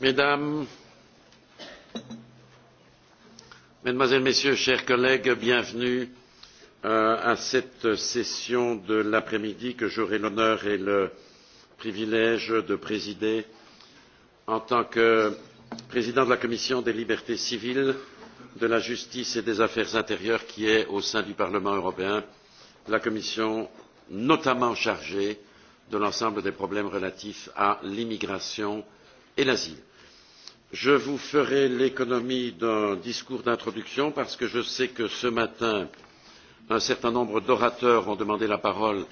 mesdames mesdemoiselles messieurs chers collègues bienvenue euh, à cette session de l'après midi que j'aurai l'honneur et le privilège de présider en tant que président de la commission des libertés civiles de la justice et des affaires intérieures qui est au sein du parlement européen la commission notamment chargée de l'ensemble des problèmes relatifs à l'immigration et l'asile. je vous ferai l'économie d'un discours d'introduction parce que je sais que ce matin un certain nombre d'orateurs ont demandé la parole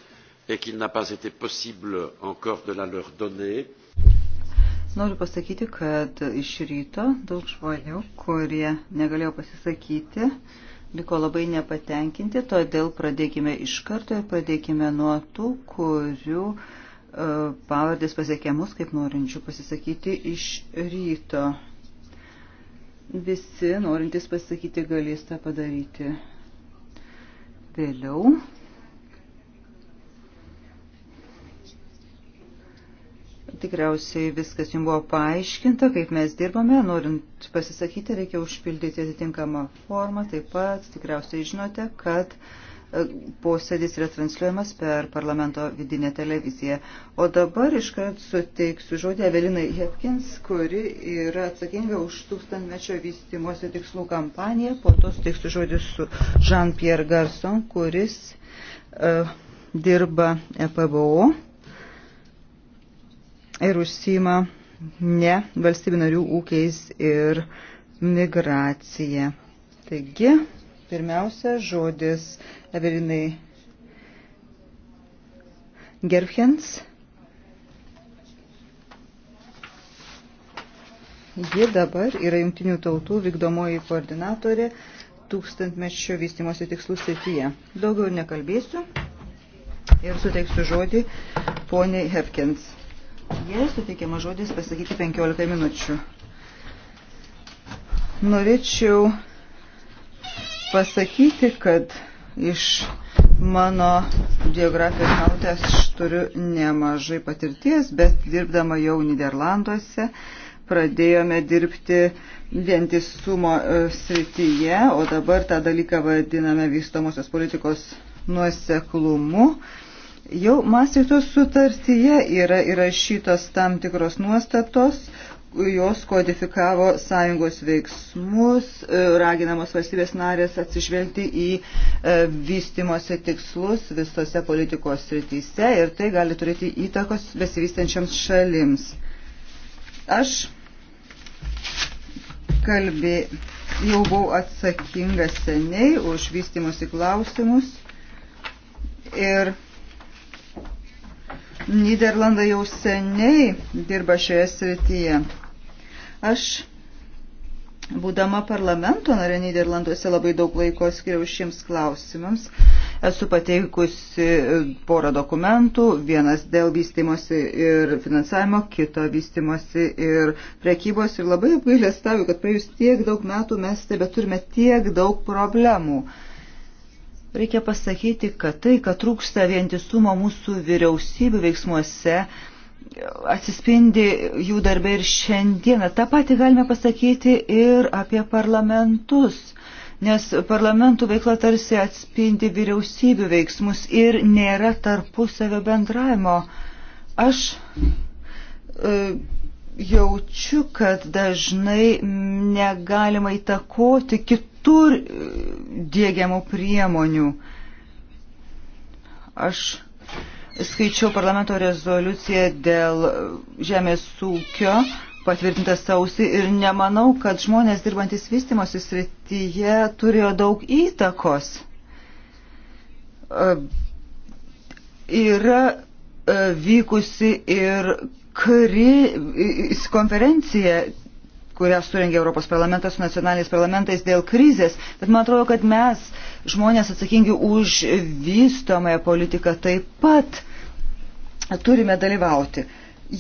et qu'il n'a pas été possible encore de la leur donner. Noriu pasakyti, kad iš ryto daug žmonių, kurie negalėjo pasisakyti, liko labai nepatenkinti, todėl pradėkime iš karto ir pradėkime nuo tų, kurių uh, pavardės pasiekė mus, kaip norinčių pasisakyti iš ryto. Visi norintys pasisakyti galės tą padaryti vėliau. Tikriausiai viskas jums buvo paaiškinta, kaip mes dirbame. Norint pasisakyti, reikia užpildyti atitinkamą formą. Taip pat tikriausiai žinote, kad uh, posėdis yra transliuojamas per parlamento vidinę televiziją. O dabar iškart suteiksiu žodį Evelinai Hepkins, kuri yra atsakinga už tūkstantmečio vystimuose tikslų kampaniją. Po to suteiksiu žodį su Jean-Pierre Garson, kuris uh, dirba EPBO ir užsima ne valstybių narių ūkiais ir migracija. Taigi, Pirmiausia, žodis Evelinai Gerfjens. Ji dabar yra jungtinių tautų vykdomoji koordinatorė tūkstantmečio vystimosi tikslų srityje. Daugiau nekalbėsiu ir suteiksiu žodį poniai Hepkins. Jie suteikiama žodis pasakyti 15 minučių. Norėčiau pasakyti, kad iš mano biografijos nautės aš turiu nemažai patirties, bet dirbdama jau Niderlanduose pradėjome dirbti vientisumo e, srityje, o dabar tą dalyką vadiname vystomosios politikos nuoseklumu. Jau Mastrichto sutartyje yra įrašytos tam tikros nuostatos, jos kodifikavo sąjungos veiksmus, e, raginamos valstybės narės atsižvelgti į e, vystimosi tikslus visose politikos srityse ir tai gali turėti įtakos besivystančiams šalims. Aš kalbė, jau buvau atsakingas seniai už vystimosi klausimus ir Niderlandai jau seniai dirba šioje srityje. Aš, būdama parlamento narė Niderlanduose, labai daug laiko skiriau šiems klausimams. Esu pateikusi e, porą dokumentų, vienas dėl vystimosi ir finansavimo, kito vystimosi ir prekybos. Ir labai apgailestauju, kad praėjus tiek daug metų mes tebe turime tiek daug problemų. Reikia pasakyti, kad tai, kad trūksta vientisumo mūsų vyriausybių veiksmuose, atsispindi jų darbė ir šiandieną. Ta pati galime pasakyti ir apie parlamentus, nes parlamentų veikla tarsi atspindi vyriausybių veiksmus ir nėra tarpusavio bendravimo. Aš e, jaučiu, kad dažnai negalima įtakoti kitur e, dėgiamų priemonių. Aš skaičiau parlamento rezoliuciją dėl žemės ūkio patvirtintas sausį ir nemanau, kad žmonės dirbantis vystimosi srityje turėjo daug įtakos. E, yra e, vykusi ir kri, konferencija kurią suringė Europos parlamentas su nacionaliniais parlamentais dėl krizės. Bet man atrodo, kad mes, žmonės atsakingi už vystomąją politiką, taip pat turime dalyvauti.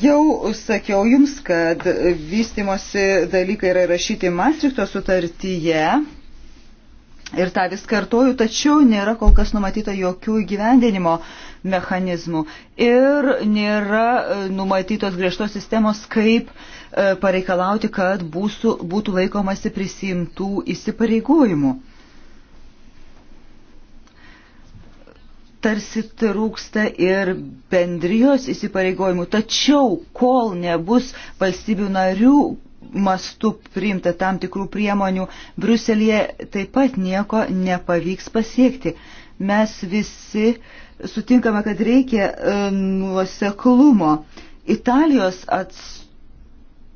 Jau sakiau jums, kad vystimosi dalykai yra rašyti Maastrichto sutartyje Ir tą vis kartoju, tačiau nėra kol kas numatyta jokių įgyvendinimo mechanizmų ir nėra e, numatytos griežtos sistemos, kaip e, pareikalauti, kad būsų, būtų laikomasi prisimtų įsipareigojimų. tarsi trūksta ir bendrijos įsipareigojimų. Tačiau, kol nebus valstybių narių, mastu priimta tam tikrų priemonių, Bruselėje taip pat nieko nepavyks pasiekti. Mes visi sutinkame, kad reikia e, nuoseklumo. Italijos atstovai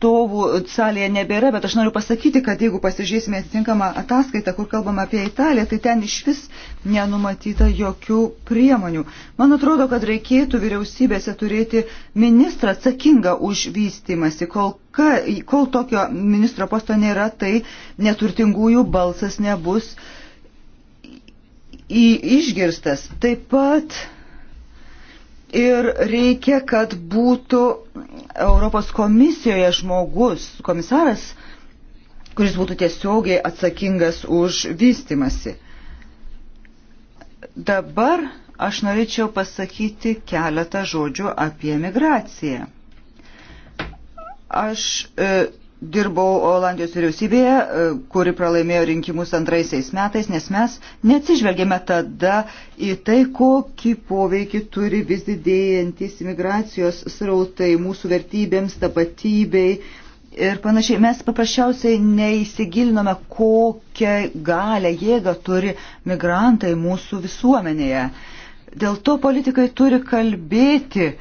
atstovų salėje nebėra, bet aš noriu pasakyti, kad jeigu pasižiūrėsime atitinkamą ataskaitą, kur kalbama apie Italiją, tai ten iš vis nenumatyta jokių priemonių. Man atrodo, kad reikėtų vyriausybėse turėti ministrą atsakingą už vystimąsi. Kol, ka, kol tokio ministro posto nėra, tai neturtingųjų balsas nebus į, išgirstas. Taip pat Ir reikia, kad būtų Europos komisijoje žmogus, komisaras, kuris būtų tiesiogiai atsakingas už vystimasi. Dabar aš norėčiau pasakyti keletą žodžių apie migraciją. Aš e, dirbau Olandijos vyriausybėje, e, kuri pralaimėjo rinkimus antraisiais metais, nes mes neatsižvelgėme tada į tai, kokį poveikį turi vis didėjantis imigracijos srautai mūsų vertybėms, tapatybei. Ir panašiai, mes paprasčiausiai neįsigilinome, kokią galę, jėgą turi migrantai mūsų visuomenėje. Dėl to politikai turi kalbėti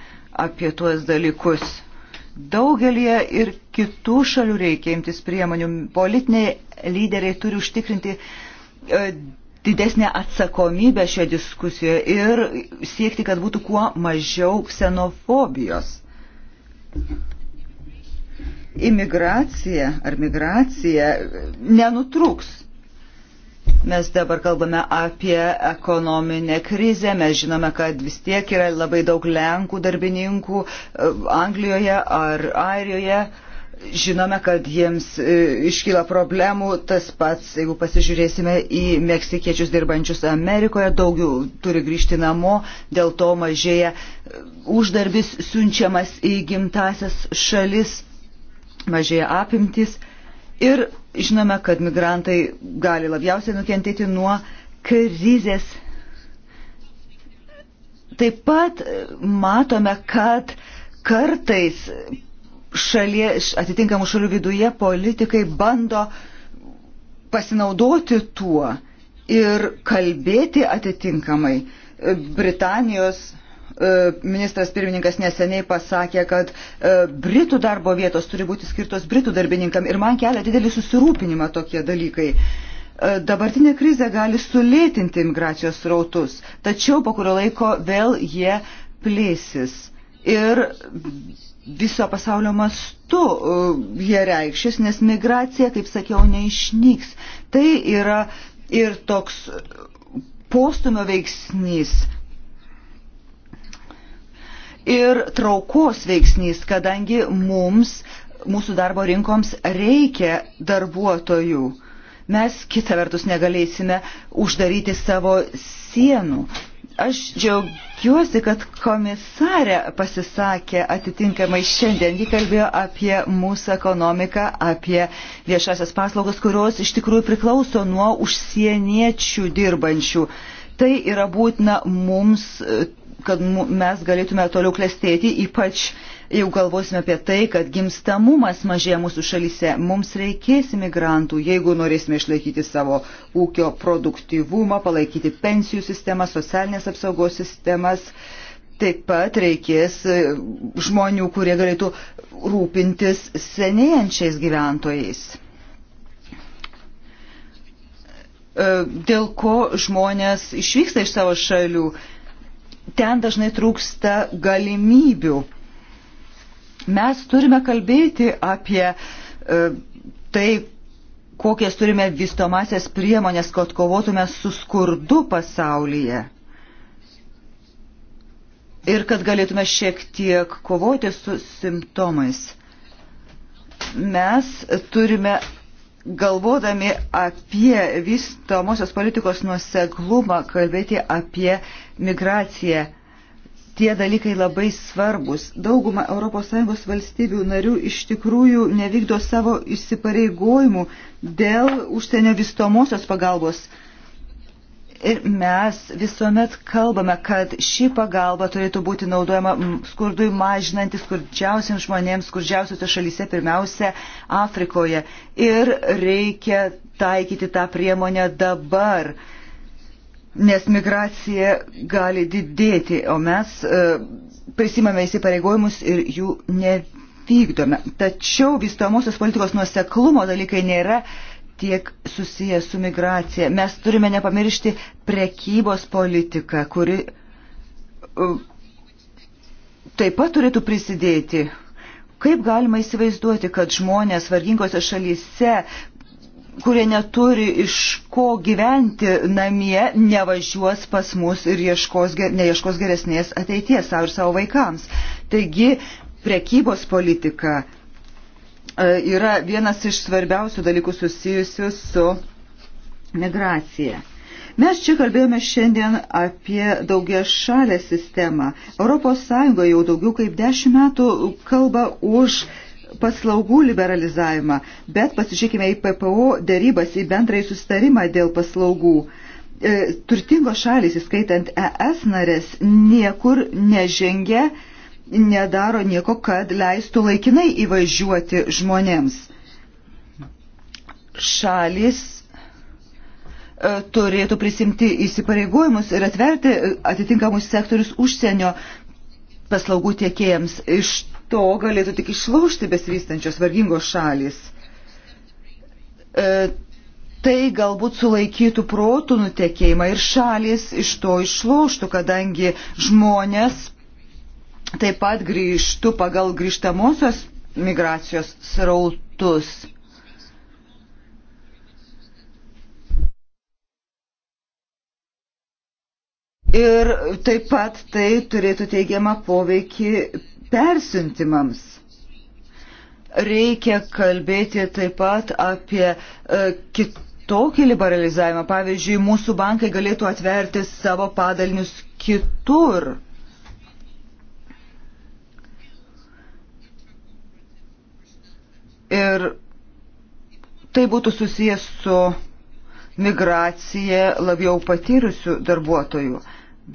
apie tuos dalykus Daugelie ir kitų šalių reikia imtis priemonių. Politiniai lyderiai turi užtikrinti e, didesnę atsakomybę šioje diskusijoje ir siekti, kad būtų kuo mažiau ksenofobijos. Imigracija ar migracija nenutrūks Mes dabar kalbame apie ekonominę krizę, mes žinome, kad vis tiek yra labai daug Lenkų darbininkų e, Anglijoje ar Airijoje. Žinome, kad jiems e, iškyla problemų tas pats, jeigu pasižiūrėsime į meksikiečius dirbančius Amerikoje, daugiau turi grįžti namo, dėl to mažėja e, uždarbis siunčiamas į gimtasias šalis, mažėja apimtis Ir žinome, kad migrantai gali labiausiai nukentėti nuo krizės. Taip pat matome, kad kartais šalie, atitinkamų šalių viduje politikai bando pasinaudoti tuo ir kalbėti atitinkamai. Britanijos E, ministras pirmininkas neseniai pasakė, kad e, Britų darbo vietos turi būti skirtos Britų darbininkam ir man kelia didelį susirūpinimą tokie dalykai. E, dabartinė krizė gali sulėtinti imigracijos rautus, tačiau po kurio laiko vėl jie plėsis. Ir viso pasaulio mastu jie reikšis, nes migracija, kaip sakiau, neišnyks. Tai yra ir toks postumio veiksnys ir traukos veiksnys, kadangi mums, mūsų darbo rinkoms reikia darbuotojų. Mes kitą vertus negalėsime uždaryti savo sienų. Aš džiaugiuosi, kad komisarė pasisakė atitinkamai šiandien. Ji kalbėjo apie mūsų ekonomiką, apie viešasias paslaugas, kurios iš tikrųjų priklauso nuo užsieniečių dirbančių tai yra būtina mums kad mes galėtume toliau klestėti, ypač jeigu galvosime apie tai, kad gimstamumas mažėja mūsų šalyse, mums reikės imigrantų, jeigu norėsime išlaikyti savo ūkio produktivumą, palaikyti pensijų sistemą, socialinės apsaugos sistemas. Taip pat reikės e, žmonių, kurie galėtų rūpintis senėjančiais gyventojais. E, dėl ko žmonės išvyksta iš savo šalių? ten dažnai trūksta galimybių. Mes turime kalbėti apie e, tai, kokias turime vystomasias priemonės, kad kovotume su skurdu pasaulyje. Ir kad galėtume šiek tiek kovoti su simptomais. Mes turime galvodami apie vystomosios politikos nuoseklumą, kalbėti apie migraciją. Tie dalykai labai svarbus. Dauguma ES valstybių narių iš tikrųjų nevykdo savo įsipareigojimų dėl užsienio vystomosios pagalbos Ir mes visuomet kalbame, kad ši pagalba turėtų būti naudojama skurdui mažinanti skurdžiausiams žmonėms, skurdžiausiuose šalyse, pirmiausia, Afrikoje. Ir reikia taikyti tą priemonę dabar, nes migracija gali didėti, o mes e, prisimame įsipareigojimus ir jų nevykdome. Tačiau vystomosios politikos nuoseklumo dalykai nėra tiek susijęs su migracija. Mes turime nepamiršti prekybos politiką, kuri taip pat turėtų prisidėti. Kaip galima įsivaizduoti, kad žmonės vargingose šalyse, kurie neturi iš ko gyventi namie, nevažiuos pas mus ir ieškos, neieškos geresnės ateities savo ir savo vaikams. Taigi, prekybos politika E, yra vienas iš svarbiausių dalykų susijusių su migracija. Mes čia kalbėjome šiandien apie daugia šalę sistemą. ES jau daugiau kaip dešimt metų kalba už paslaugų liberalizavimą, bet pasižiūrėkime į PPO dėrybas, į bendrąjį sustarimą dėl paslaugų e, turtingos šalis, įskaitant ES narės, niekur nežengia nedaro nieko, kad leistų laikinai įvažiuoti žmonėms. Šalis e, turėtų prisimti įsipareigojimus ir atverti e, atitinkamus sektorius užsienio paslaugų tiekėjams. Iš to galėtų tik išlaužti besivystančios vargingos šalis. E, tai galbūt sulaikytų protų nutekėjimą ir šalis iš to išlaužtų, kadangi žmonės taip pat grįžtų pagal grįžtamosios migracijos srautus. Ir taip pat tai turėtų teigiamą poveikį persiuntimams. Reikia kalbėti taip pat apie e, kitokį liberalizavimą. Pavyzdžiui, mūsų bankai galėtų atverti savo padalinius kitur. Ir tai būtų susijęs su migracija labiau patyrusių darbuotojų.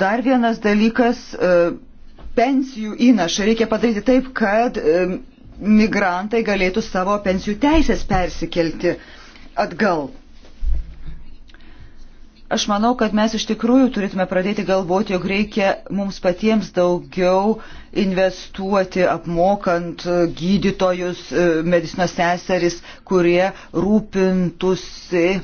Dar vienas dalykas e, - pensijų įnašą. Reikia padaryti taip, kad e, migrantai galėtų savo pensijų teisės persikelti atgal. Aš manau, kad mes iš tikrųjų turėtume pradėti galvoti, jog reikia mums patiems daugiau investuoti, apmokant gydytojus, e, medicinos seseris, kurie rūpintusi e,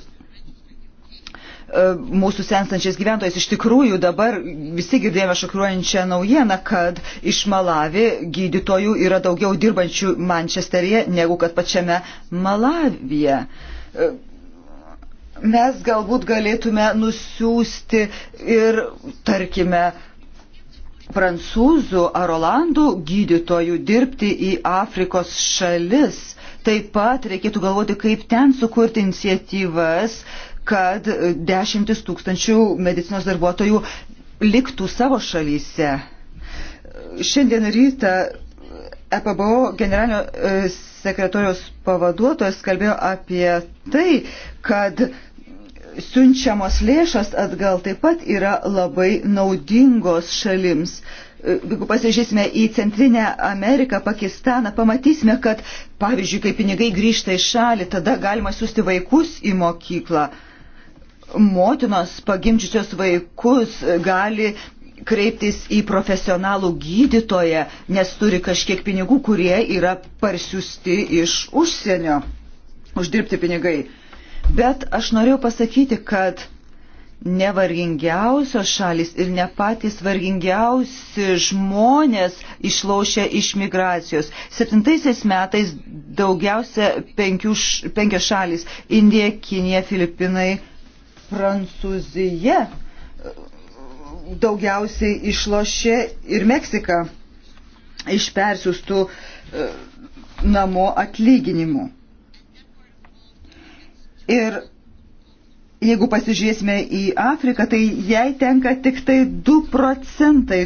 mūsų senstančiais gyventojais. Iš tikrųjų dabar visi girdėjome šokiruojančią naujieną, kad iš Malavi gydytojų yra daugiau dirbančių Mančesteryje negu kad pačiame Malavyje. E, mes galbūt galėtume nusiųsti ir, tarkime, prancūzų ar olandų gydytojų dirbti į Afrikos šalis. Taip pat reikėtų galvoti, kaip ten sukurti iniciatyvas, kad dešimtis tūkstančių medicinos darbuotojų liktų savo šalyse. Šiandien rytą EPBO generalinio e, sekretorijos pavaduotojas kalbėjo apie tai, kad siunčiamos lėšas atgal taip pat yra labai naudingos šalims. E, jeigu pasižiūrėsime į Centrinę Ameriką, Pakistaną, pamatysime, kad, pavyzdžiui, kai pinigai grįžta į šalį, tada galima siūsti vaikus į mokyklą. Motinos pagimdžiusios vaikus gali kreiptis į profesionalų gydytoją, nes turi kažkiek pinigų, kurie yra parsiusti iš užsienio uždirbti pinigai. Bet aš norėjau pasakyti, kad nevargingiausios šalis ir ne patys vargingiausi žmonės išlošia iš migracijos. Septintaisiais metais daugiausia penkių, penkios šalis - Indija, Kinija, Filipinai, Prancūzija - daugiausiai išlošia ir Meksika iš persiųstų e, namo atlyginimų. Ir jeigu pasižiūrėsime į Afriką, tai jai tenka tik tai 2 procentai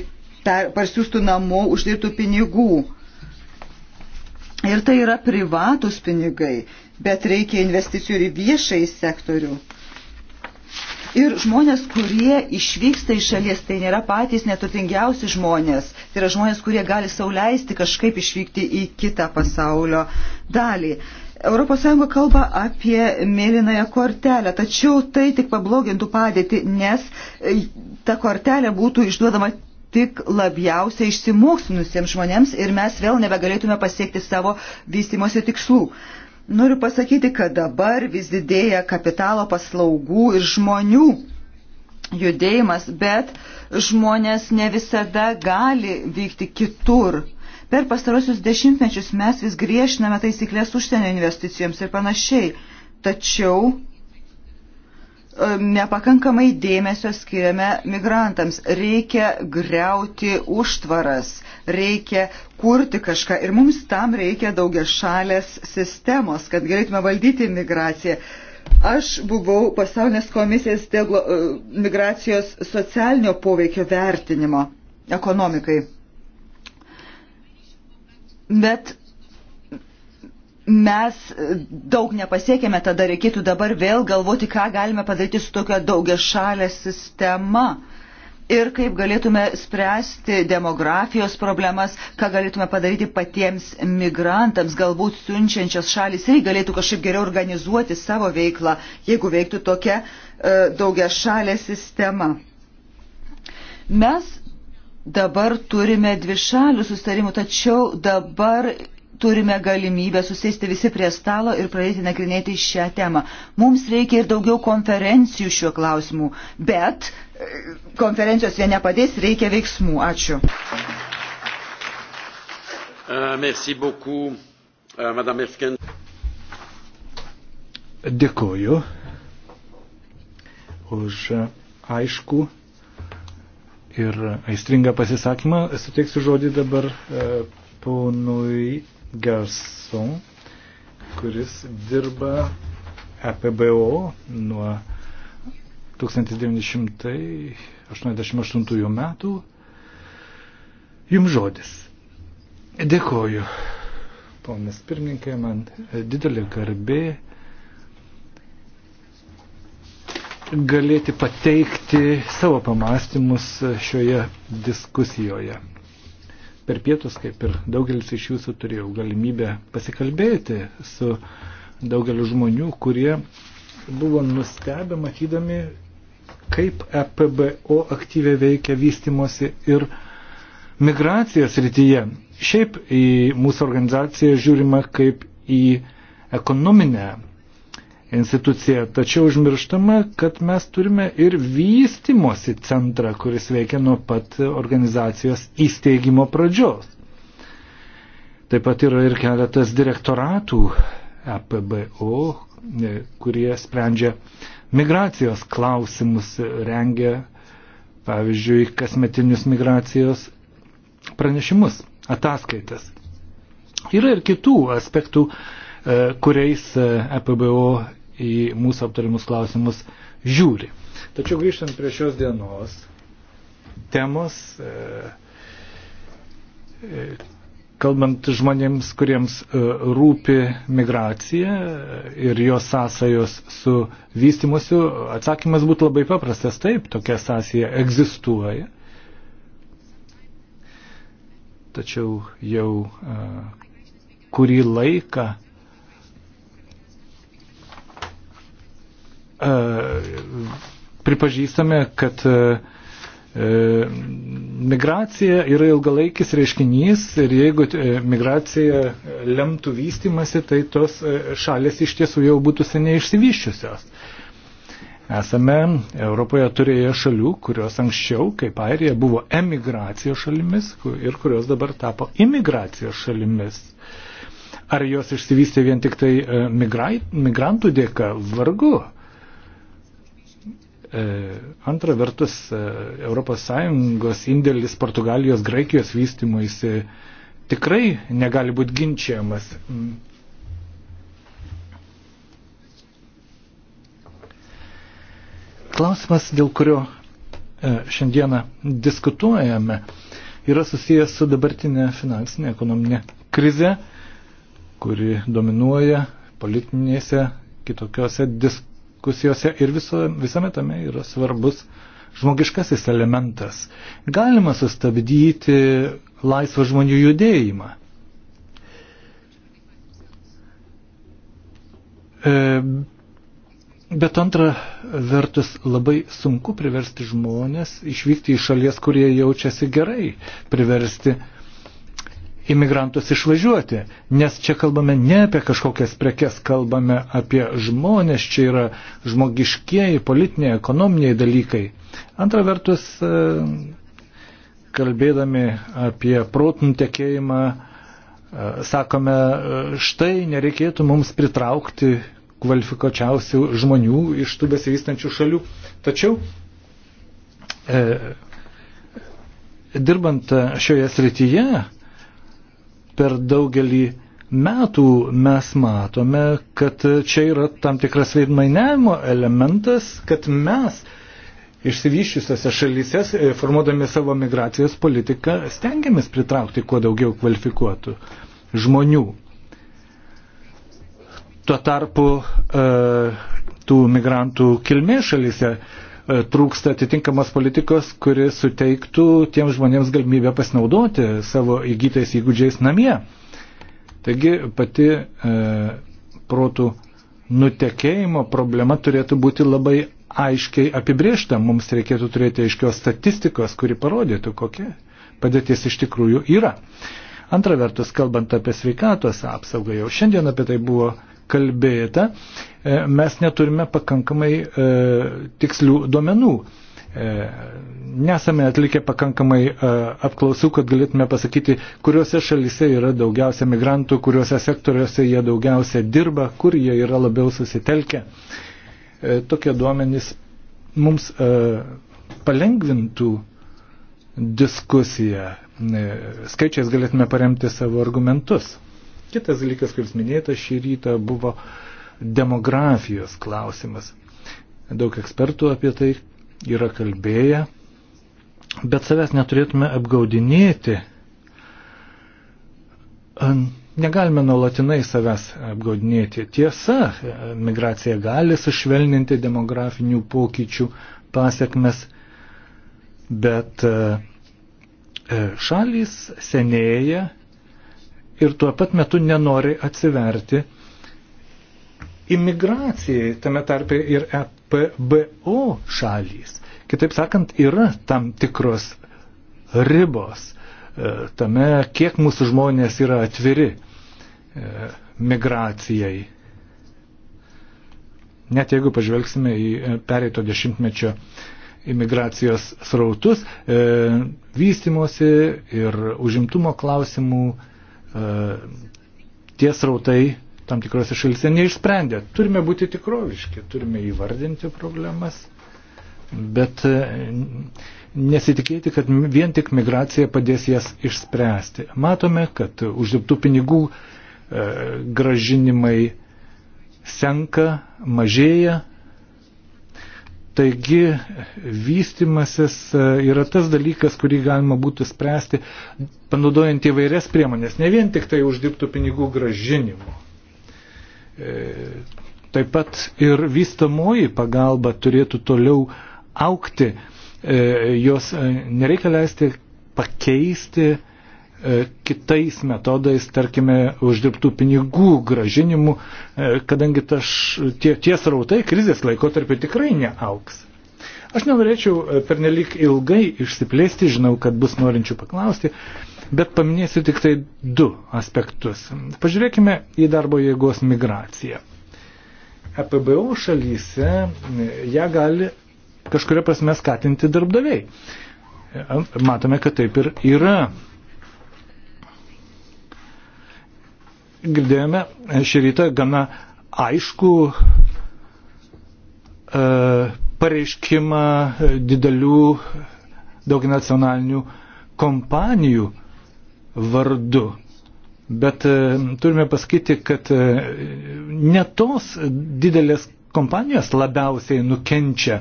parsiųstų namo uždirbtų pinigų. Ir tai yra privatus pinigai, bet reikia investicijų ir į viešai sektorių. Ir žmonės, kurie išvyksta iš šalies, tai nėra patys neturtingiausi žmonės. Tai yra žmonės, kurie gali sauliaisti kažkaip išvykti į kitą pasaulio dalį. Uh, ES kalba apie mėlynąją kortelę, tačiau tai tik pablogintų padėtį, nes e, ta kortelė būtų išduodama tik labiausiai išsimokslinusiems žmonėms ir mes vėl nebegalėtume pasiekti savo vystimosi tikslų. Noriu pasakyti, kad dabar vis didėja kapitalo paslaugų ir žmonių judėjimas, bet žmonės ne visada gali vykti kitur Per pastarosius dešimtmečius mes vis griežtiname taisyklės užsienio investicijoms ir panašiai, tačiau e, nepakankamai dėmesio skiriame migrantams. Reikia greuti užtvaras, reikia kurti kažką ir mums tam reikia daugia šalės sistemos, kad galėtume valdyti migraciją. Aš buvau pasaulinės komisijos dėl e, migracijos socialinio poveikio vertinimo ekonomikai bet mes daug nepasiekėme, tada reikėtų dabar vėl galvoti, ką galime padaryti su tokia daugia šalė sistema. Ir kaip galėtume spręsti demografijos problemas, ką galėtume padaryti patiems migrantams, galbūt siunčiančios šalis ir galėtų kažkaip geriau organizuoti savo veiklą, jeigu veiktų tokia e, daugia šalė sistema. Mes dabar turime dvišalių sustarimų, tačiau dabar turime galimybę susėsti visi prie stalo ir pradėti nagrinėti šią temą. Mums reikia ir daugiau konferencijų šiuo klausimu, bet e, konferencijos jie nepadės, reikia veiksmų. Ačiū. Uh, uh, Dėkoju už uh, aišku ir aistringą pasisakymą. Suteiksiu žodį dabar e, ponui Gerson, kuris dirba EPBO nuo 1988 metų. Jums žodis. Dėkoju, ponas pirmininkė, man didelė garbė galėti pateikti savo pamastymus šioje diskusijoje. Per pietus, kaip ir daugelis iš jūsų, turėjau galimybę pasikalbėti su daugeliu žmonių, kurie buvo nustebę matydami, kaip EPBO aktyviai veikia vystimosi ir migracijos rytyje. Šiaip į mūsų organizaciją žiūrima kaip į ekonominę institucija. Tačiau užmirštama, kad mes turime ir vystimosi centrą, kuris veikia nuo pat organizacijos įsteigimo pradžios. Taip pat yra ir keletas direktoratų EPBO, e, kurie sprendžia migracijos klausimus, rengia, pavyzdžiui, kasmetinius migracijos pranešimus, ataskaitas. Yra ir kitų aspektų, E, kuriais EPBO e į mūsų aptarimus klausimus žiūri. Tačiau grįžtant prie šios dienos temos, e, kalbant žmonėms, kuriems rūpi migracija ir jos sąsajos su vystimusiu, atsakymas būtų labai paprastas. Taip, tokia sąsaja egzistuoja. Tačiau jau kurį laiką pripažįstame, kad e, e, migracija yra ilgalaikis reiškinys ir jeigu e, migracija lemtų vystimasi, tai tos šalės iš tiesų jau būtų seniai išsivyščiusios. Esame Europoje turėję šalių, kurios anksčiau, kaip Airija, buvo emigracijos šalimis ir kurios dabar tapo imigracijos šalimis ar jos išsivystė vien tik tai migrai, migrantų dėka, vargu. E, antra vertus, ES indėlis Portugalijos, Graikijos vystimuisi tikrai negali būti ginčiamas. Klausimas, dėl kurio e, šiandieną diskutuojame, yra susijęs su dabartinė finansinė ekonominė krize, kuri dominuoja politinėse kitokiose diskusijose diskusijose ir viso, visame tame yra svarbus žmogiškasis elementas. Galima sustabdyti laisvą žmonių judėjimą. E, bet antra vertus labai sunku priversti žmonės išvykti į šalies, kurie jaučiasi gerai, priversti uh, imigrantus išvažiuoti, nes čia kalbame ne apie kažkokias prekes, kalbame apie žmonės, čia yra žmogiškieji, politiniai, ekonominiai dalykai. Antra vertus, e, kalbėdami apie protų tekėjimą, e, sakome, e, štai nereikėtų mums pritraukti kvalifikuočiausių žmonių iš tų besivystančių šalių. Tačiau e, dirbant šioje srityje per daugelį metų mes matome, kad čia yra tam tikras veidmainiavimo elementas, kad mes išsivyščiusiose šalyse, e, formuodami savo migracijos politiką, stengiamės pritraukti kuo daugiau kvalifikuotų žmonių. Tuo tarpu e, tų migrantų kilmės šalyse E, trūksta atitinkamos politikos, kuri suteiktų tiems žmonėms galimybę pasinaudoti savo įgytais įgūdžiais namie. Taigi pati e, protų nutekėjimo problema turėtų būti labai aiškiai apibriešta. Mums reikėtų turėti aiškios statistikos, kuri parodytų, kokia padėtis iš tikrųjų yra. Antra vertus, kalbant apie sveikatos apsaugą, jau šiandien apie tai buvo kalbėta E, mes neturime pakankamai e, tikslių duomenų. E, nesame atlikę pakankamai apklausų, kad galėtume pasakyti, kuriuose šalise yra daugiausia migrantų, kuriuose sektoriuose jie daugiausia dirba, kur jie yra labiau susitelkę. Tokie duomenys mums palengvintų diskusiją. Skaičiais galėtume paremti savo argumentus. Kitas dalykas, kuris minėtas šį rytą, buvo uh, demografijos klausimas. Daug ekspertų apie tai yra kalbėję, bet savęs neturėtume apgaudinėti. Negalime nuolatinai savęs apgaudinėti. Tiesa, migracija gali sušvelninti demografinių pokyčių pasiekmes, bet e, šalys senėja ir tuo pat metu nenori atsiverti imigracijai, tame tarpe ir EPBO šalys. Kitaip sakant, yra tam tikros ribos e, tame, kiek mūsų žmonės yra atviri e, migracijai. Net jeigu pažvelgsime į e, pereito dešimtmečio imigracijos srautus, vystimosi ir užimtumo klausimų tie srautai tam tikrose šalise neišsprendė. Turime būti tikroviški, turime įvardinti problemas, bet e, nesitikėti, kad vien tik migracija padės jas išspręsti. Matome, kad uždirbtų pinigų e, gražinimai senka, mažėja. Taigi vystimasis e, yra tas dalykas, kurį galima būtų spręsti, panaudojant įvairias priemonės, ne vien tik tai uždirbtų pinigų gražinimu. E, taip pat ir vystamoji pagalba turėtų toliau aukti. E, jos e, nereikia leisti pakeisti kitais metodais, tarkime, uždirbtų pinigų gražinimu, kadangi taš, tie, tie srautai krizės laikotarpiu tikrai neauks. Aš nenorėčiau pernelyg ilgai išsiplėsti, žinau, kad bus norinčių paklausti. E, bet paminėsiu tik tai du aspektus. Pažiūrėkime į darbo jėgos migraciją. EPBO šalyse e, ją gali kažkuria prasme skatinti darbdaviai. E, matome, kad taip ir yra. Girdėjome šį rytą gana aišku e, pareiškimą didelių daug nacionalinių kompanijų vardu. Bet e, turime pasakyti, kad e, ne tos didelės kompanijos labiausiai nukenčia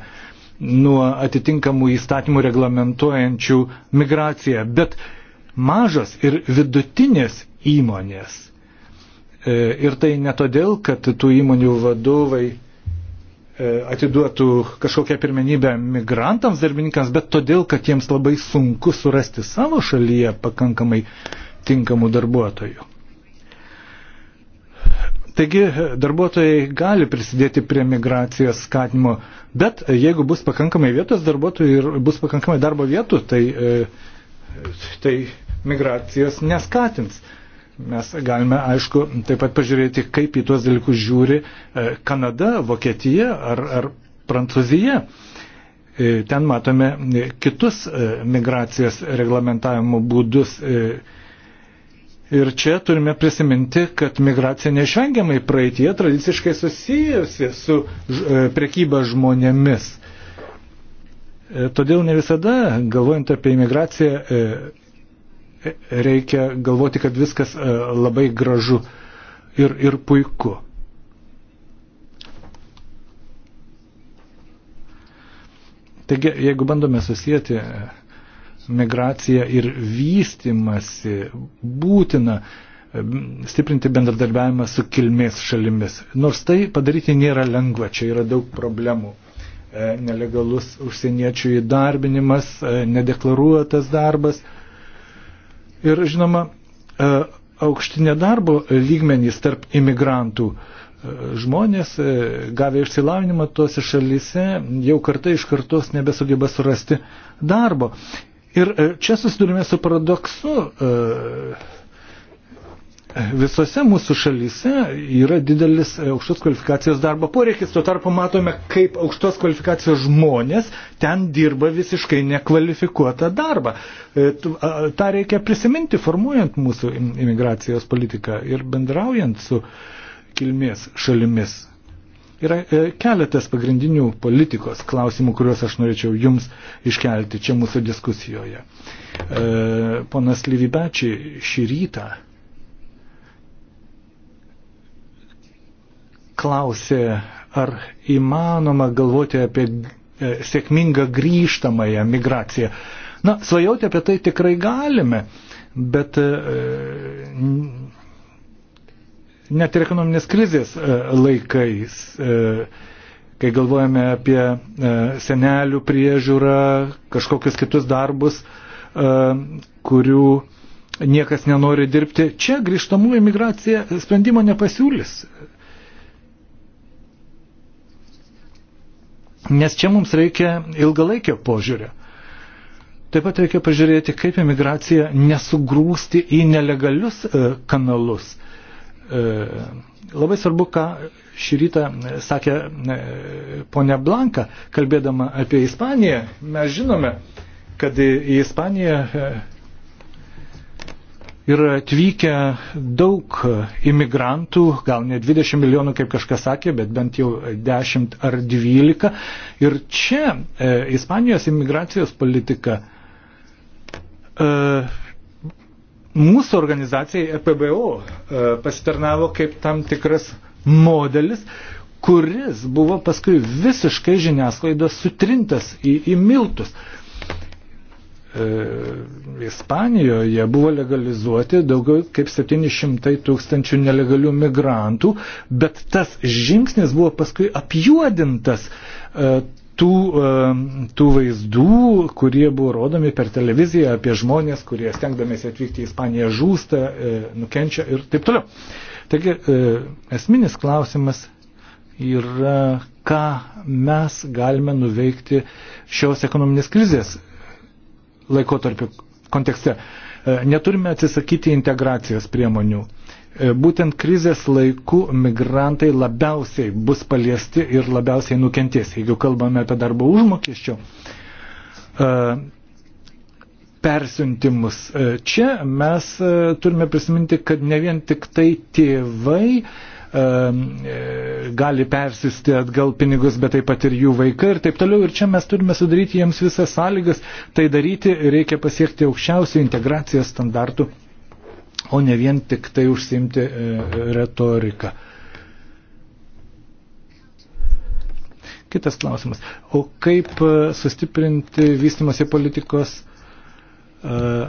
nuo atitinkamų įstatymų reglamentuojančių migraciją, bet mažos ir vidutinės įmonės. E, ir tai ne todėl, kad tų įmonių vadovai E, atiduotų kažkokią pirmenybę migrantams darbininkams, bet todėl, kad jiems labai sunku surasti savo šalyje pakankamai tinkamų darbuotojų. Taigi darbuotojai gali prisidėti prie migracijos skatimo, bet jeigu bus pakankamai vietos darbuotojų ir bus pakankamai darbo vietų, tai, e, tai migracijos neskatins. Mes galime, aišku, taip pat pažiūrėti, kaip į tuos dalykus žiūri e, Kanada, Vokietija ar, ar Prancūzija. E, ten matome e, kitus migracijos reglamentavimo būdus. Ir čia turime prisiminti, kad migracija neišvengiamai praeitie tradiciškai susijusi su prekyba žmonėmis. Todėl ne visada, galvojant apie imigraciją, reikia galvoti, kad viskas e, labai gražu ir, ir puiku. Taigi, jeigu bandome susijęti e, migraciją ir vystimasi, būtina e, stiprinti bendradarbiavimą su kilmės šalimis. Nors tai padaryti nėra lengva, čia yra daug problemų. Nelegalus užsieniečių įdarbinimas, nedeklaruotas darbas, Ir žinoma, e, aukšti nedarbo lygmenys tarp imigrantų. E, žmonės e, gavę išsilavinimą tuose šalyse jau kartai iš kartos nebesugeba surasti darbo. Ir čia susidurime su paradoksu. E, Visose mūsų šalyse yra didelis e, aukštos kvalifikacijos darbo poreikis, tuo tarpu matome, kaip aukštos kvalifikacijos žmonės ten dirba visiškai nekvalifikuotą darbą. E, Ta reikia prisiminti, formuojant mūsų imigracijos politiką ir bendraujant su kilmės šalimis. Yra e, keletas pagrindinių politikos klausimų, kuriuos aš norėčiau jums iškelti čia mūsų diskusijoje. Ponas Lyvybečiai šį rytą klausė, ar įmanoma galvoti apie e, sėkmingą grįžtamąją migraciją. Na, svajoti apie tai tikrai galime, bet e, net ir ekonominės krizės e, laikais, kai galvojame apie senelių priežiūrą, kažkokius kitus darbus, kurių niekas nenori dirbti, čia grįžtamųjų migracija sprendimo nepasiūlys. Nes čia mums reikia ilgalaikio požiūrio. Taip pat reikia pažiūrėti, kaip imigracija nesugrūsti į nelegalius e, kanalus. E, labai svarbu, ką šį rytą e, sakė ponia Blanka, kalbėdama apie Ispaniją. Mes žinome, kad į Ispaniją yra atvykę daug imigrantų, gal ne 20 milijonų, kaip kažkas sakė, bet bent jau 10 ar 12. Ir čia e, Ispanijos imigracijos politika e, mūsų organizacijai EPBO e, pasitarnavo kaip tam tikras modelis, kuris buvo paskui visiškai žiniasklaidos sutrintas į, į miltus. E, Ispanijoje buvo legalizuoti daugiau kaip 700 tūkstančių nelegalių migrantų, bet tas žingsnis buvo paskui apjuodintas e, tų, e, tų vaizdų, kurie buvo rodomi per televiziją apie žmonės, kurie stengdamėsi atvykti į Ispaniją žūsta, nukenčia ir taip toliau. Taigi esminis klausimas yra, ką mes galime nuveikti šios ekonominės krizės laikotarpio kontekste. E, neturime atsisakyti integracijos priemonių. E, būtent krizės laiku migrantai labiausiai bus paliesti ir labiausiai nukentės. Jeigu kalbame apie darbo užmokesčio e, persiuntimus, čia mes turime prisiminti, kad ne vien tik tai tėvai E, gali persisti atgal pinigus, bet taip pat ir jų vaikai ir taip toliau. Ir čia mes turime sudaryti jiems visas sąlygas. Tai daryti reikia pasiekti aukščiausių integracijos standartų, o ne vien tik tai užsimti e, retoriką. Kitas klausimas. O kaip e, sustiprinti vystimosi politikos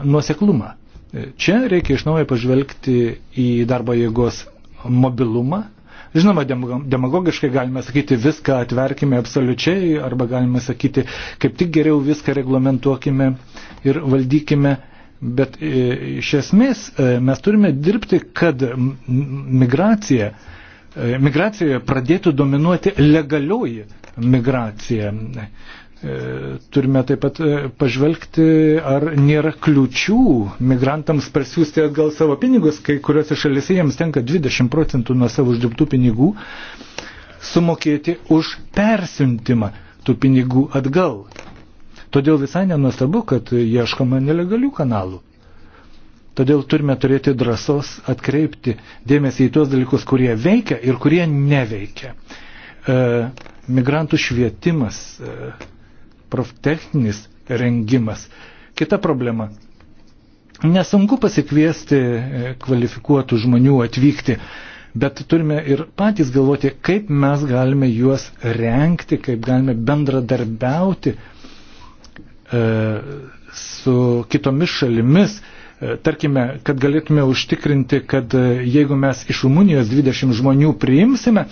nuoseklumą? Čia reikia iš naujo pažvelgti į darbo jėgos mobilumą. Žinoma, demagogiškai galime sakyti viską atverkime absoliučiai arba galime sakyti kaip tik geriau viską reglamentuokime ir valdykime. Bet e, iš esmės e, mes turime dirbti, kad migracija, e, migracijoje pradėtų dominuoti legalioji migracija. E, turime taip pat e, pažvelgti, ar nėra kliučių migrantams parsiųsti atgal savo pinigus, kai kuriuose šalise jiems tenka 20 procentų nuo savo uždirbtų pinigų sumokėti už persiuntimą tų pinigų atgal. Todėl visai nenustabu, kad ieškoma nelegalių kanalų. Todėl turime turėti drąsos atkreipti dėmesį į tuos dalykus, kurie veikia ir kurie neveikia. E, migrantų švietimas. E, proftechninis rengimas. Kita problema. Nesunku pasikviesti e, kvalifikuotų žmonių atvykti, bet turime ir patys galvoti, kaip mes galime juos renkti, kaip galime bendradarbiauti e, su kitomis šalimis. E, tarkime, kad galėtume užtikrinti, kad jeigu mes iš Rumunijos 20 žmonių priimsime,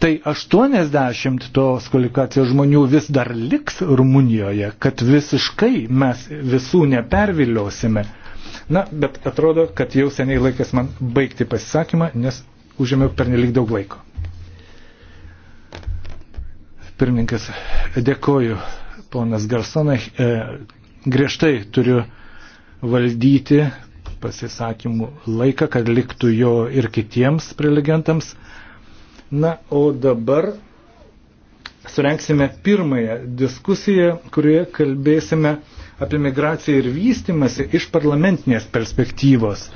tai 80 tos kvalifikacijos žmonių vis dar liks Rumunijoje, kad visiškai mes visų neperviliosime. Na, bet atrodo, kad jau seniai laikas man baigti pasisakymą, nes užėmiau pernelyg daug laiko. Pirmininkas, dėkoju, ponas Garsonai. E, griežtai turiu valdyti pasisakymų laiką, kad liktų jo ir kitiems prelegentams. Na, o dabar surenksime pirmąją diskusiją, kurioje kalbėsime apie migraciją ir vystimąsi iš parlamentinės perspektyvos.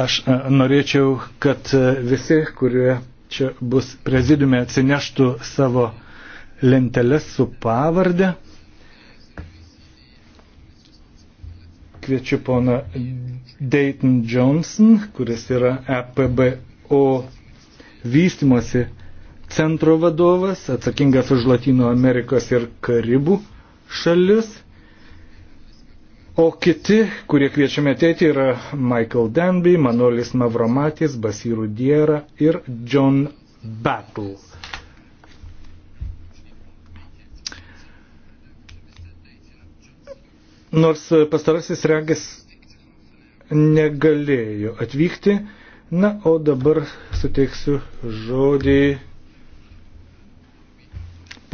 Aš e, norėčiau, kad e, visi, kurie čia bus prezidiume, atsineštų savo lenteles su pavardė. Kviečiu poną Dayton Johnson, kuris yra EPBO vystimosi centro vadovas, atsakingas už Latino Amerikos ir Karibų šalis. O kiti, kurie kviečiame ateiti, yra Michael Denby, Manolis Mavromatis, Basirų Diera ir John Battle. Nors pastarasis regis negalėjo atvykti, Na, o dabar suteiksiu žodį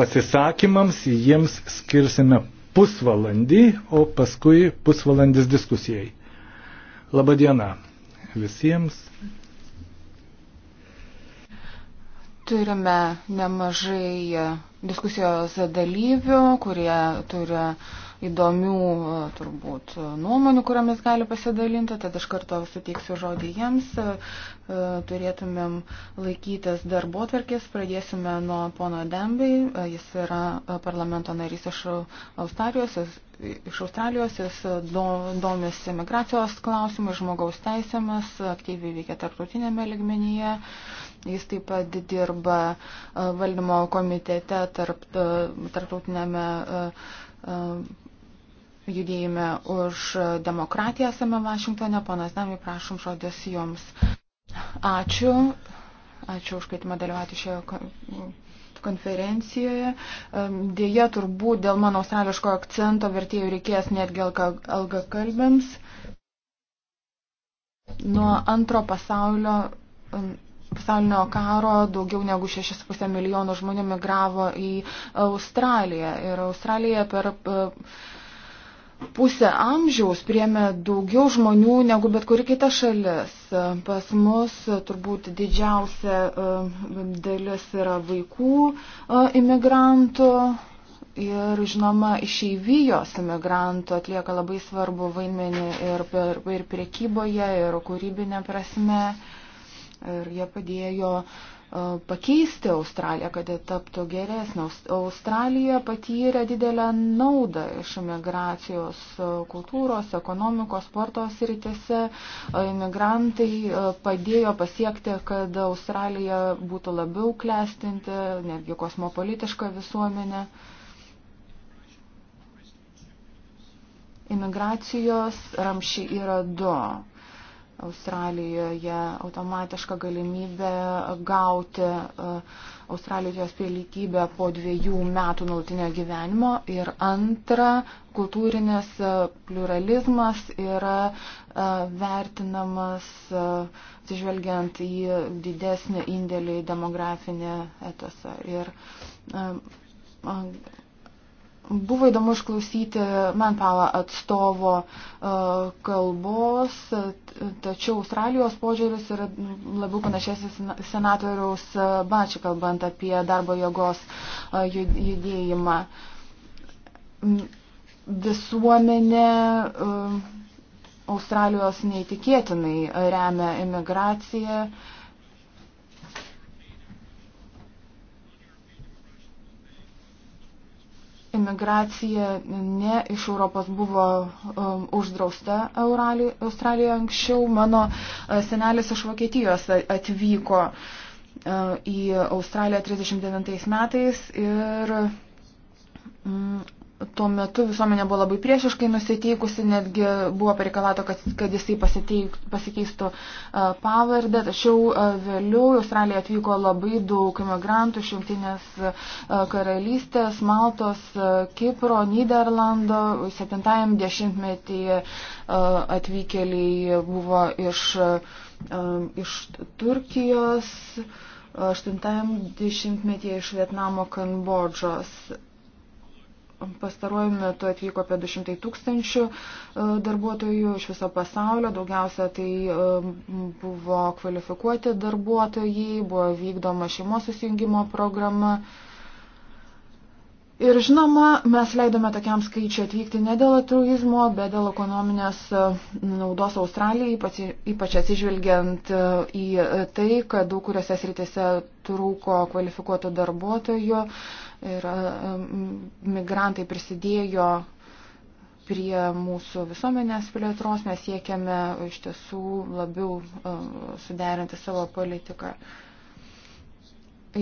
pasisakymams, jiems skirsime pusvalandį, o paskui pusvalandis diskusijai. Labadiena visiems. Turime nemažai diskusijos dalyvių, kurie turi įdomių e, turbūt e, nuomonių, kuriamis gali pasidalinti, tad iš karto suteiksiu žodį jiems. E, turėtumėm laikytis darbo tvarkės, pradėsime nuo pono Dembai, jis yra parlamento narys iš Australijos, iš Australijos, jis domisi migracijos klausimais, žmogaus teisėmis, aktyviai veikia tarptautinėme ligmenyje. Jis taip pat dirba valdymo komitete tarp, tarptautinėme judėjime už demokratiją esame Vašingtone. Ponas Nami, prašom žodės jums. Ačiū. Ačiū už kvietimą dalyvauti šioje konferencijoje. Dėja, turbūt dėl mano australiško akcento vertėjų reikės netgi algakalbėms. Nuo antro pasaulio, pasaulinio karo daugiau negu 6,5 milijonų žmonių migravo į Australiją. Ir Australija per. per pusę amžiaus priemė daugiau žmonių negu bet kuri kita šalis. Pas mus turbūt didžiausia e, dalis yra vaikų e, imigrantų ir, žinoma, išeivijos imigrantų atlieka labai svarbu vaidmenį ir, per, ir priekyboje, ir kūrybinė prasme. Ir jie padėjo uh, pakeisti Australiją, kad ji taptų geresnė. Australija patyrė didelę naudą iš migracijos kultūros, ekonomikos, sporto sritise. Imigrantai padėjo pasiekti, kad Australija būtų labiau klestinti, netgi kosmopolitiška visuomenė. Imigracijos ramšiai yra du Australijoje automatišką galimybę gauti e, Australijos pilietybę po dviejų metų nulatinio gyvenimo. Ir antra, kultūrinis e, pluralizmas yra e, vertinamas atsižvelgiant į didesnį indėlį į demografinį etasą. Ir Buvo įdomu išklausyti Manpalą atstovo e, kalbos, tačiau Australijos požiūris yra labiau panašės į senatoriaus e, Bačią, kalbant apie darbo jėgos e, judėjimą. Visuomenė Australijos neįtikėtinai remia imigraciją imigracija ne iš Europos buvo um, uždrausta Eurali, Australijoje anksčiau. Mano uh, senelis iš Vokietijos atvyko uh, į Australiją 39 metais ir mm, tuo metu visuomenė buvo labai priešiškai nusiteikusi, netgi buvo pareikalato, kad, kad jisai pasiteik, pasikeistų pavardę, tačiau vėliau į Australiją atvyko labai daug imigrantų iš Junktinės karalystės, Maltos, Kipro, Niderlando, 70-metį atvykėliai buvo iš, iš Turkijos. 80-metyje iš Vietnamo Kambodžos Pastaruoju metu atvyko apie 200 tūkstančių e, darbuotojų iš viso pasaulio, daugiausia tai e, buvo kvalifikuoti darbuotojai, buvo vykdoma šeimos susijungimo programa. Ir žinoma, mes leidome tokiam skaičiui atvykti ne dėl altruizmo, bet dėl ekonominės e, naudos Australijai, ypač, ypač atsižvelgiant į tai, kad daug kuriuose sritise trūko kvalifikuotų darbuotojų, ir migrantai prisidėjo prie mūsų visuomenės plėtros, mes siekiame iš tiesų labiau suderinti savo politiką.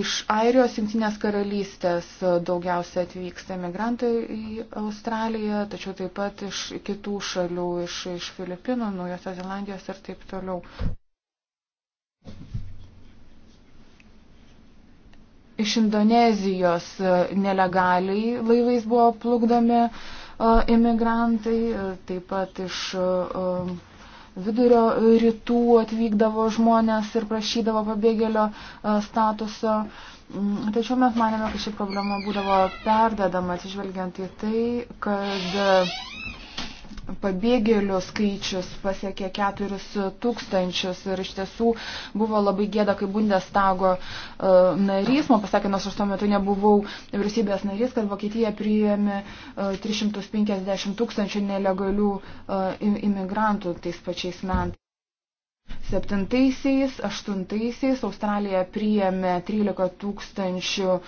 Iš Airijos, Junktinės karalystės daugiausia atvyksta migrantai į Australiją, tačiau taip pat iš kitų šalių, iš, iš Filipinų, Naujosios Zelandijos ir taip toliau iš Indonezijos e, nelegaliai laivais buvo plukdomi e, imigrantai, e, taip pat iš vidurio rytų atvykdavo žmonės ir prašydavo pabėgėlio statuso. Mm, tačiau mes manėme, kad ši problema būdavo perdedama atsižvelgiant į tai, kad pabėgėlių skaičius pasiekė 4 tūkstančius ir iš tiesų buvo labai gėda, kai Bundestago e, narys, man pasakė, nors aš tuo metu nebuvau vyriausybės narys, kad Vokietija priėmė 350 e, tūkstančių nelegalių e, imigrantų tais pačiais metais. Septintaisiais, aštuntaisiais Australija priėmė 13 tūkstančių e,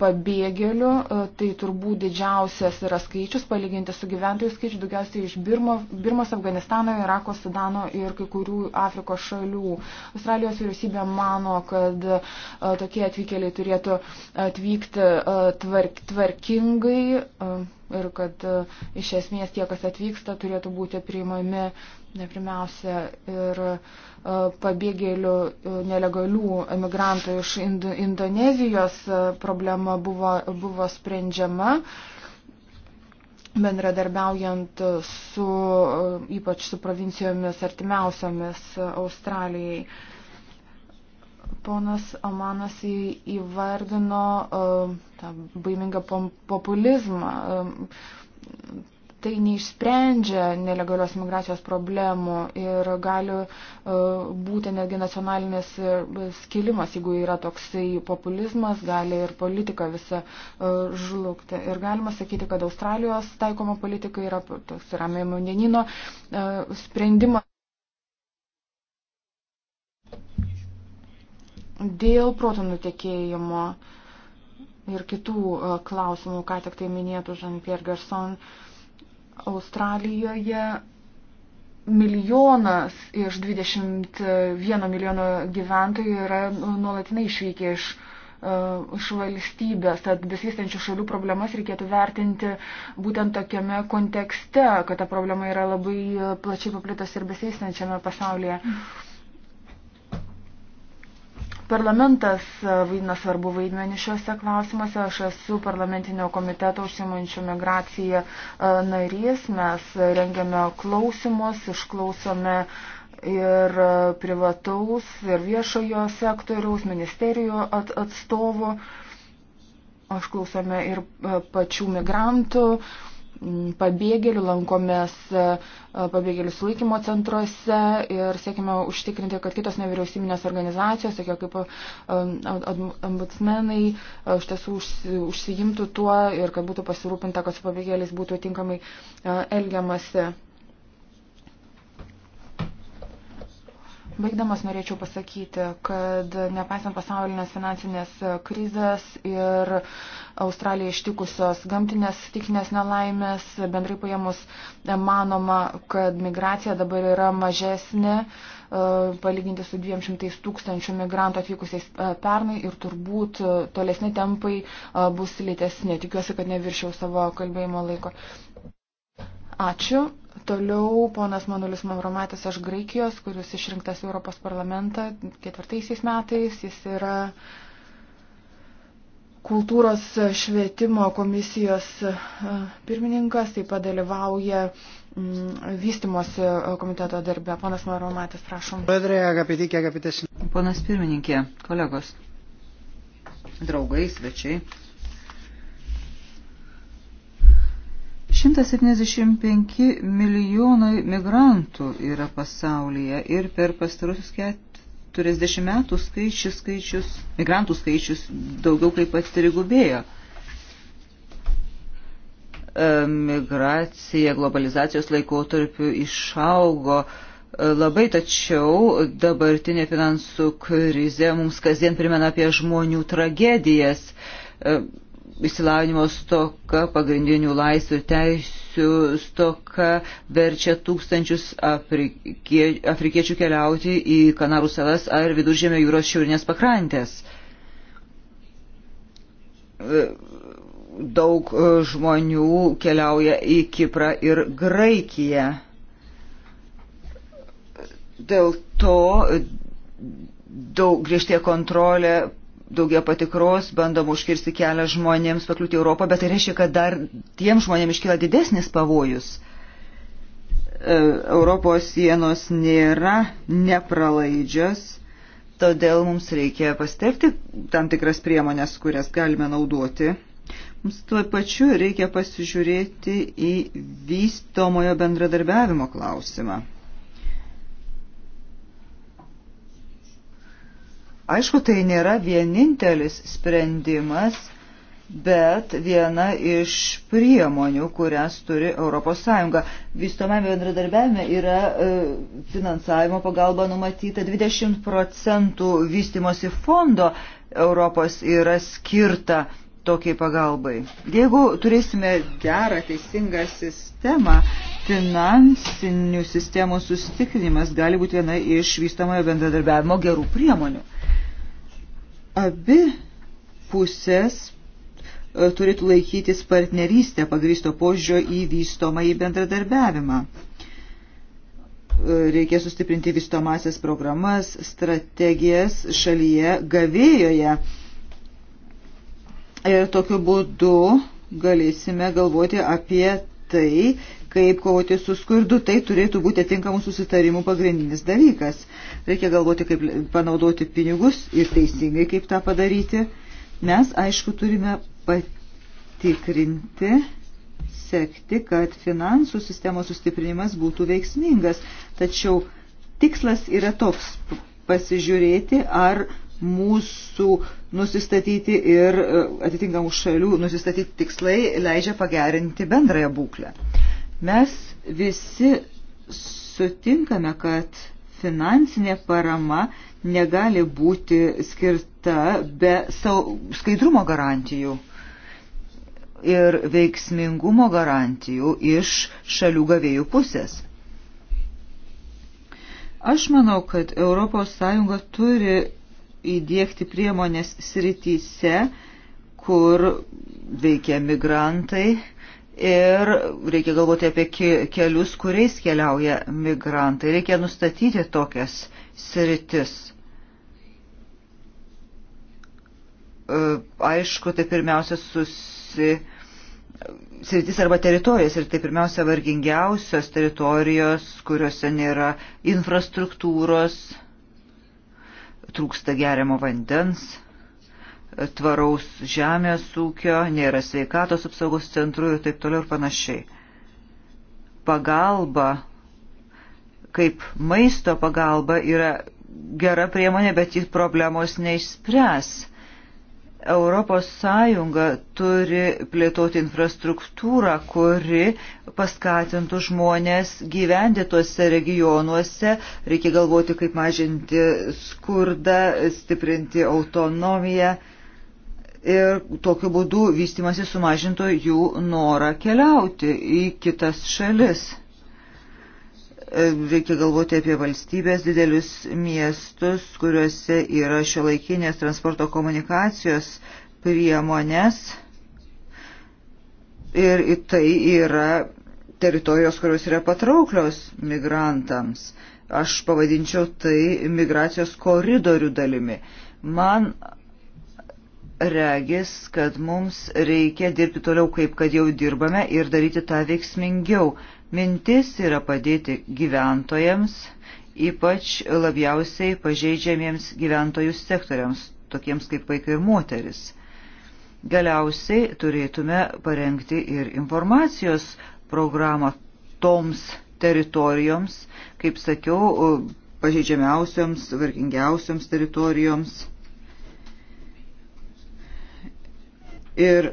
pabėgėlių, e, tai turbūt didžiausias yra skaičius, palyginti su gyventojų skaičiu, daugiausiai iš Birmo, Birmos, Afganistano, Irako, Sudano ir kai kurių Afrikos šalių. Australijos vyriausybė mano, kad e, tokie atvykėliai turėtų atvykti tvark, tvarkingai ir kad iš esmės tie, kas atvyksta, turėtų būti priimami Ne pirmiausia, ir e, pabėgėlių e, nelegalių emigrantų iš Indo, Indonezijos e, problema buvo, buvo sprendžiama bendradarbiaujant su, ypač su provincijomis artimiausiamis Australijai. Ponas Omanas įvardino tą baimingą populizmą tai neišsprendžia nelegalios migracijos problemų ir gali e, būti netgi nacionalinis e, skilimas, jeigu yra toksai populizmas, gali ir politika visa e, žlugti. Ir galima sakyti, kad Australijos taikoma politika yra toks ramiai vandenino sprendimas. Dėl proto nutekėjimo ir kitų klausimų, ką tik tai minėtų Jean-Pierre Garson, uh, Australijoje milijonas iš 21 milijono gyventojų yra nuolatinai išvykę iš, e, iš valstybės, tad besistančių šalių problemas reikėtų vertinti būtent tokiame kontekste, kad ta problema yra labai plačiai paplitas ir besistančiame pasaulyje. Mm. Parlamentas e, vaidina svarbu vaidmenį šiuose klausimuose. Aš esu parlamentinio komiteto užsimančio migraciją e, narys. Mes rengiame klausimus, išklausome ir e, privataus, ir viešojo sektoriaus, ministerijų at atstovų. Aš klausome ir pačių migrantų, pabėgėlių, lankomės e, pabėgėlių sulaikymo centruose ir siekime užtikrinti, kad kitos nevyriausybinės organizacijos, tokie kaip e, ombudsmenai, e, iš tiesų užsijimtų tuo ir kad būtų pasirūpinta, kad su pabėgėliais būtų tinkamai elgiamasi. Baigdamas norėčiau pasakyti, kad nepaisant pasaulinės finansinės krizės ir Australiją ištikusios gamtinės tikinės nelaimės, bendrai paėmus manoma, kad migracija dabar yra mažesnė, e, palyginti su 200 tūkstančių migrantų atvykusiais e, pernai ir turbūt e, tolesni tempai bus lėtesni. Tikiuosi, kad neviršiau savo kalbėjimo laiko. Ačiū. Toliau ponas Manulis Mauromatis iš Graikijos, kuris išrinktas Europos parlamentą ketvirtaisiais metais. Jis yra kultūros švietimo komisijos e, pirmininkas, taip pat dalyvauja mm, vystimosi komiteto darbe. Ponas Mauromatis, prašom. Ponas pirmininkė, kolegos, draugai, svečiai. 175 milijonai migrantų yra pasaulyje ir per pastarusius 40 metų skaičius, skaičius, migrantų skaičius daugiau kaip atrigubėjo. E, migracija globalizacijos laikotarpiu išaugo e, labai, tačiau dabartinė finansų krizė mums kasdien primena apie žmonių tragedijas e, Įsilavinimo stoka, pagrindinių laisvių ir teisių stoka verčia tūkstančius afrikie, afrikiečių keliauti į Kanarų salas ar viduržėmio jūros šiaurinės pakrantės daug žmonių keliauja į Kiprą ir Graikiją. Dėl to daug griežtė kontrolė daugiau patikros, bandom užkirsti kelią žmonėms pakliūti Europą, bet tai reiškia, kad dar tiem žmonėms iškyla didesnis pavojus. E, Europos sienos nėra nepralaidžios, todėl mums reikia pastepti tam tikras priemonės, kurias galime naudoti. Mums tuo pačiu reikia pasižiūrėti į vystomojo bendradarbiavimo klausimą. Aišku, tai nėra vienintelis sprendimas, bet viena iš priemonių, kurias turi ES. Vystomame bendradarbiavime yra e, finansavimo pagalba numatyta 20 procentų vystimosi fondo Europos yra skirta tokiai pagalbai. Jeigu turėsime gerą, teisingą sistemą, finansinių sistemų sustikrinimas gali būti viena iš vystamojo bendradarbiavimo gerų priemonių. Abi pusės e, turėtų laikytis partnerystę pagrysto požiūrio į vystomą į bendradarbiavimą. E, reikia sustiprinti vystomasias programas, strategijas šalyje gavėjoje. Ir tokiu būdu galėsime galvoti apie tai, kaip kovoti su skurdu, tai turėtų būti atinkamų susitarimų pagrindinis dalykas. Reikia galvoti, kaip panaudoti pinigus ir teisingai, kaip tą padaryti. Mes, aišku, turime patikrinti, sekti, kad finansų sistemos sustiprinimas būtų veiksmingas. Tačiau tikslas yra toks - pasižiūrėti, ar mūsų nusistatyti ir e, atitinkamų šalių nusistatyti tikslai leidžia pagerinti bendrąją būklę. Mes visi sutinkame, kad finansinė parama negali būti skirta be skaidrumo garantijų ir veiksmingumo garantijų iš šalių gavėjų pusės. Aš manau, kad ES turi įdėkti priemonės srityse, kur veikia migrantai, Ir reikia galvoti apie kelius, kuriais keliauja migrantai. Reikia nustatyti tokias sritis. E, aišku, tai pirmiausia susi sritis arba teritorijas ir tai pirmiausia vargingiausios teritorijos, kuriuose nėra infrastruktūros, trūksta geriamo vandens tvaraus žemės ūkio, nėra sveikatos apsaugos centrų ir taip toliau ir panašiai. Pagalba, kaip maisto pagalba, yra gera priemonė, bet jis problemos neišspręs. Europos Sąjunga turi plėtoti infrastruktūrą, kuri paskatintų žmonės gyventi tuose regionuose. Reikia galvoti, kaip mažinti skurdą, stiprinti autonomiją ir tokiu būdu vystimasi sumažintų jų norą keliauti į kitas šalis. E, reikia galvoti apie valstybės didelius miestus, kuriuose yra šio laikinės transporto komunikacijos priemonės ir tai yra teritorijos, kurios yra patrauklios migrantams. Aš pavadinčiau tai migracijos koridorių dalimi. Man regis, kad mums reikia dirbti toliau, kaip kad jau dirbame ir daryti tą veiksmingiau. Mintis yra padėti gyventojams, ypač labiausiai pažeidžiamiems gyventojų sektoriams, tokiems kaip vaikai ir moteris. Galiausiai turėtume parengti ir informacijos programą toms teritorijoms, kaip sakiau, pažeidžiamiausioms, vargingiausioms teritorijoms Ir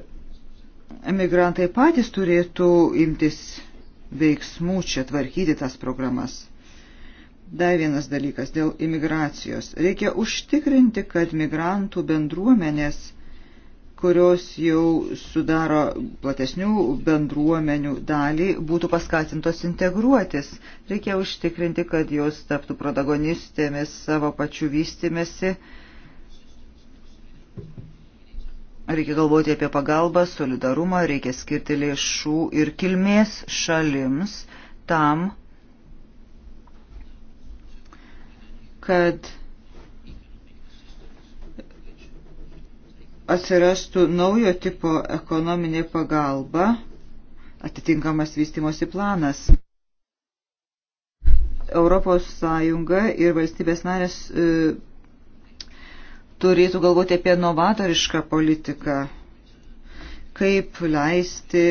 emigrantai patys turėtų imtis veiksmų čia tvarkyti tas programas. Dar vienas dalykas dėl imigracijos. Reikia užtikrinti, kad migrantų bendruomenės, kurios jau sudaro platesnių bendruomenių dalį, būtų paskatintos integruotis. Reikia užtikrinti, kad jos taptų protagonistėmis savo pačių vystimėsi Reikia galvoti apie pagalbą, solidarumą, reikia skirti lėšų ir kilmės šalims tam, kad atsirastų naujo tipo ekonominė pagalba, atitinkamas vystimosi planas. Europos Sąjunga ir valstybės narės e, turėtų galvoti apie novatorišką politiką, kaip leisti,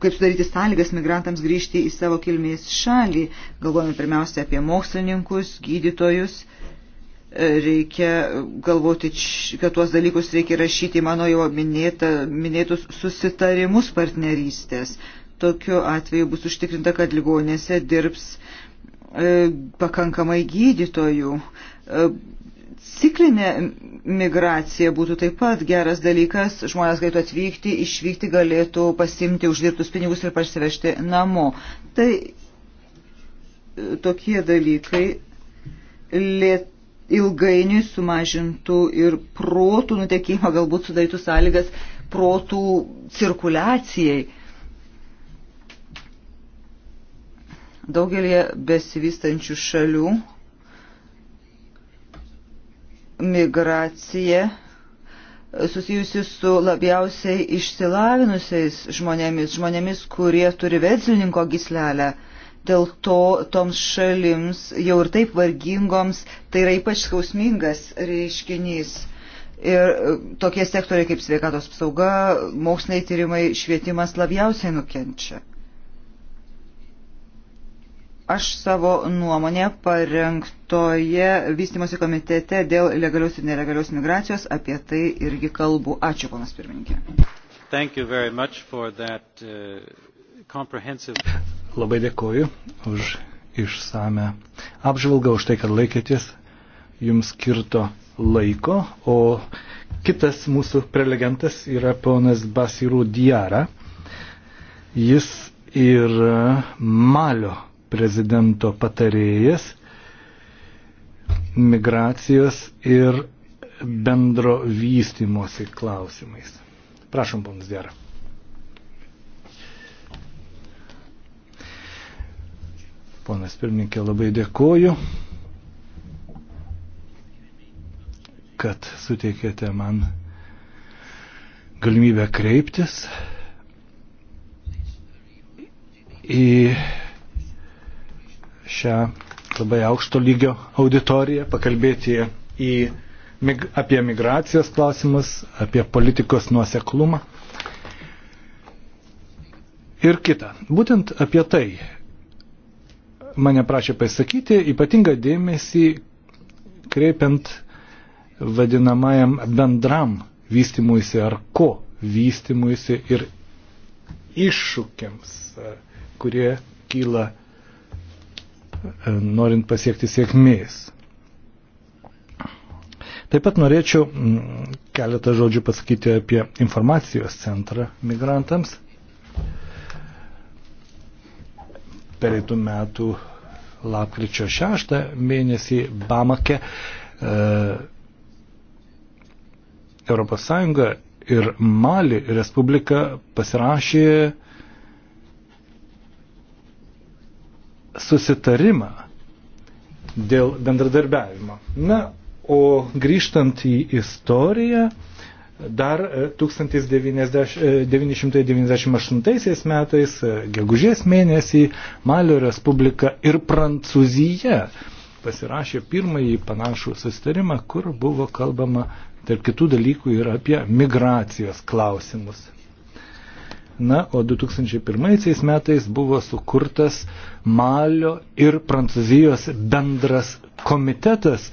kaip sudaryti sąlygas migrantams grįžti į savo kilmės šalį. Galvojame pirmiausia apie mokslininkus, gydytojus. Reikia galvoti, kad tuos dalykus reikia rašyti mano jau minėta, minėtus susitarimus partnerystės. Tokiu atveju bus užtikrinta, kad ligonėse dirbs e, pakankamai gydytojų e, Ciklinė migracija būtų taip pat geras dalykas, žmonės galėtų atvykti, išvykti, galėtų pasimti uždirbtus pinigus ir parsivežti namo. Tai e, tokie dalykai liet, ilgainiui sumažintų ir protų nutekimą, galbūt sudarytų sąlygas protų cirkuliacijai. Daugelį besivystančių šalių migracija susijusi su labiausiai išsilavinusiais žmonėmis, žmonėmis, kurie turi verslininko gislelę. Dėl to toms šalims, jau ir taip vargingoms, tai yra ypač skausmingas reiškinys. Ir e, tokie sektoriai kaip sveikatos apsauga, moksliniai tyrimai, švietimas labiausiai nukenčia. Aš savo nuomonę parengtoje vystimosi komitete dėl legalios ir nelegalios migracijos apie tai irgi kalbu. Ačiū, ponas pirmininkė. That, uh, comprehensive... Labai dėkoju už išsame apžvalgą, už tai, kad laikėtės jums skirto laiko, o kitas mūsų prelegentas yra ponas Basirų Diara. Jis yra Malio prezidento patarėjas migracijos ir bendro vystimosi klausimais. Prašom, ponas Dėra. Ponas pirmininkė, labai dėkoju, kad suteikėte man galimybę kreiptis į šią labai aukšto lygio auditoriją, pakalbėti į, mig, apie migracijos klausimus, apie politikos nuoseklumą ir kitą. Būtent apie tai mane prašė pasakyti ypatingą dėmesį kreipiant vadinamajam bendram vystimuisi ar ko vystimuisi ir iššūkiams, kurie kyla E, norint pasiekti sėkmės. Taip pat norėčiau mm, keletą žodžių pasakyti apie informacijos centrą migrantams. Pereitų metų lapkričio 6 mėnesį Bamake ES ir Mali Respublika pasirašė susitarimą dėl bendradarbiavimo. Na, o grįžtant į istoriją, dar 1998 e, e, metais, e, gegužės mėnesį, Malio Respublika ir Prancūzija pasirašė pirmąjį panašų susitarimą, kur buvo kalbama, tarp kitų dalykų, ir apie migracijos klausimus. Na, o 2001 metais buvo sukurtas Malio ir Prancūzijos bendras komitetas,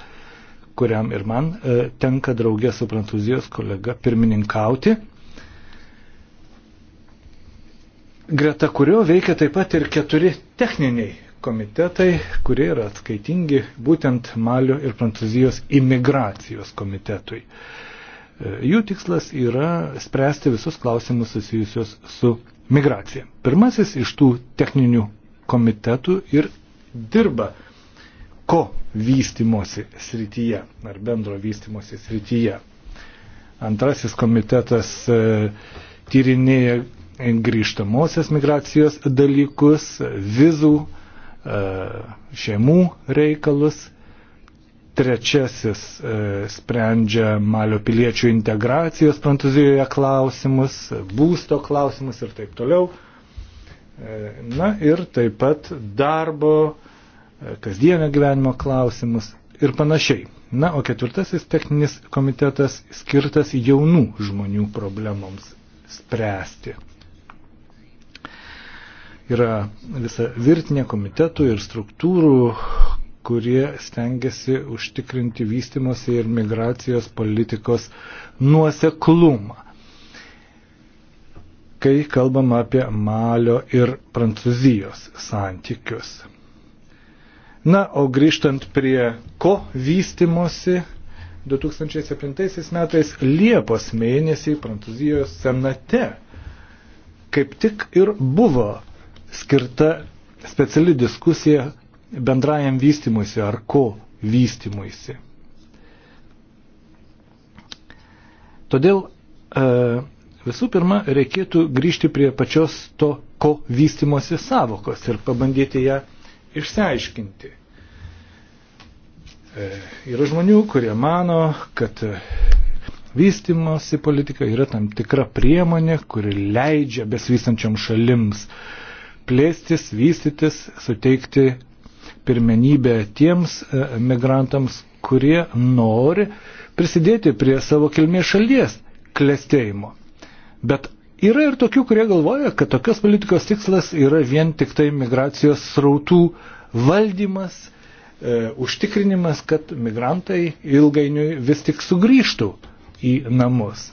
kuriam ir man e, tenka draugė su Prancūzijos kolega pirmininkauti. Greta kurio veikia taip pat ir keturi techniniai komitetai, kurie yra atskaitingi būtent Malio ir Prancūzijos imigracijos komitetui. E, Jų tikslas yra spręsti visus klausimus susijusius su migracija. Pirmasis iš tų techninių komitetų ir dirba ko vystimosi srityje ar bendro vystimosi srityje. Antrasis komitetas e, tyrinėja grįžtamosios migracijos dalykus, vizų, e, šeimų reikalus trečiasis e, sprendžia Malio piliečių integracijos Prancūzijoje klausimus, būsto klausimus ir taip toliau. E, na ir taip pat darbo, e, kasdienio gyvenimo klausimus ir panašiai. Na, o ketvirtasis techninis komitetas skirtas jaunų žmonių problemoms spręsti. Yra visa virtinė komitetų ir struktūrų, kurie stengiasi užtikrinti vystimosi ir migracijos politikos nuoseklumą. Kai kalbam apie Malio ir Prancūzijos santykius. Na, o grįžtant prie ko vystimosi, 2007 metais Liepos mėnesį Prancūzijos senate kaip tik ir buvo skirta speciali diskusija bendrajam vystimuisi ar ko vystimuisi. Todėl e, visų pirma reikėtų grįžti prie pačios to ko vystimosi savokos ir pabandyti ją išsiaiškinti. E, yra žmonių, kurie mano, kad e, vystimosi politika yra tam tikra priemonė, kuri leidžia besvystančiam šalims plėstis, vystytis, suteikti pirmenybę tiems e, migrantams, kurie nori prisidėti prie savo kilmės šalies klėstėjimo. Bet yra ir tokių, kurie galvoja, kad tokios politikos tikslas yra vien tik tai migracijos srautų valdymas, e, užtikrinimas, kad migrantai ilgainiui vis tik sugrįžtų į namus.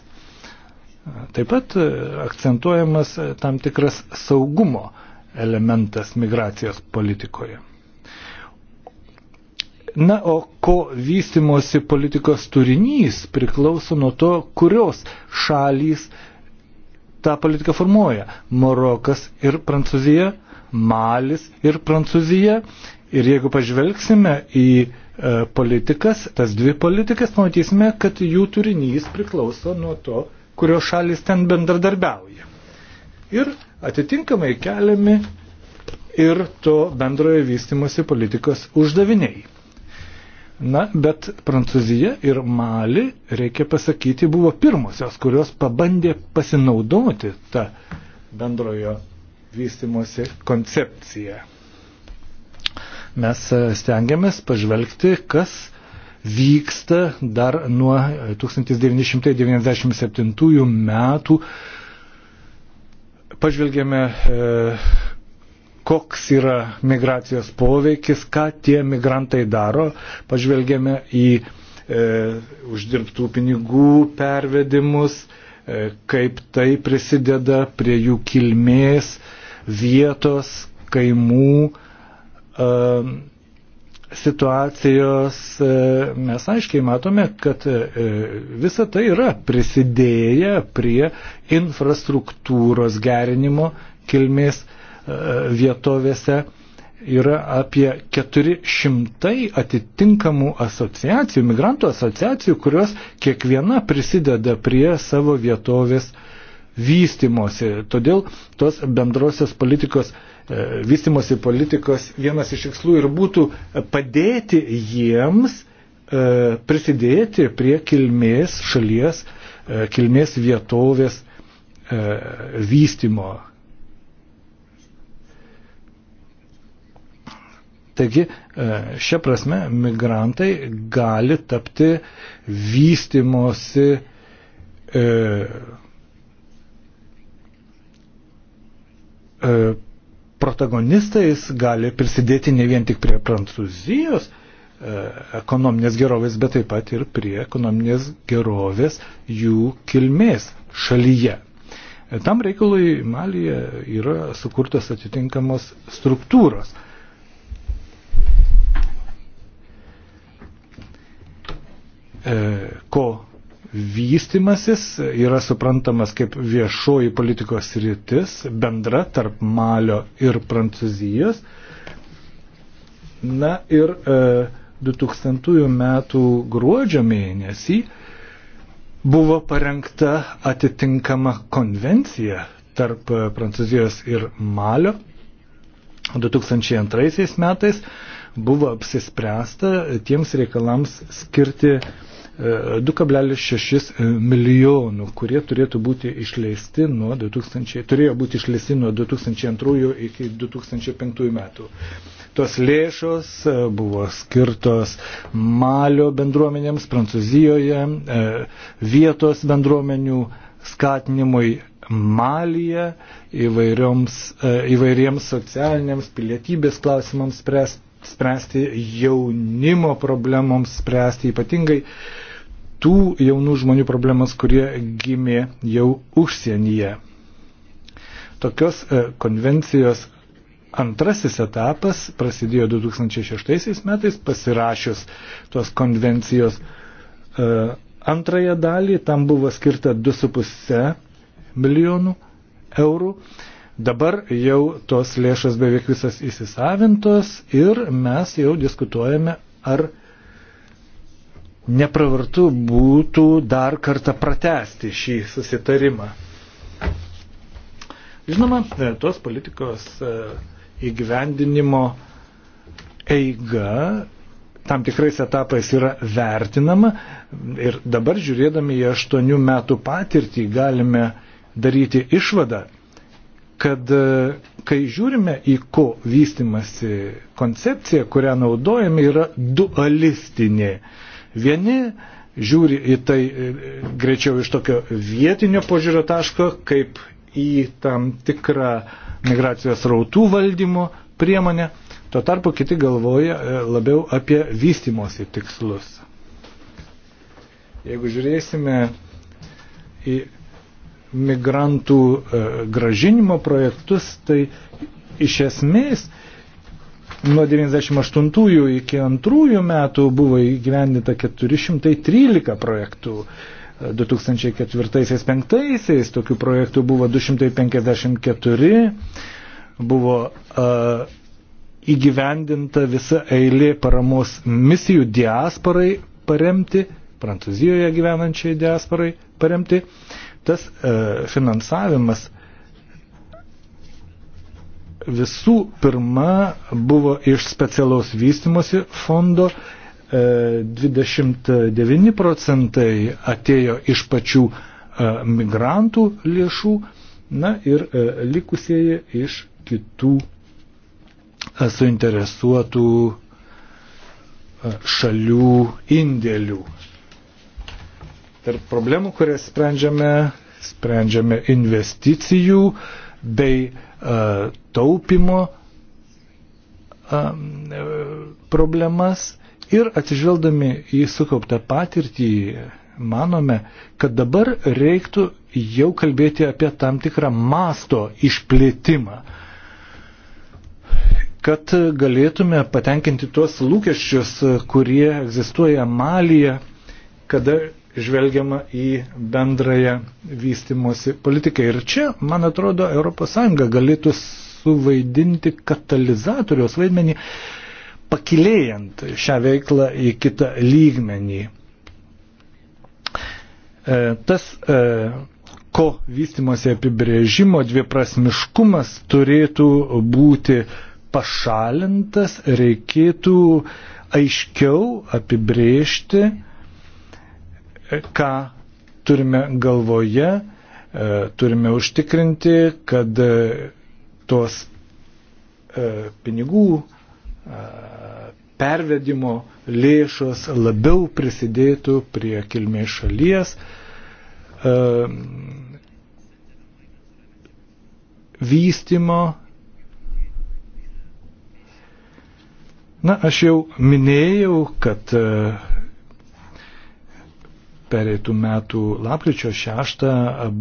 Taip pat e, akcentuojamas e, tam tikras saugumo elementas migracijos politikoje. Na, o ko vystimosi politikos turinys priklauso nuo to, kurios šalys tą politiką formuoja. Marokas ir Prancūzija, Malis ir Prancūzija. Ir jeigu pažvelgsime į e, politikas, tas dvi politikas, pamatysime, kad jų turinys priklauso nuo to, kurios šalis ten bendradarbiauja. Ir atitinkamai keliami ir to bendrojo vystimosi politikos uždaviniai. Na, bet Prancūzija ir Mali, reikia pasakyti, buvo pirmosios, kurios pabandė pasinaudoti tą bendrojo vystimosi koncepciją. Mes e, stengiamės pažvelgti, kas vyksta dar nuo 1997 metų. Pažvelgėme e, koks yra migracijos poveikis, ką tie migrantai daro. Pažvelgėme į e, uždirbtų pinigų pervedimus, e, kaip tai prisideda prie jų kilmės, vietos, kaimų. E, situacijos e, mes aiškiai matome, kad e, e, visa tai yra prisidėję prie infrastruktūros gerinimo kilmės vietovėse yra apie 400 atitinkamų asociacijų, migrantų asociacijų, kurios kiekviena prisideda prie savo vietovės vystimosi. Todėl tos bendrosios politikos, e, vystimosi politikos vienas iš tikslų ir būtų padėti jiems e, prisidėti prie kilmės šalies, e, kilmės vietovės vystimo Taigi, e, šia prasme, migrantai gali tapti vystimosi e, e, protagonistais, gali prisidėti ne vien tik prie Prancūzijos e, ekonominės gerovės, bet taip pat ir prie ekonominės gerovės jų kilmės šalyje. Tam reikalui Malija yra sukurtos atitinkamos struktūros. E, ko vystimasis yra suprantamas kaip viešoji politikos rytis bendra tarp Malio ir Prancūzijos. Na ir e, 2000 metų gruodžio mėnesį buvo parengta atitinkama konvencija tarp Prancūzijos ir Malio. 2002 metais buvo apsispręsta tiems reikalams skirti 2,6 e, milijonų, kurie turėtų būti išleisti nuo 2000, turėjo būti išleisti nuo 2002 iki 2005 metų. Tos lėšos e, buvo skirtos Malio bendruomenėms Prancūzijoje, e, vietos bendruomenių skatinimui Malyje, įvairiems socialiniams pilietybės klausimams spręsti spręsti jaunimo problemoms, spręsti ypatingai tų jaunų žmonių problemas, kurie gimė jau užsienyje. Tokios e, konvencijos antrasis etapas prasidėjo 2006 metais, pasirašius tos konvencijos e, antrąją dalį, tam buvo skirta 2,5 milijonų eurų. Dabar jau tos lėšas beveik visas įsisavintos ir mes jau diskutuojame, ar nepravartu būtų dar kartą pratesti šį susitarimą. Žinoma, e, tos politikos e, įgyvendinimo eiga tam tikrais etapais yra vertinama ir dabar žiūrėdami į aštuonių metų patirtį galime daryti išvadą, kad e, kai žiūrime į ko vystimasi koncepcija, kurią naudojame, yra dualistinė. Vieni žiūri į tai e, greičiau iš tokio vietinio požiūrio taško, kaip į tam tikrą migracijos rautų valdymo priemonę, tuo tarpu kiti galvoja e, labiau apie vystimosi tikslus. Jeigu žiūrėsime į migrantų e, gražinimo projektus, tai iš esmės nuo 98 iki 2 metų buvo įgyvendinta 413 projektų. 2004-2005 e, tokių projektų buvo 254, buvo uh, įgyvendinta visa eilė paramos misijų diasporai paremti, Prancūzijoje gyvenančiai diasporai paremti. Uh, tas e, finansavimas visų pirma buvo iš specialaus vystimosi fondo, 29 e, procentai atėjo iš pačių e, migrantų lėšų, na ir likusieji iš kitų suinteresuotų šalių indėlių. Tarp problemų, kurias sprendžiame, sprendžiame investicijų bei uh, taupimo e, problemas ir atsižvelgdami į sukauptą patirtį manome, kad dabar reiktų jau kalbėti apie tam tikrą masto išplėtimą, kad galėtume patenkinti tuos lūkesčius, kurie egzistuoja Malyje, kada žvelgiama į bendrąją vystimosi politiką. Ir čia, man atrodo, ES galėtų suvaidinti katalizatoriaus vaidmenį, pakilėjant šią veiklą į kitą lygmenį. E, tas e, ko vystimosi apibrėžimo dviprasmiškumas turėtų būti pašalintas, reikėtų aiškiau apibrėžti, ką turime galvoje, e, turime užtikrinti, kad e, tos e, pinigų pervedimo lėšos labiau prisidėtų prie kilmės šalies vystimo. Na, aš jau minėjau, kad pereitų metų lapkričio 6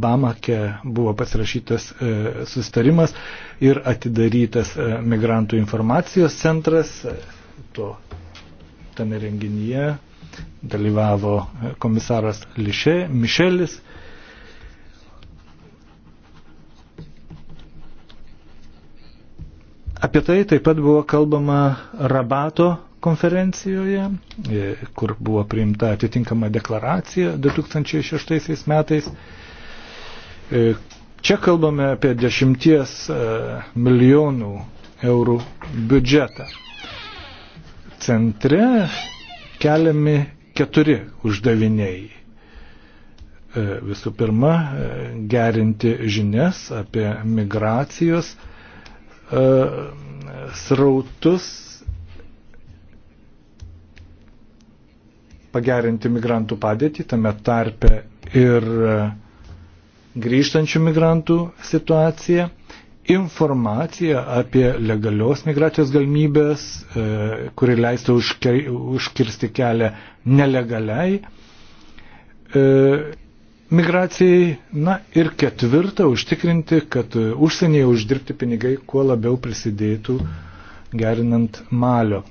Bamake buvo pasirašytas e, sustarimas ir atidarytas e, migrantų informacijos centras. To tame renginyje dalyvavo e, komisaras Lišė, Mišelis. Apie tai taip pat buvo kalbama Rabato konferencijoje, e, kur buvo priimta atitinkama deklaracija 2006 metais. E, čia kalbame apie 10 e, milijonų eurų biudžetą. Centre keliami keturi uždaviniai. Visų pirma, gerinti žinias apie migracijos srautus pagerinti migrantų padėtį, tame tarpe ir e, grįžtančių migrantų situaciją. Informacija apie legalios migracijos galimybės, e, kuri leistų užkirsti kelią nelegaliai e, migracijai. Na ir ketvirta, užtikrinti, kad užsienyje uždirbti pinigai kuo labiau prisidėtų gerinant malio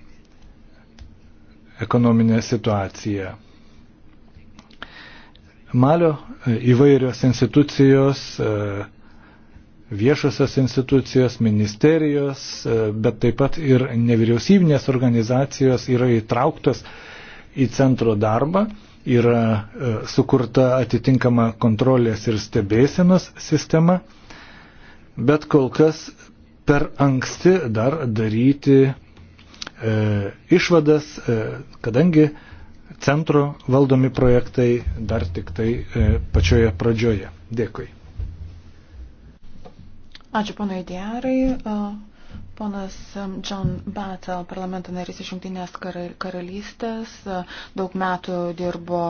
ekonominę situaciją. Malio e, įvairios institucijos, e, viešosios institucijos, ministerijos, e, bet taip pat ir nevyriausybinės organizacijos yra įtrauktos į centro darbą, yra sukurta atitinkama kontrolės ir stebėsenos sistema, bet kol kas per anksti dar daryti E, išvadas, e, kadangi centro valdomi projektai dar tik tai e, pačioje pradžioje. Dėkui. Ačiū ponui Diarai. Ponas John Battle, parlamento narys iš Junktinės karalystės, daug metų dirbo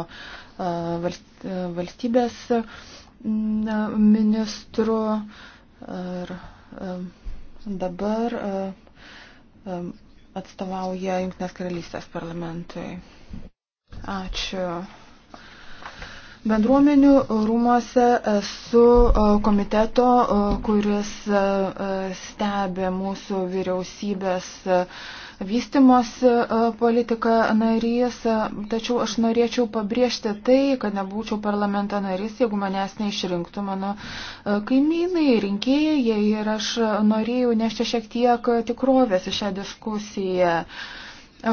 valstybės ministru ir dabar atstovauja Junktinės karalystės parlamentui. Ačiū. Bendruomenių rūmose esu e, komiteto, e, kuris e, stebi mūsų vyriausybės vystimosi e, politika narys, e, tačiau aš norėčiau pabrėžti tai, kad nebūčiau parlamento narys, jeigu manęs neišrinktų mano e, kaimynai, rinkėjai ir aš norėjau nešti šiek tiek tikrovės į šią diskusiją.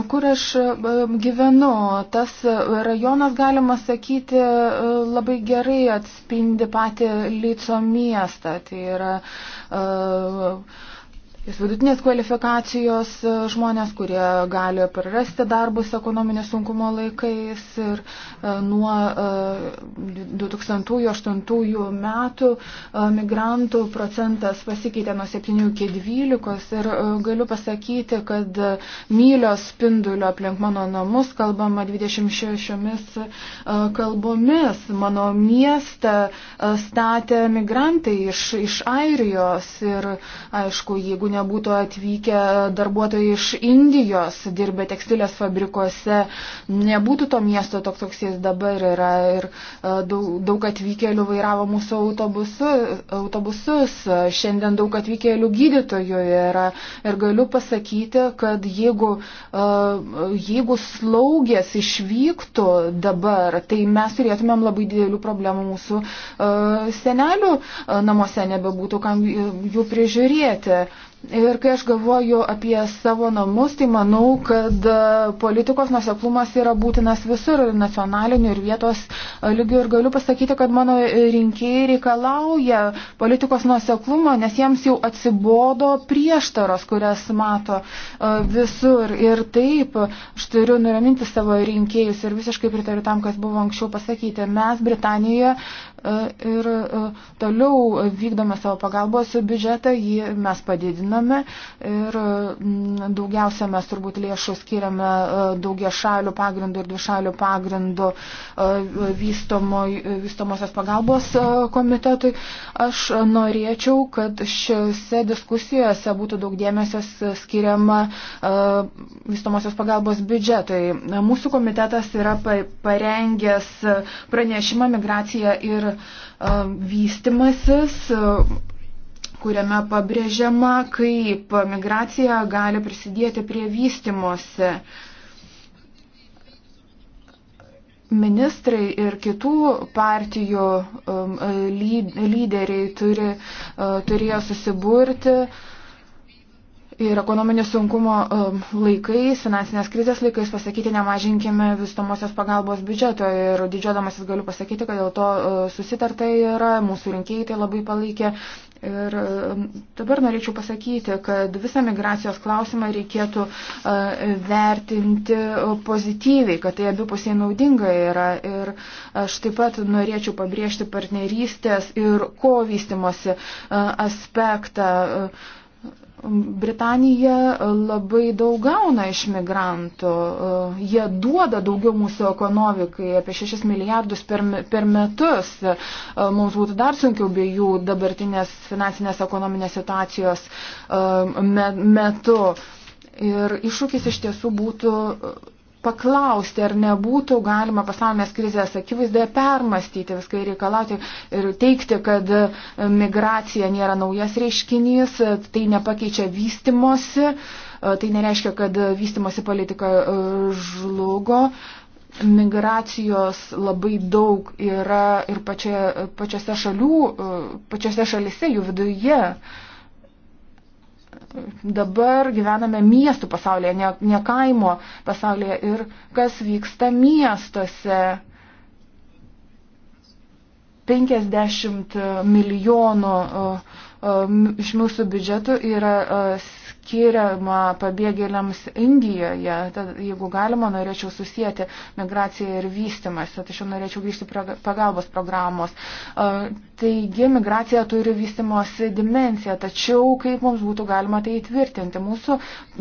Kur aš gyvenu, tas rajonas, galima sakyti, labai gerai atspindi patį Lyco miestą. Tai yra, uh, Jis vidutinės kvalifikacijos e, žmonės, kurie gali prarasti darbus ekonominio sunkumo laikais ir e, nuo 2008 e, metų migrantų procentas pasikeitė nuo 7 iki 12 ir galiu pasakyti, kad mylios spindulio aplink mano namus kalbama 26 kalbomis. Mano miestą statė migrantai iš, iš Airijos ir aišku, jeigu ne nebūtų atvykę darbuotojai iš Indijos, dirbę tekstilės fabrikuose, nebūtų to miesto toks, koks jis dabar yra. Ir e, daug, daug atvykėlių vairavo mūsų autobusu, autobusus. Šiandien daug atvykėlių gydytojų yra. Ir galiu pasakyti, kad jeigu, e, jeigu slaugės išvyktų dabar, tai mes turėtumėm labai didelių problemų mūsų e, senelių namuose nebebūtų kam jų prižiūrėti. Ir kai aš galvoju apie savo namus, tai manau, kad e, politikos nuseklumas yra būtinas visur, ir nacionaliniu, ir vietos e, lygiu. Ir galiu pasakyti, kad mano e, rinkėjai reikalauja politikos nuseklumo, nes jiems jau atsibodo prieštaros, kurias mato visur. Ir taip, aš turiu nuraminti savo rinkėjus ir visiškai pritariu tam, kas buvo anksčiau pasakyti. Mes Britanijoje E, ir e, toliau vykdome savo pagalbos biudžetą, jį mes padidiname ir daugiausia mes turbūt lėšų skiriame e, daugia šalių pagrindų ir dvišalių pagrindų vystomo, vystomosios pagalbos komitetui. Aš norėčiau, kad šiuose diskusijose būtų daug dėmesio skiriama vystomosios pagalbos biudžetai. Mūsų komitetas yra parengęs pranešimą migraciją ir vystimasis, kuriame pabrėžiama, kaip migracija gali prisidėti prie vystimosi. Ministrai ir kitų partijų lyderiai turi, turėjo susiburti ir ekonominio sunkumo um, laikais, finansinės krizės laikais pasakyti, nemažinkime vystomosios pagalbos biudžeto. Ir didžiuodamasis galiu pasakyti, kad dėl to uh, susitartai yra, mūsų rinkėjai tai labai palaikė. Ir um, dabar norėčiau pasakyti, kad visą migracijos klausimą reikėtų uh, vertinti uh, pozityviai, kad tai abipusiai naudinga yra. Ir aš taip pat norėčiau pabrėžti partnerystės ir kovystimosi aspektą. Britanija labai daug gauna iš migrantų. Jie duoda daugiau mūsų ekonomikai, apie 6 milijardus per, per metus. Mums būtų dar sunkiau be jų dabartinės finansinės ekonominės situacijos e, metu. Ir iššūkis iš tiesų būtų paklausti, ar nebūtų galima pasaulinės krizės akivaizdoje permastyti viską ir reikalauti ir teikti, kad e, migracija nėra naujas reiškinys, tai nepakeičia vystimosi, e, tai nereiškia, kad vystimosi politika e, žlugo. Migracijos labai daug yra ir pačia, pačiose, šalių, pačiose šalise, jų viduje. Uh, dabar gyvename miestų pasaulyje, ne, ne kaimo pasaulyje ir kas vyksta miestuose. 50 milijonų uh, uh, iš mūsų biudžetų yra uh, skiriama pabėgėliams Indijoje. Tad, jeigu galima, norėčiau susijęti migraciją ir vystimąsi. Tačiau norėčiau grįžti prie pagalbos programos. Taigi, migracija turi vystimosi dimenciją, tačiau kaip mums būtų galima tai įtvirtinti? Mūsų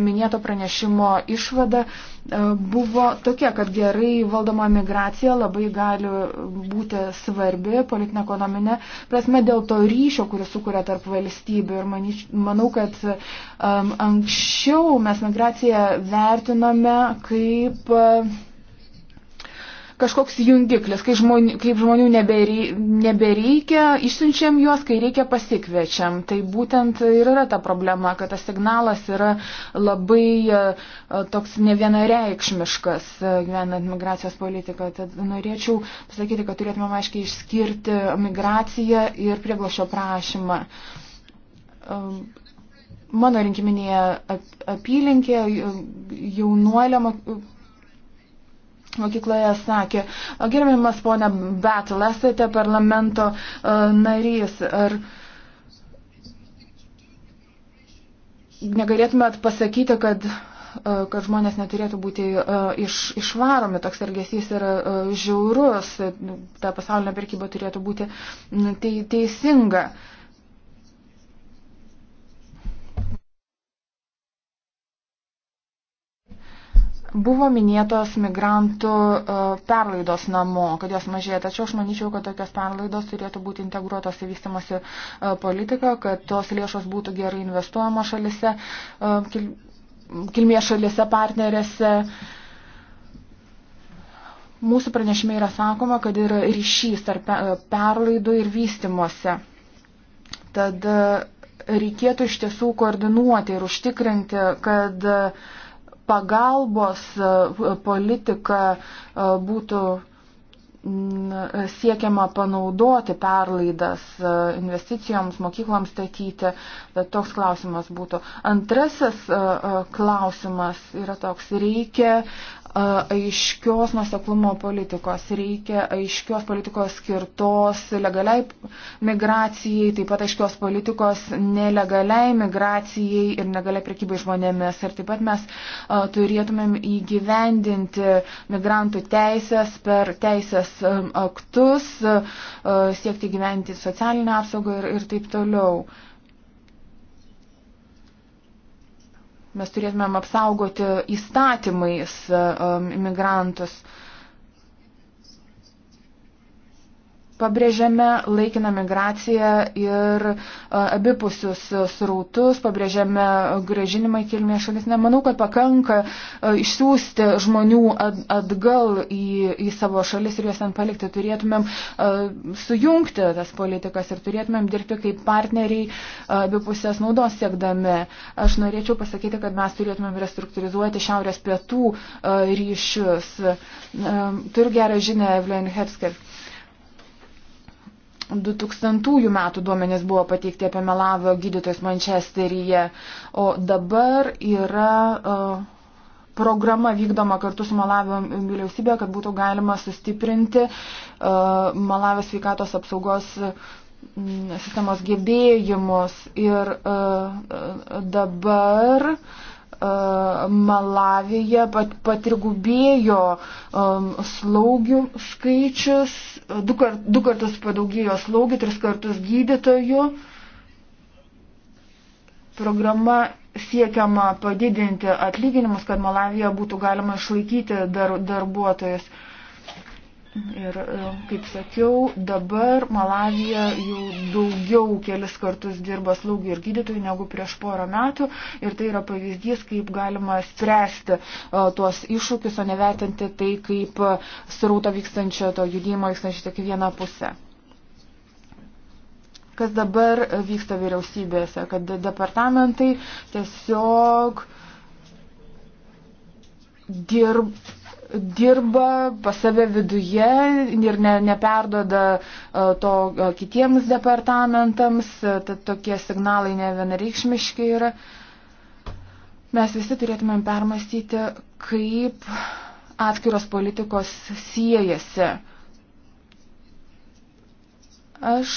minėto pranešimo išvada E, buvo tokia, kad gerai valdoma migracija labai gali būti svarbi politinė ekonominė prasme dėl to ryšio, kuris sukuria tarp valstybių. Ir manyč, manau, kad um, anksčiau mes migraciją vertinome kaip uh, kažkoks jungiklis, kai žmonių, kaip žmonių neberei, nebereikia, išsiunčiam juos, kai reikia pasikviečiam. Tai būtent ir yra ta problema, kad tas signalas yra labai e, e, toks nevienareikšmiškas e, gyvenant migracijos politiką. Tad norėčiau pasakyti, kad turėtume aiškiai išskirti migraciją ir prieglošio prašymą mano rinkiminėje apylinkėje jaunuolė mokykloje sakė, gerbiamas ponia Betel, esate parlamento e, narys. Ar negalėtumėt pasakyti, kad, e, kad žmonės neturėtų būti e, iš, išvaromi, toks elgesys yra žiaurus, ta pasaulinė prekyba turėtų būti teisinga. Buvo minėtos migrantų e, perlaidos namo, kad jos mažėja, tačiau aš manyčiau, kad tokios perlaidos turėtų būti integruotos į vystimasi e, politiką, kad tos lėšos būtų gerai investuojama šalise, e, kilmės šalise, partnerėse. Mūsų pranešime yra sakoma, kad yra ryšys tarp perlaidų ir vystimuose. Tad reikėtų iš tiesų koordinuoti ir užtikrinti, kad uh, pagalbos e, e, politika e, būtų siekiama panaudoti perlaidas investicijoms, mokykloms statyti. Toks klausimas būtų. Antrasis klausimas yra toks. Reikia aiškios nuseklumo politikos, reikia aiškios politikos skirtos legaliai migracijai, taip pat aiškios politikos nelegaliai migracijai ir negaliai prekybai žmonėmis. Ir taip pat mes turėtumėm įgyvendinti migrantų teisės per teisės aktus, siekti gyventi socialinę apsaugą ir, ir taip toliau. Mes turėtumėm apsaugoti įstatymais imigrantus. E, e, um, pabrėžiame laikiną migraciją ir e, abipusius e, srautus, pabrėžiame gražinimą į kilmės šalis. Nemanau, kad pakanka e, išsiųsti žmonių atgal į, į savo šalis ir juos ten palikti. Turėtumėm sujungti tas politikas ir turėtumėm dirbti kaip partneriai abipusės naudos siekdami. Aš norėčiau pasakyti, kad mes turėtumėm restruktūrizuoti šiaurės pietų ryšius. Turiu gerą žinę, Evelyn Hepskert 2000 metų duomenys buvo pateikti apie melavio gydytojus Mančesteryje, o dabar yra e, programa vykdoma kartu su Malavio vyriausybė, kad būtų galima sustiprinti e, Malavio sveikatos apsaugos sistemos gebėjimus. Ir e, dabar uh, Malavyje pat, patrigubėjo um, slaugių skaičius, du, kart, du kartus padaugėjo slaugių, tris kartus gydytojų. Programa siekiama padidinti atlyginimus, kad Malavyje būtų galima išlaikyti dar, darbuotojus. Uh, Ir, e, kaip sakiau, dabar Malavija jau daugiau kelis kartus dirba slaugiai ir gydytojai negu prieš porą metų. Ir tai yra pavyzdys, kaip galima spręsti e, tuos iššūkius, o nevertinti tai kaip e, srauto vykstančio, to judėjimo vykstančio tik vieną pusę. Kas dabar vyksta vyriausybėse, kad departamentai tiesiog dirba dirba pas save viduje ir ne, neperdoda e, to e, kitiems departamentams, e, tad tokie signalai nevienareikšmiški yra. Mes visi turėtumėm permastyti, kaip atskiros politikos siejasi. Aš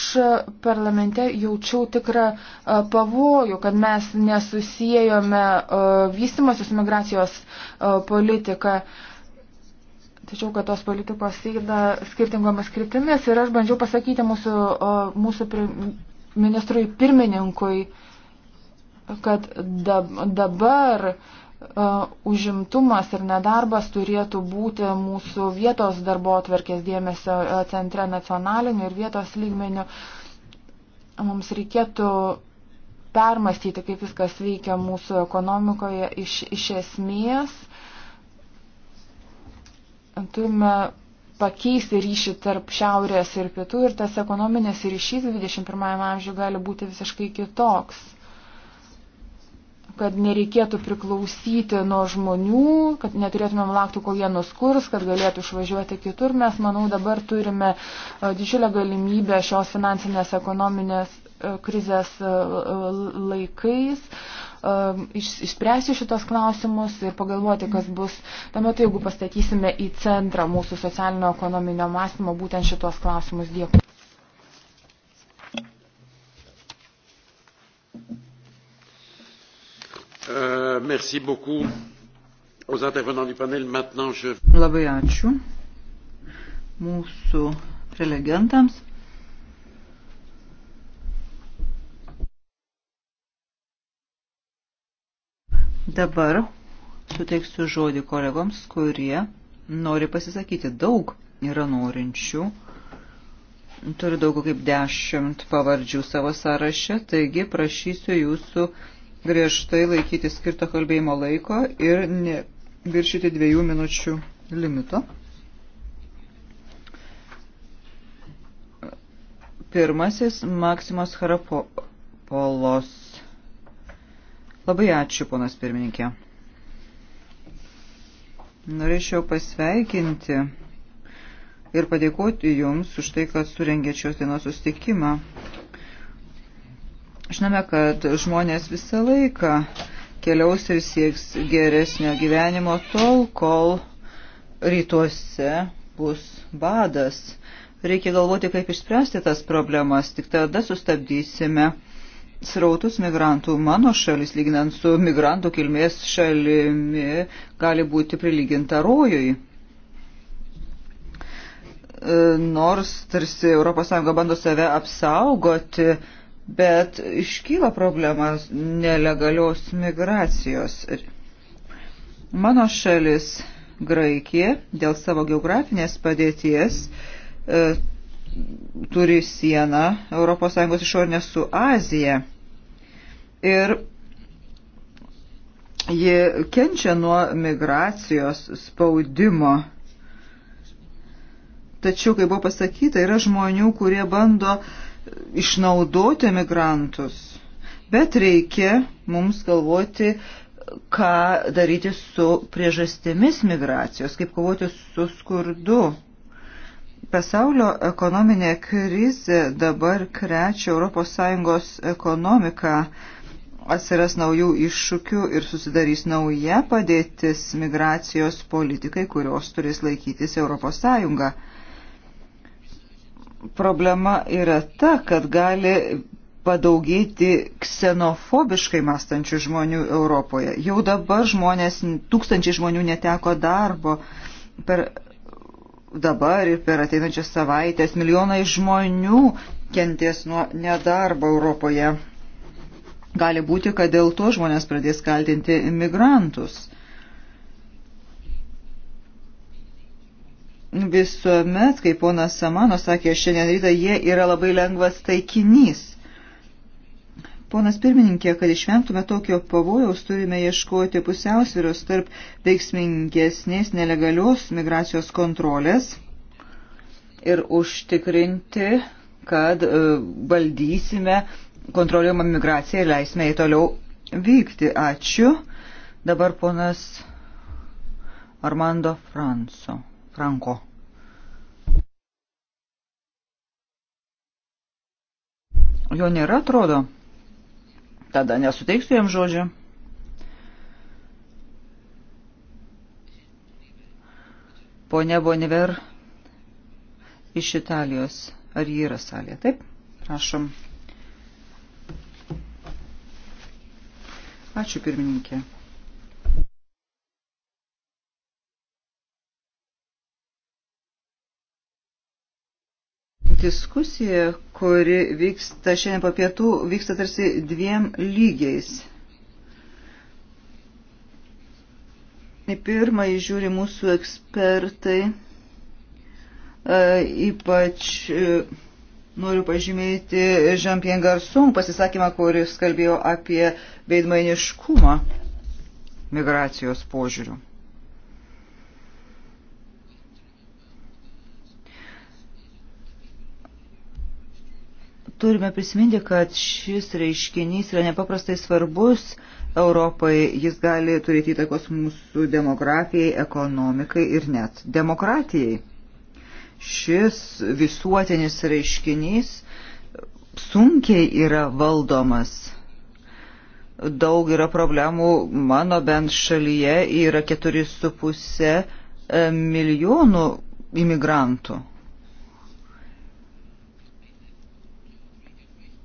parlamente jaučiau tikrą pavojų, kad mes nesusijėjome vystimosios migracijos politiką Tačiau, kad tos politikos eina skirtingomis kryptimis ir aš bandžiau pasakyti mūsų, mūsų ministrui pirmininkui, kad dabar užimtumas ir nedarbas turėtų būti mūsų vietos darbo atverkės dėmesio centre nacionaliniu ir vietos lygmeniu. Mums reikėtų permastyti, kaip viskas veikia mūsų ekonomikoje iš, iš esmės turime pakeisti ryšį tarp šiaurės ir pietų ir tas ekonominės ryšys 21 amžiuje gali būti visiškai kitoks kad nereikėtų priklausyti nuo žmonių, kad neturėtumėm laukti, kol jie nuskurs, kad galėtų išvažiuoti kitur. Mes, manau, dabar turime e, didžiulę galimybę šios finansinės ekonominės e, krizės e, laikais Um, išspręsti šitos klausimus ir pagalvoti, kas bus tuo metu, jeigu pastatysime į centrą mūsų socialinio ekonominio mąstymo būtent šitos klausimus. Dėkui. Uh, merci beaucoup aux intervenants du panel. Maintenant, je... Labai ačiū mūsų prelegentams. Dabar suteiksiu žodį kolegoms, kurie nori pasisakyti. Daug yra norinčių. Turiu daugiau kaip dešimt pavardžių savo sąraše, taigi prašysiu jūsų griežtai laikyti skirto kalbėjimo laiko ir neviršyti dviejų minučių limito. Pirmasis Maksimas Harapolos Labai ačiū, ponas pirmininkė. Norėčiau pasveikinti ir padėkoti Jums už tai, kad surengė šios dienos sustikimą. Žinome, kad žmonės visą laiką keliaus ir sieks geresnio gyvenimo tol, kol rytuose bus badas. Reikia galvoti, kaip išspręsti tas problemas, tik tada sustabdysime srautus migrantų. Mano šalis, lyginant su migrantų kilmės šalimi, gali būti prilyginta rojui. E, nors tarsi ES bando save apsaugoti, bet iškyla problemas nelegalios migracijos. Mano šalis Graikija dėl savo geografinės padėties e, turi sieną ES išorinę su Azija. Ir ji kenčia nuo migracijos spaudimo. Tačiau, kaip buvo pasakyta, yra žmonių, kurie bando išnaudoti migrantus. Bet reikia mums galvoti, ką daryti su priežastimis migracijos, kaip kovoti su skurdu Pasaulio ekonominė krizė dabar krečia ES ekonomiką atsiras naujų iššūkių ir susidarys nauja padėtis migracijos politikai, kurios turės laikytis ES. Problema yra ta, kad gali padaugėti ksenofobiškai mąstančių žmonių Europoje. Jau dabar žmonės, tūkstančiai žmonių neteko darbo per dabar ir per ateinančias savaitės milijonai žmonių kenties nuo nedarbo Europoje. Gali būti, kad dėl to žmonės pradės kaltinti imigrantus. Visuomet, kaip ponas Samano sakė šiandien rytą, jie yra labai lengvas taikinys. Ponas pirmininkė, kad išvengtume tokio pavojaus, turime ieškoti pusiausvyros tarp veiksmingesnės nelegalios migracijos kontrolės ir užtikrinti, kad e, valdysime kontroliuojamą migraciją ir leisime jį toliau vykti. Ačiū. Dabar ponas Armando Franco. Franco. Jo nėra, atrodo tada nesuteiksiu jam žodžio. Pone Boniver iš Italijos. Ar jį yra salė? Taip, prašom. Ačiū pirmininkė. diskusija, kuri vyksta šiandien po pietų, vyksta tarsi dviem lygiais. Į pirmąjį žiūri mūsų ekspertai, e, ypač e, Noriu pažymėti Jean-Pierre Garson pasisakymą, kuris kalbėjo apie veidmainiškumą migracijos požiūrių. Turime prisiminti, kad šis reiškinys yra nepaprastai svarbus Europai, jis gali turėti įtakos mūsų demografijai, ekonomikai ir net demokratijai. Šis visuotinis reiškinys sunkiai yra valdomas. Daug yra problemų, mano bent šalyje yra 4,5 e, milijonų imigrantų.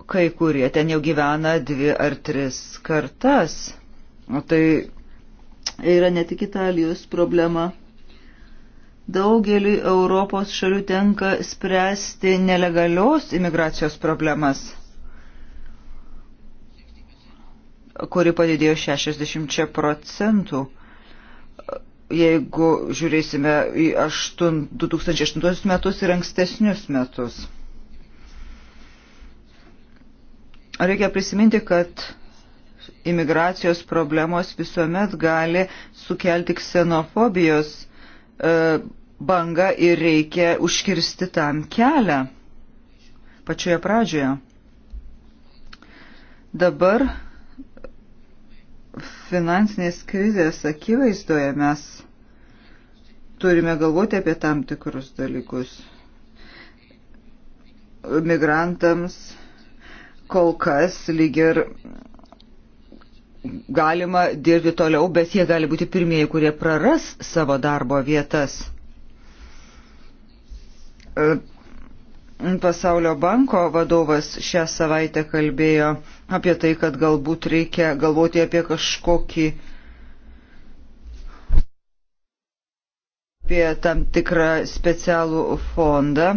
kai kurie ten jau gyvena dvi ar tris kartas. O tai yra ne tik Italijos problema. Daugeliu Europos šalių tenka spręsti nelegalios imigracijos problemas, kuri padidėjo 60 procentų jeigu žiūrėsime į 2008 metus ir ankstesnius metus. Reikia prisiminti, kad imigracijos problemos visuomet gali sukelti ksenofobijos e, bangą ir reikia užkirsti tam kelią pačioje pradžioje. Dabar finansinės krizės akivaizdoje mes turime galvoti apie tam tikrus dalykus. Migrantams kol kas lyg ir galima dirbti toliau, bet jie gali būti pirmieji, kurie praras savo darbo vietas. E, Pasaulio banko vadovas šią savaitę kalbėjo apie tai, kad galbūt reikia galvoti apie kažkokį apie tam tikrą specialų fondą,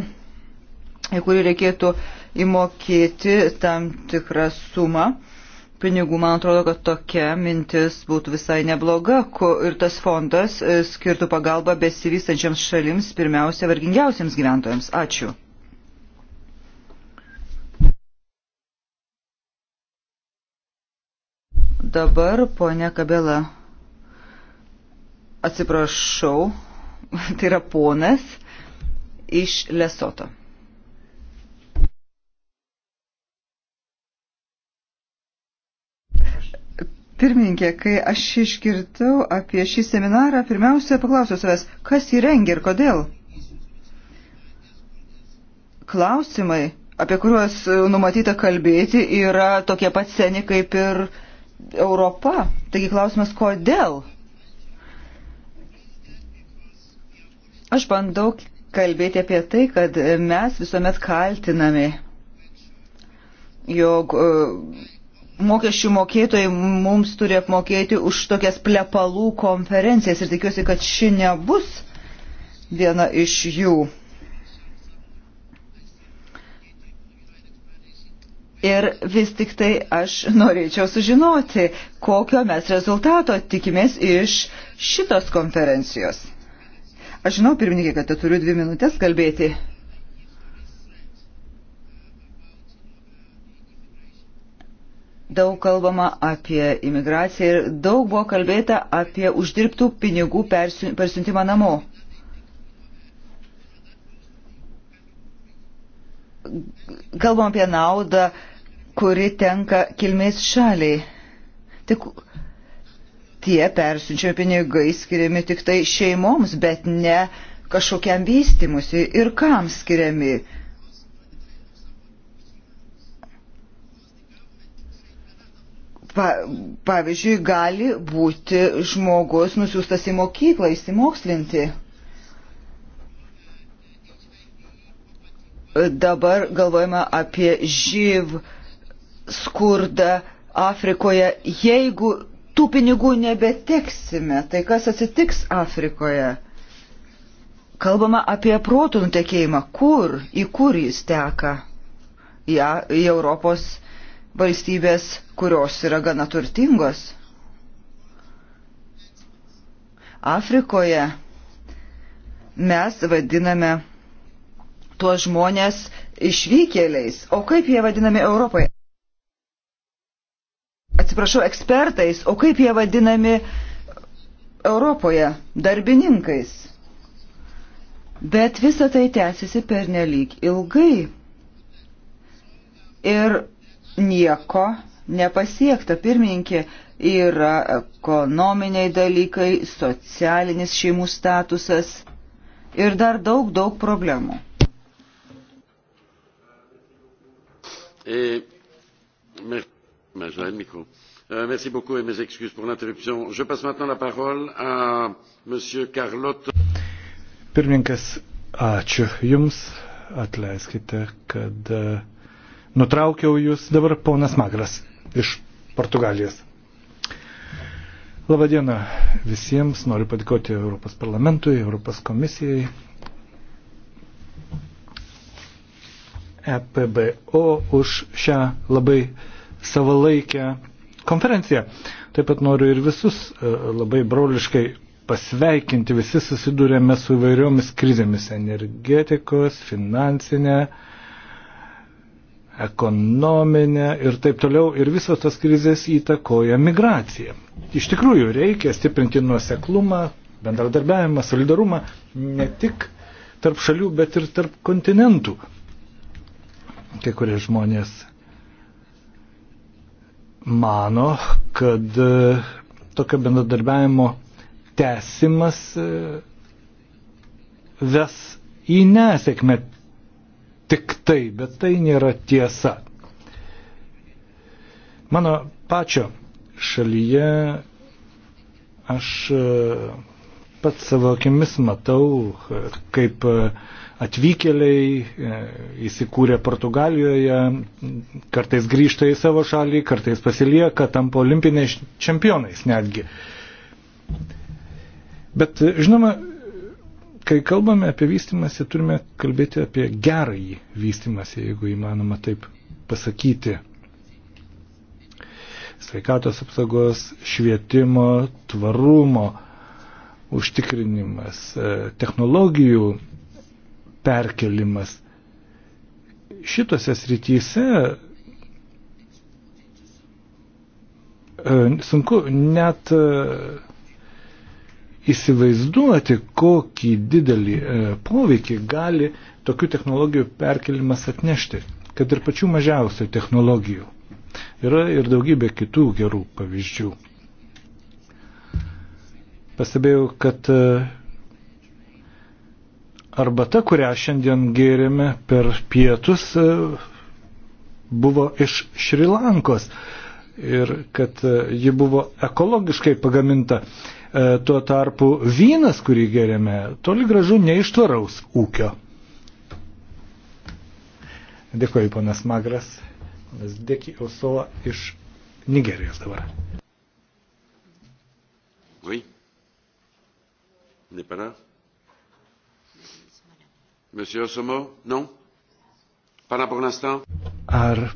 į kurį reikėtų uh, įmokėti tam tikrą sumą pinigų, man atrodo, kad tokia mintis būtų visai nebloga ko, ir tas fondas e, skirtų pagalbą besivystančiams šalims, pirmiausia, vargingiausiams gyventojams. Ačiū. Dabar, ponia Kabela, atsiprašau, tai yra ponas iš Lesoto. Pirmininkė, kai aš išgirdau apie šį seminarą, pirmiausia paklausiau savęs, kas jį rengia ir kodėl. Klausimai, apie kuriuos numatyta kalbėti, yra tokie pat seni kaip ir Europa. Taigi klausimas, kodėl? Aš bandau kalbėti apie tai, kad mes visuomet kaltinami, jog uh, mokesčių mokėtojai mums turi apmokėti už tokias plepalų konferencijas ir tikiuosi, kad ši nebus viena iš jų. Ir vis tik tai aš norėčiau sužinoti, kokio mes rezultato tikimės iš šitos konferencijos. Aš žinau, pirmininkė, kad turiu dvi minutės kalbėti. daug kalbama apie imigraciją ir daug buvo kalbėta apie uždirbtų pinigų persiuntimą namo. Kalbam apie naudą, kuri tenka kilmės šaliai. Tik tie persiunčiami pinigai skiriami tik tai šeimoms, bet ne kažkokiam vystimusi ir kam skiriami pa, pavyzdžiui, gali būti žmogus nusiųstas į mokyklą įsimokslinti. Dabar galvojame apie živ skurdą Afrikoje. Jeigu tų pinigų nebeteksime, tai kas atsitiks Afrikoje? Kalbama apie protų nutekėjimą. Kur, į kur jis teka? Ja, į Europos valstybės, kurios yra gana turtingos. Afrikoje mes vadiname tuos žmonės išvykėliais. O kaip jie vadinami Europoje? Atsiprašau, ekspertais. O kaip jie vadinami Europoje? Darbininkais. Bet visa tai tęsiasi per nelik ilgai. Ir nieko nepasiekta. Pirmininkė yra ekonominiai dalykai, socialinis šeimų statusas ir dar daug, daug problemų. Et, mes, mes, e, merci beaucoup et mes excuses pour l'interruption. Je passe maintenant la parole à Monsieur Carlotte. Pirmininkas, ačiū Jums. Atleiskite, kad uh, Nutraukiau jūs dabar ponas Magras iš Portugalijos. Labadiena visiems, noriu padėkoti Europos parlamentui, Europos komisijai, EPBO už šią labai savalaikę konferenciją. Taip pat noriu ir visus e, labai broliškai pasveikinti, visi susidūrėme su įvairiomis krizėmis - energetikos, finansinė, ekonominę ir taip toliau. Ir visos tas krizės įtakoja migraciją. Iš tikrųjų, reikia stiprinti nuoseklumą, bendradarbiavimą, solidarumą ne tik tarp šalių, bet ir tarp kontinentų. Kai kurie žmonės mano, kad e, tokio bendradarbiavimo tęsimas e, ves į nesėkmę tik tai, bet tai nėra tiesa. Mano pačio šalyje aš e, pats savo akimis matau, e, kaip e, atvykėliai įsikūrė Portugalijoje, kartais grįžta į savo šalį, kartais pasilieka, tampa olimpiniais čempionais netgi. Bet žinoma, Kai kalbame apie vystimąsi, turime kalbėti apie gerąjį vystimąsi, jeigu įmanoma taip pasakyti. Sveikatos apsaugos, švietimo, tvarumo užtikrinimas, e, technologijų perkelimas. Šitose srityse e, sunku net e, įsivaizduoti, kokį didelį e, poveikį gali tokių technologijų perkelimas atnešti, kad ir pačių mažiausių technologijų. Yra ir daugybė kitų gerų pavyzdžių. Pastebėjau, kad e, arbata, kurią šiandien gėrėme per pietus, e, buvo iš Šrilankos ir kad ji buvo ekologiškai pagaminta. E, tuo tarpu vynas, kurį geriame, toli gražu neištvaraus ūkio. Dėkuoju, panas Magras. Panas Dėki Osola iš Nigerijos dabar. Oui. N'est pas là Monsieur Osomo, non Pas là pour l'instant Ar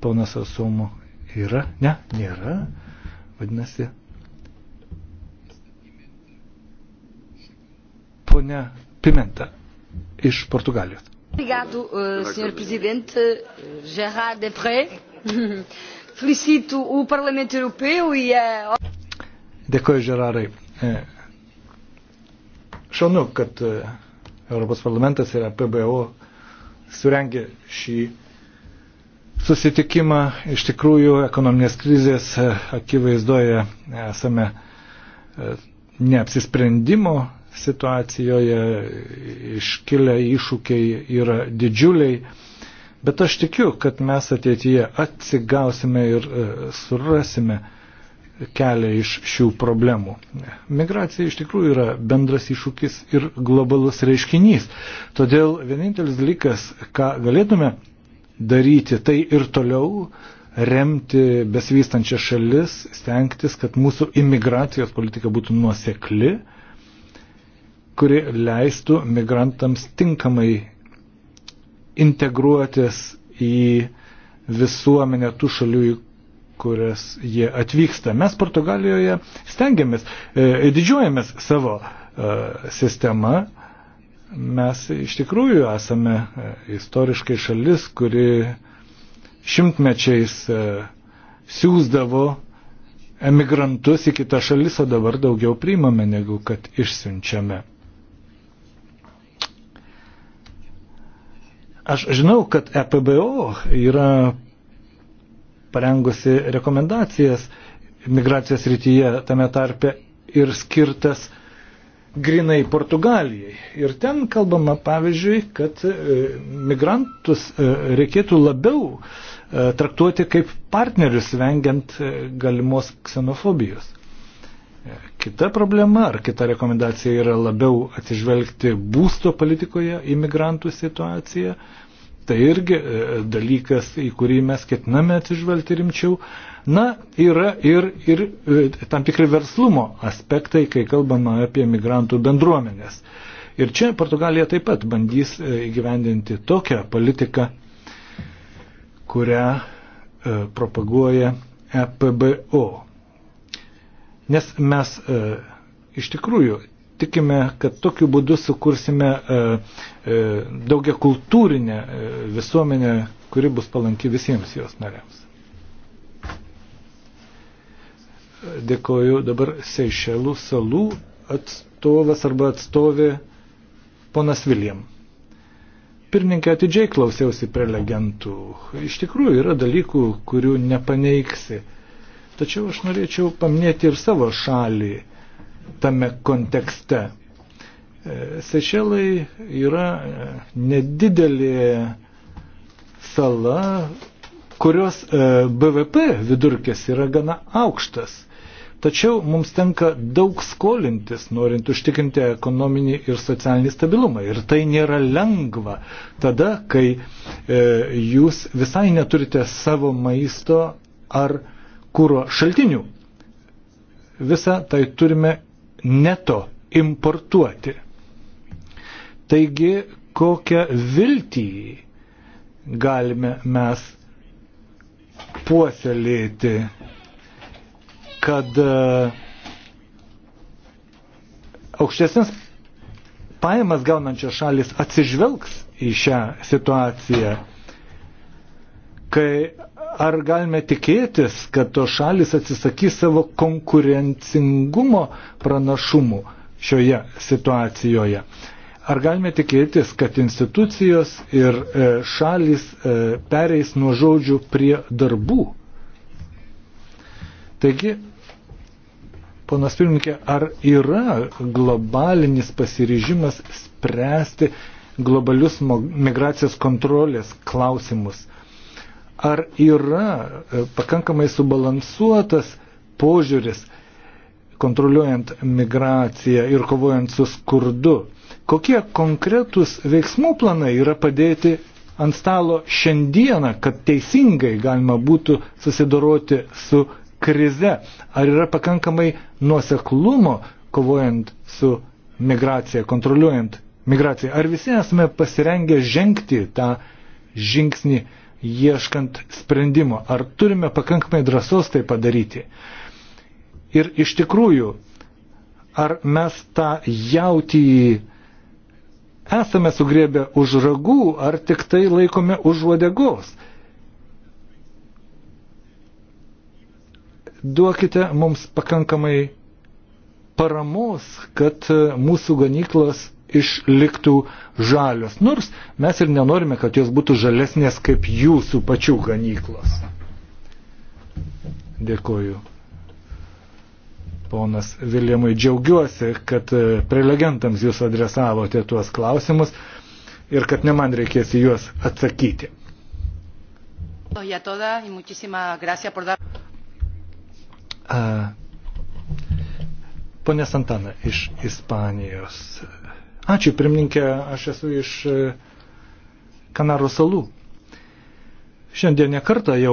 ponas Osomo yra? Ne, nėra. Vadinasi, ponia Pimenta iš Portugalijos. Obrigado, eh, Sr. Presidente eh, Gerard Depré. Felicito o Parlamento Europeu e a... Dėkoju, Žerarai. Eh, šaunu, kad Europos parlamentas ir PBO surengė šį susitikimą. Iš tikrųjų, ekonominės krizės akivaizdoje esame neapsisprendimo situacijoje, iškilę iššūkiai yra didžiuliai, bet aš tikiu, kad mes ateityje atsigausime ir e, surasime kelią iš šių problemų. Migracija iš tikrųjų yra bendras iššūkis ir globalus reiškinys. Todėl vienintelis dalykas, ką galėtume daryti, tai ir toliau remti besvystančias šalis, stengtis, kad mūsų imigracijos politika būtų nuosekli, kuri leistų migrantams tinkamai integruotis į visuomenę tų šalių, į kurias jie atvyksta. Mes Portugalijoje stengiamės, e, didžiuojamės savo e, sistemą. Mes iš tikrųjų esame e, istoriškai šalis, kuri šimtmečiais siūsdavo emigrantus į kitas šalis, o dabar daugiau priimame negu kad išsiunčiame. Aš žinau, kad EPBO yra parengusi rekomendacijas migracijos rytyje, tame tarpe ir skirtas grinai Portugalijai. Ir ten kalbama, pavyzdžiui, kad e, migrantus e, reikėtų labiau e, traktuoti kaip partnerius, vengiant galimos ksenofobijos. Kita problema ar kita rekomendacija yra labiau atsižvelgti būsto politikoje imigrantų situaciją. Tai irgi e, dalykas, į kurį mes ketiname atsižvelgti rimčiau. Na, yra ir, ir e, tam tikri verslumo aspektai, kai kalbama apie migrantų bendruomenės. Ir čia Portugalija taip pat bandys e, įgyvendinti tokią politiką, kurią propaguoja EPBO. Nes mes e, iš tikrųjų tikime, kad tokiu būdu sukursime e, e, daugia kultūrinę e, visuomenę, kuri bus palanki visiems jos nariams. Dėkoju dabar Seišelų salų atstovas arba atstovė ponas Viljam. Pirmininkė atidžiai klausiausi prelegentų. Iš tikrųjų yra dalykų, kurių nepaneiksi. E, Tačiau aš norėčiau paminėti ir savo šalį tame kontekste. E, Sešelai yra e, nedidelė sala, kurios e, BVP vidurkis yra gana aukštas. Tačiau mums tenka daug skolintis, norint užtikrinti ekonominį ir socialinį stabilumą. Ir tai nėra lengva tada, kai e, jūs visai neturite savo maisto ar e, kūro šaltinių. Visą tai turime neto importuoti. Taigi, kokią viltį galime mes puoselėti, kad e, aukštesnės pajamas gaunančios šalis atsižvelgs į šią situaciją, kai Ar galime tikėtis, kad to šalis atsisakys savo konkurencingumo pranašumų šioje situacijoje? Ar galime tikėtis, kad institucijos ir e, šalis e, pereis nuo žodžių prie darbų? Taigi, ponas pirmininkė, ar yra globalinis pasiryžimas spręsti globalius migracijos kontrolės klausimus? ar yra e, pakankamai subalansuotas požiūris kontroliuojant migraciją ir kovojant su skurdu. Kokie konkretūs veiksmų planai yra padėti ant stalo šiandieną, kad teisingai galima būtų susidoroti su krize? Ar yra pakankamai nuoseklumo kovojant su migracija, kontroliuojant migraciją? Ar visi esame pasirengę žengti tą žingsnį? ieškant sprendimo. Ar turime pakankamai drąsos tai padaryti? Ir iš tikrųjų, ar mes tą jautį esame sugrėbę už ragų, ar tik tai laikome už uodegos? Duokite mums pakankamai paramos, kad mūsų ganyklos išliktų žalios. Nors mes ir nenorime, kad jos būtų žalesnės kaip jūsų pačių ganyklos. Dėkoju. Ponas Viljamai, džiaugiuosi, kad e, prelegentams jūs adresavote tuos klausimus ir kad ne man reikės į juos atsakyti. Pone Santana iš Ispanijos Ačiū, pirmininkė, aš esu iš e, Kanarų salų. Šiandien nekartą jau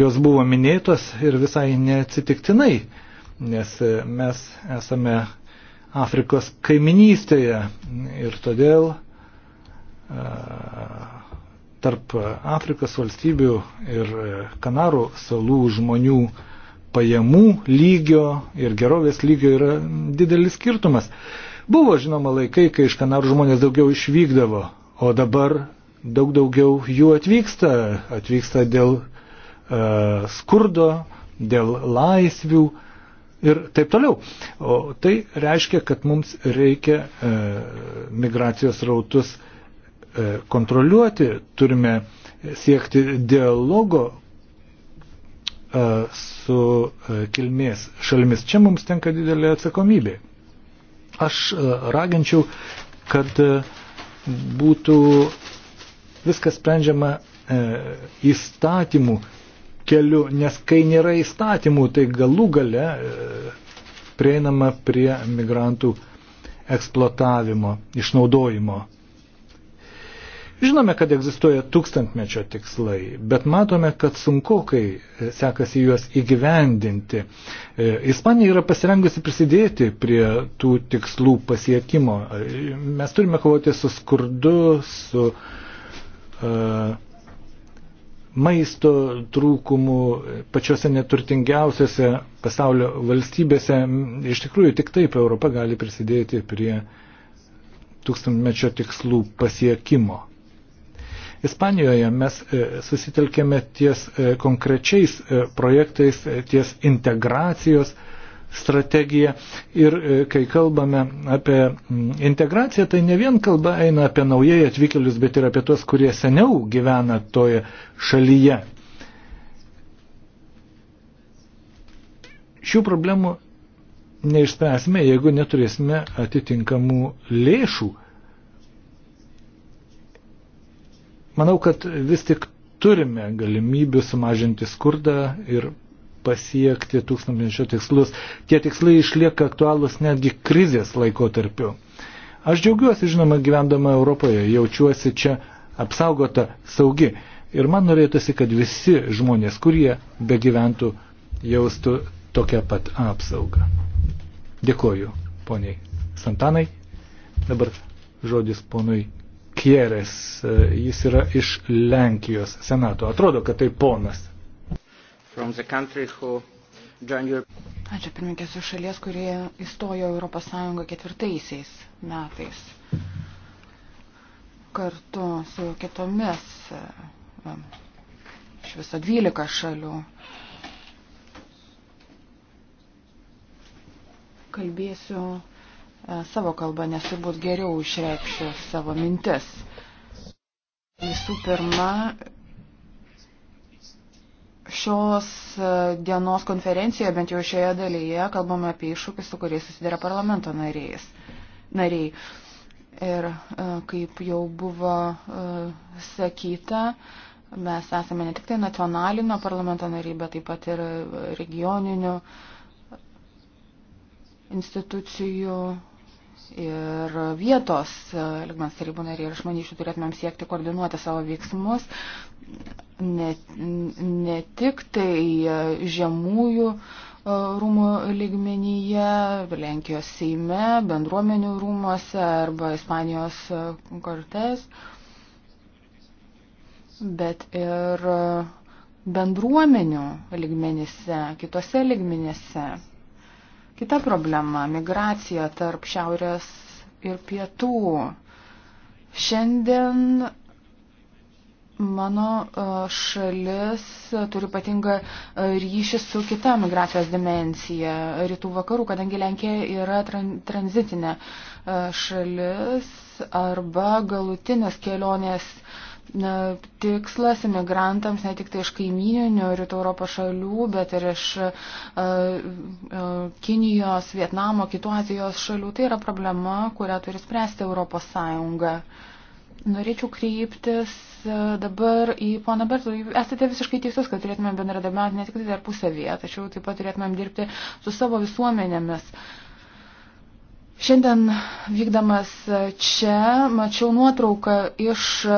jos buvo minėtos ir visai neatsitiktinai, nes e, mes esame Afrikos kaiminystėje ir todėl e, tarp Afrikos valstybių ir Kanarų salų žmonių pajamų lygio ir gerovės lygio yra didelis skirtumas. Buvo, žinoma, laikai, kai iš Kanarų žmonės daugiau išvykdavo, o dabar daug daugiau jų atvyksta. Atvyksta dėl e, skurdo, dėl laisvių ir taip toliau. O tai reiškia, kad mums reikia e, migracijos rautus e, kontroliuoti, turime siekti dialogo e, su e, kilmės šalimis. Čia mums tenka didelė atsakomybė. Aš e, raginčiau, kad e, būtų viskas sprendžiama e, įstatymų keliu, nes kai nėra įstatymų, tai galų gale prieinama prie migrantų eksploatavimo, išnaudojimo. Žinome, kad egzistuoja tūkstantmečio tikslai, bet matome, kad sunku, kai e, sekasi juos įgyvendinti. E, Ispanija yra pasirengusi prisidėti prie tų tikslų pasiekimo. E, mes turime kovoti su skurdu, su uh, maisto trūkumu pačiose neturtingiausiose pasaulio valstybėse. Iš tikrųjų, tik taip Europa gali prisidėti prie tūkstantmečio tikslų pasiekimo. Ispanijoje mes e, susitelkėme ties e, konkrečiais e, projektais, ties integracijos strategija ir kai kalbame apie integraciją, tai ne vien kalba eina apie naujai atvykėlius, bet ir apie tuos, kurie seniau gyvena toje šalyje. Šių problemų neišspręsime, jeigu neturėsime atitinkamų lėšų Manau, kad vis tik turime galimybių sumažinti skurdą ir pasiekti tūkstantmečio tikslus. Tie tikslai išlieka aktualūs netgi krizės laikotarpiu. Aš džiaugiuosi, žinoma, gyvendama Europoje, jaučiuosi čia apsaugota, saugi. Ir man norėtųsi, kad visi žmonės, kurie begyventų, jaustų tokią pat apsaugą. Dėkoju, poniai Santanai. Dabar žodis ponui Gutierrez. E, jis yra iš Lenkijos senato. Atrodo, kad tai ponas. Your... Ačiū pirmininkės iš šalies, kurie įstojo Europos Sąjungą ketvirtaisiais metais kartu su kitomis e, iš viso 12 šalių. Kalbėsiu E, savo kalbą, nes turbūt geriau išreikščiau savo mintis. Visų pirma, šios e, dienos konferencijoje, bent jau šioje dalyje, kalbame apie iššūkį, su kuriais susidėra parlamento nariais, nariai. Ir e, kaip jau buvo sakyta, mes esame ne tik tai nacionalinio parlamento nariai, bet taip pat ir regioninių institucijų ir vietos e, ligmens tarybų nariai ir aš manyčiau turėtumėm siekti koordinuoti savo veiksmus ne, ne tik tai e, žemųjų e, rūmų ligmenyje, Lenkijos Seime, bendruomenių rūmose arba Ispanijos kortes, bet ir bendruomenių ligmenyse, kitose ligmenyse. Kita problema - migracija tarp šiaurės ir pietų. Šiandien mano e, šalis turi ypatingą e, ryšį su kita migracijos dimencija - rytų vakarų, kadangi Lenkija yra tranzitinė e, šalis arba galutinis kelionės uh, na, tikslas imigrantams ne tik tai iš kaimininių rytų Europos šalių, bet ir iš uh, uh, Kinijos, Vietnamo, kitų Azijos šalių. Tai yra problema, kurią turi spręsti Europos Sąjunga. Norėčiau kreiptis e, dabar į poną Bertų. Esate visiškai teisus, kad turėtumėm bendradarbiauti ne tik tai tarpusavyje, tačiau taip pat turėtumėm dirbti su savo visuomenėmis. Uh, Šiandien vykdamas čia mačiau nuotrauką iš e,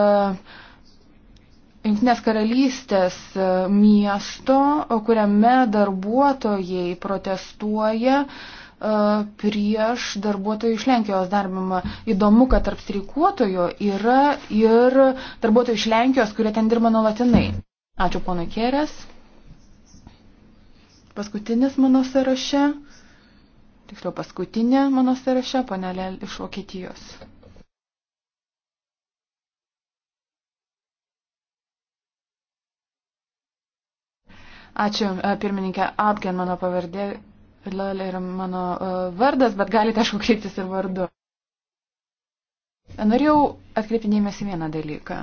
Junktinės karalystės e, miesto, kuriame darbuotojai protestuoja e, prieš darbuotojų iš Lenkijos darbimą. Įdomu, kad tarp streikuotojų yra ir darbuotojų iš Lenkijos, kurie ten dirba nuolatinai. Ačiū ponui Kerės. Paskutinis mano sąraše tiksliau paskutinė mano sąraše, panelė iš Vokietijos. Ačiū, e, pirmininkė Apgen, mano pavardė ir mano e, vardas, bet galite, aišku, kreiptis ir vardu. Norėjau atkreipinėmėsi vieną dalyką.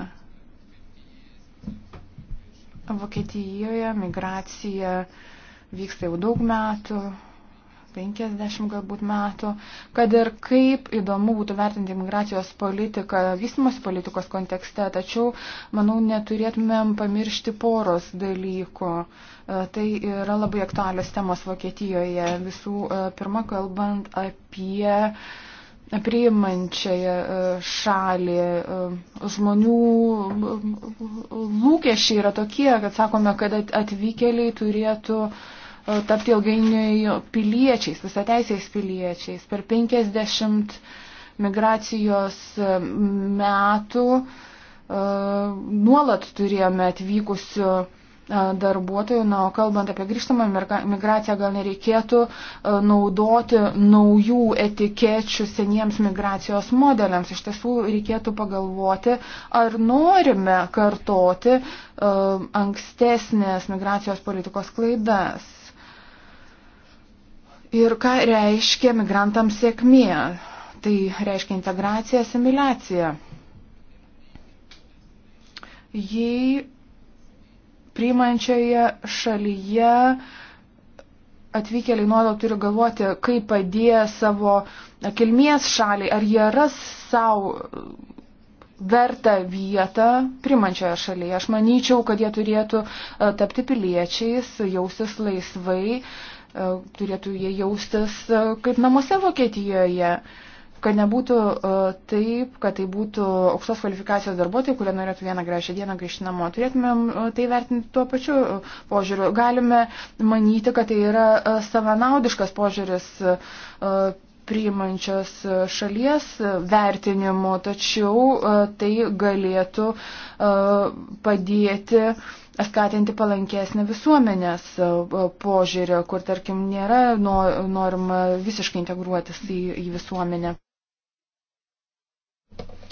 Vokietijoje migracija vyksta jau daug metų, 50 galbūt metų, kad ir kaip įdomu būtų vertinti imigracijos politiką vystimas politikos kontekste, tačiau, manau, neturėtumėm pamiršti poros dalykų. E, tai yra labai aktualios temos Vokietijoje. Visų e, pirma, kalbant apie priimančiai e, šalį. Žmonių lūkesčiai yra tokie, kad sakome, kad atvykėliai turėtų uh, E, tapti ilgainiui piliečiais, visateisiais piliečiais. Per 50 migracijos e, metų e, nuolat turėjome atvykusių darbuotojų, na, o kalbant apie grįžtamą migraciją, gal nereikėtų naudoti naujų etikečių seniems migracijos modeliams. Iš tiesų reikėtų pagalvoti, ar norime kartoti ankstesnės migracijos politikos klaidas. Ir ką reiškia migrantams sėkmė? Tai reiškia integracija, asimiliacija. Jei priimančioje šalyje atvykėliai nuolat turi galvoti, kaip padėjo savo kilmės šaliai, ar jie ras savo vertą vietą primančioje šalyje. Aš manyčiau, kad jie turėtų e, tapti piliečiais, jausis laisvai E, turėtų jie jaustis e, kaip namuose Vokietijoje, kad nebūtų e, taip, kad tai būtų aukštos kvalifikacijos darbuotojai, kurie norėtų vieną gražią dieną grįžti namo. Turėtumėm tai vertinti tuo pačiu požiūriu. Galime manyti, kad tai yra savanaudiškas požiūris priimančios šalies vertinimu, tačiau e, tai galėtų e, padėti skatinti palankesnį visuomenės e, požiūrį, kur, tarkim, nėra norima visiškai integruotis į, į visuomenę.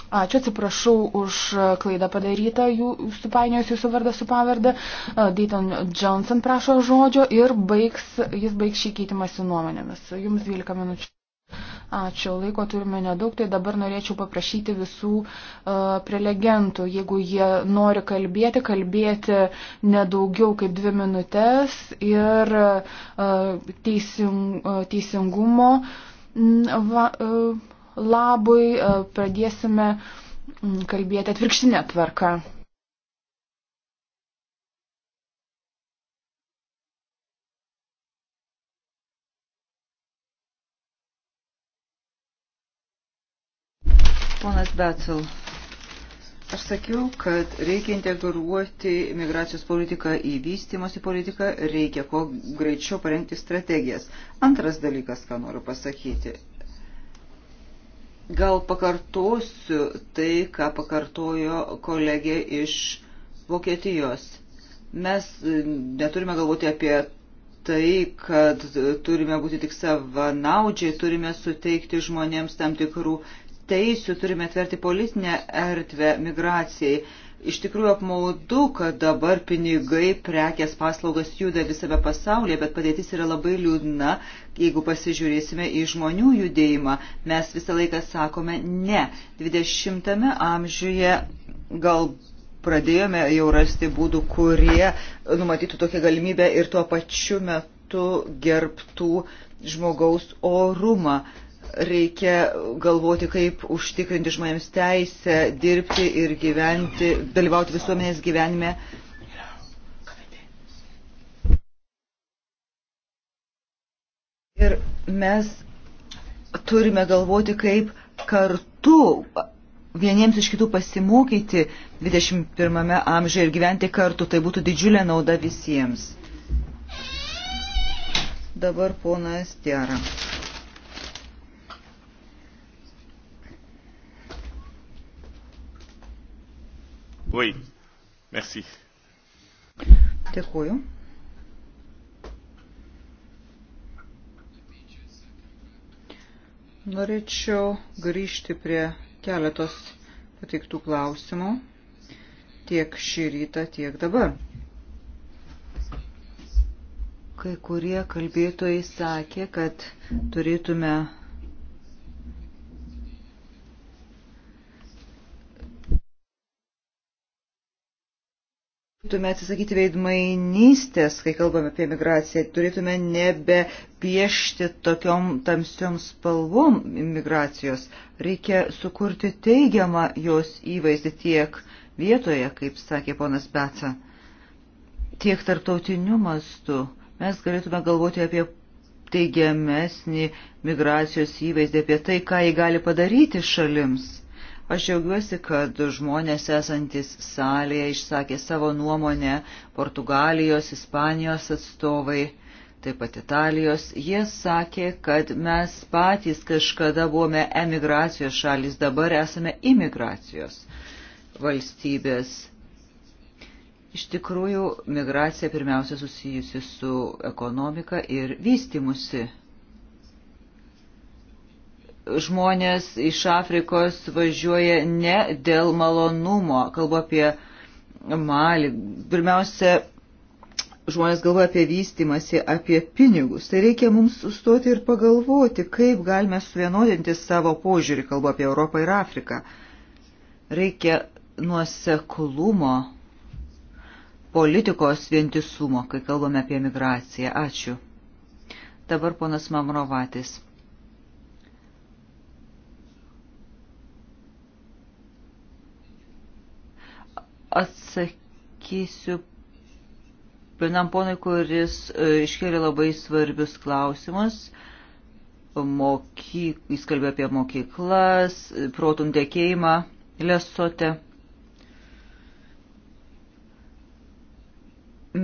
Ačiū, atsiprašau už klaidą padarytą, jų supainiojus jūsų vardą su pavardę. Dayton Johnson prašo žodžio ir baigs, jis baigs šį keitimąsi nuomonėmis. Jums 12 minučių. Ačiū, laiko turime nedaug, tai dabar norėčiau paprašyti visų uh, prelegentų, jeigu jie nori kalbėti, kalbėti nedaugiau kaip dvi minutės ir uh, teising, uh, teisingumo va, uh, labui uh, pradėsime kalbėti atvirkštinę tvarką. Ponas Becel, aš sakiau, kad reikia integruoti migracijos politiką į vystimosi politiką, reikia kuo greičiau parengti strategijas. Antras dalykas, ką noriu pasakyti. Gal pakartosiu tai, ką pakartojo kolegė iš Vokietijos. Mes e, neturime galvoti apie tai, kad turime būti tik savanaudžiai, turime suteikti žmonėms tam tikrų teisių turime atverti politinę erdvę migracijai. Iš tikrųjų apmaudu, kad dabar pinigai, prekės, paslaugas juda visame pasaulyje, bet padėtis yra labai liūdna, jeigu pasižiūrėsime į žmonių judėjimą. Mes visą laiką sakome ne. 20-ame amžiuje gal pradėjome jau rasti būdų, kurie numatytų tokią galimybę ir tuo pačiu metu gerbtų žmogaus orumą reikia galvoti, kaip užtikrinti žmonėms teisę dirbti ir gyventi, dalyvauti visuomenės gyvenime. Ir mes turime galvoti, kaip kartu vieniems iš kitų pasimokyti 21 amžiuje ir gyventi kartu. Tai būtų didžiulė nauda visiems. Dabar ponas Tiara. Oui. Merci. Dėkuoju. Norėčiau grįžti prie keletos pateiktų klausimų tiek šį rytą, tiek dabar. Kai kurie kalbėtojai sakė, kad turėtume Turėtume atsisakyti veidmainystės, kai kalbame apie migraciją. Turėtume nebe piešti tokiom tamsiom spalvom migracijos. Reikia sukurti teigiamą jos įvaizdį tiek vietoje, kaip sakė ponas Beca, tiek tarptautiniu mastu. Mes galėtume galvoti apie teigiamesnį migracijos įvaizdį, apie tai, ką jį gali padaryti šalims Aš džiaugiuosi, kad žmonės esantis salėje išsakė savo nuomonę, Portugalijos, Ispanijos atstovai, taip pat Italijos. Jie sakė, kad mes patys kažkada buvome emigracijos šalis, dabar esame imigracijos valstybės. Iš tikrųjų, migracija pirmiausia susijusi su ekonomika ir vystimusi žmonės iš Afrikos važiuoja ne dėl malonumo, kalbu apie Malį. Pirmiausia, žmonės galvoja apie vystimąsi, apie pinigus. Tai reikia mums sustoti ir pagalvoti, kaip galime suvienodinti savo požiūrį, kalbu apie Europą ir Afriką. Reikia nuoseklumo, politikos vientisumo, kai kalbame apie migraciją. Ačiū. Dabar ponas Mamrovatis. Atsakysiu vienam ponui, kuris e, iškėlė labai svarbius klausimus. Mokyk, jis kalbėjo apie mokyklas, protum tekėjimą, lesote.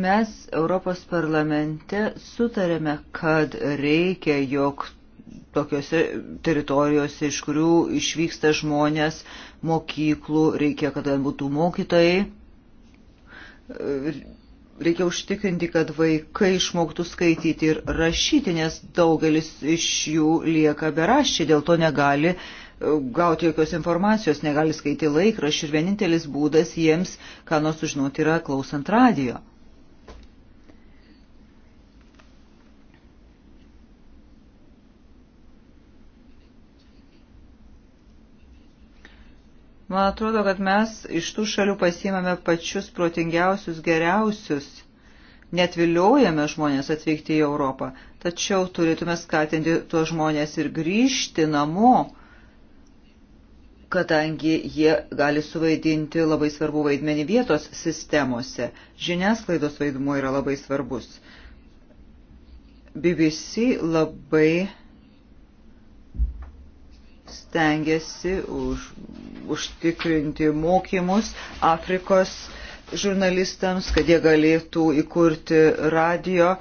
Mes Europos parlamente sutarėme, kad reikia, jog tokiuose teritorijose, iš kurių išvyksta žmonės, mokyklų, reikia, kad ten būtų mokytojai. Reikia užtikrinti, kad vaikai išmoktų skaityti ir rašyti, nes daugelis iš jų lieka beraščiai, dėl to negali e, gauti jokios informacijos, negali skaityti laikraščių ir vienintelis būdas jiems, ką nors sužinoti, yra klausant radijo. Man atrodo, kad mes iš tų šalių pasimame pačius protingiausius, geriausius, net viliojame žmonės atvykti į Europą, tačiau turėtume skatinti tuos žmonės ir grįžti namo, kadangi jie gali suvaidinti labai svarbu vaidmenį vietos sistemose. Žiniasklaidos vaidmuo yra labai svarbus. BBC labai stengiasi už, užtikrinti mokymus Afrikos žurnalistams, kad jie galėtų įkurti radio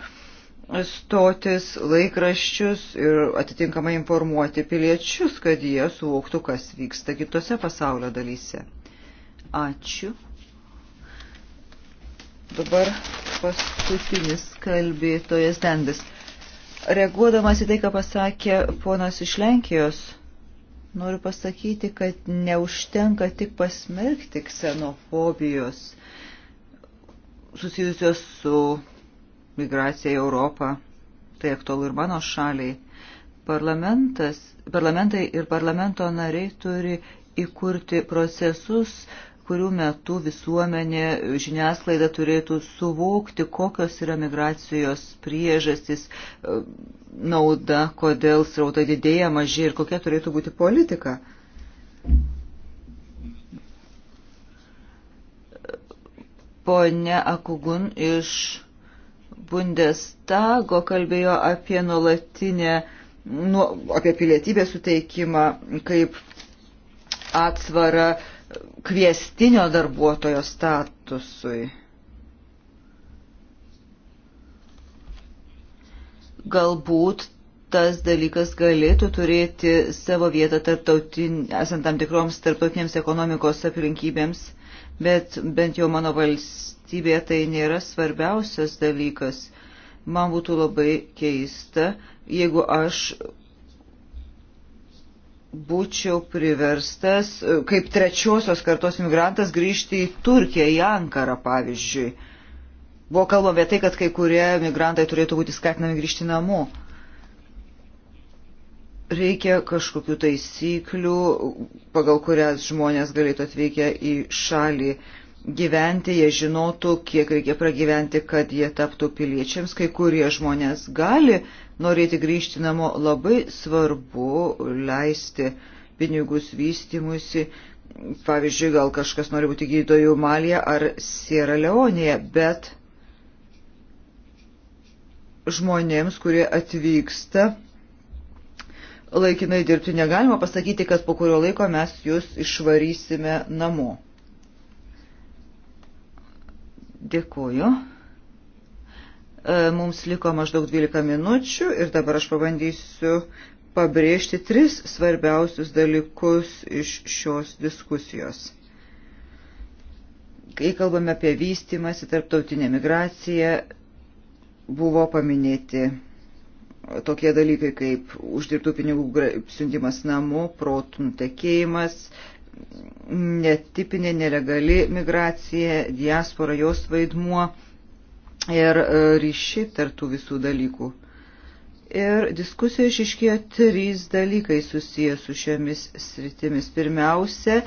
stotis, laikraščius ir atitinkamai informuoti piliečius, kad jie suvoktų, kas vyksta kitose pasaulio dalyse. Ačiū. Dabar paskutinis kalbėtojas Dendis. Reaguodamas į tai, ką pasakė ponas iš Lenkijos, Noriu pasakyti, kad neužtenka tik pasmerkti ksenofobijos susijusios su migracija į Europą. Tai aktualu ir mano šaliai. Parlamentai ir parlamento nariai turi įkurti procesus, kurių metu visuomenė, žiniasklaida turėtų suvokti, kokios yra migracijos priežastys, e, nauda, kodėl srauta didėja, maži ir kokia turėtų būti politika. Pone Akugun iš Bundestago kalbėjo apie nuolatinę, nu, apie pilietybės suteikimą kaip atsvarą uh, kviestinio darbuotojo statusui. Galbūt tas dalykas galėtų turėti savo vietą esant tam tikroms tarptautinėms ekonomikos aplinkybėms, bet bent jau mano valstybėje tai nėra svarbiausias dalykas. Man būtų labai keista, jeigu aš būčiau priverstas kaip trečiosios kartos migrantas grįžti į Turkiją, į Ankarą pavyzdžiui. Buvo kalbama apie tai, kad kai kurie migrantai turėtų būti skatinami grįžti namo. Reikia kažkokių taisyklių, pagal kurias žmonės galėtų atvykę į šalį gyventi, jie žinotų, kiek reikia pragyventi, kad jie taptų piliečiams. Kai kurie žmonės gali uh, norėti grįžti namo, labai svarbu leisti pinigus vystimusi. Pavyzdžiui, gal kažkas nori būti gydytojų Malija ar Sierra Leonėje, bet žmonėms, kurie atvyksta laikinai dirbti, negalima pasakyti, kad po kurio laiko mes jūs išvarysime namo. Dėkuoju. E, mums liko maždaug 12 minučių ir dabar aš pabandysiu pabrėžti tris svarbiausius dalykus iš šios diskusijos. Kai kalbame apie vystimąsi, tarptautinę migraciją, buvo paminėti tokie dalykai kaip uždirbtų pinigų siuntimas namo, protų nutekėjimas, netipinė nelegali migracija, diaspora jos vaidmuo ir e, ryšį tartų visų dalykų. Ir diskusijoje išiškėjo trys dalykai susijęs su šiomis sritimis. Pirmiausia,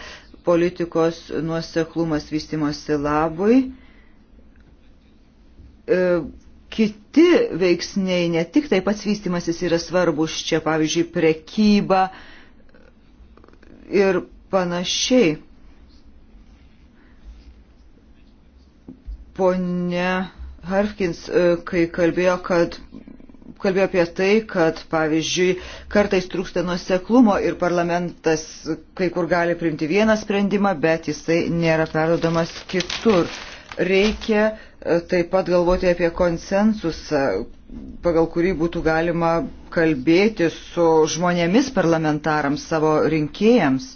politikos nuoseklumas vystimosi labui. E, kiti veiksniai, ne tik tai pats vystimasis yra svarbus, čia pavyzdžiui prekyba ir panašiai. Pone Harkins, e, kai kalbėjo, kad kalbėjo apie tai, kad, pavyzdžiui, kartais trūksta nuoseklumo ir parlamentas kai kur gali priimti vieną sprendimą, bet jisai nėra perdodamas kitur. Reikia e, taip pat galvoti apie konsensusą, pagal kurį būtų galima kalbėti su žmonėmis parlamentarams, savo rinkėjams.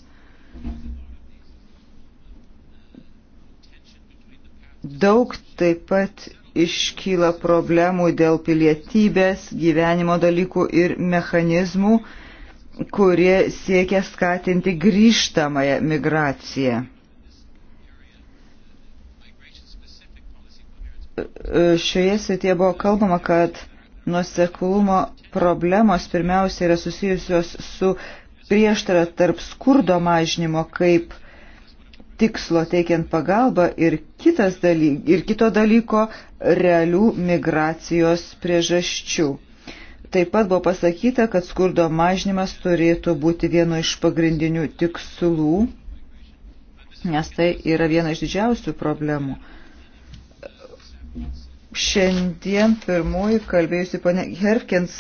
Daug taip pat iškyla problemų dėl pilietybės, gyvenimo dalykų ir mechanizmų, kurie siekia skatinti grįžtamąją migraciją. Šioje srityje buvo kalbama, kad nuseklumo problemos pirmiausia yra susijusios su prieštara tarp skurdo mažnymo kaip tikslo teikiant pagalbą ir, dalyk, ir kito dalyko realių migracijos priežasčių. Taip pat buvo pasakyta, kad skurdo mažnymas turėtų būti vienu iš pagrindinių tikslų, nes tai yra viena iš didžiausių problemų. Šiandien pirmoji kalbėjusi pane Herkins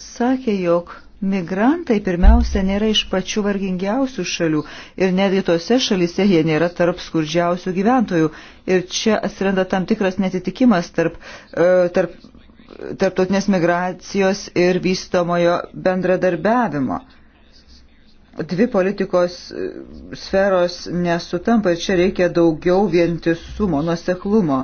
sakė, jog Migrantai pirmiausia nėra iš pačių vargingiausių šalių ir netgi tose šalise jie nėra tarp skurdžiausių gyventojų. Ir čia atsiranda tam tikras netitikimas tarp, e, tarp tarptautinės migracijos ir vystomojo bendradarbiavimo. Dvi politikos e, sferos nesutampa ir čia reikia daugiau vientisumo, nuoseklumo.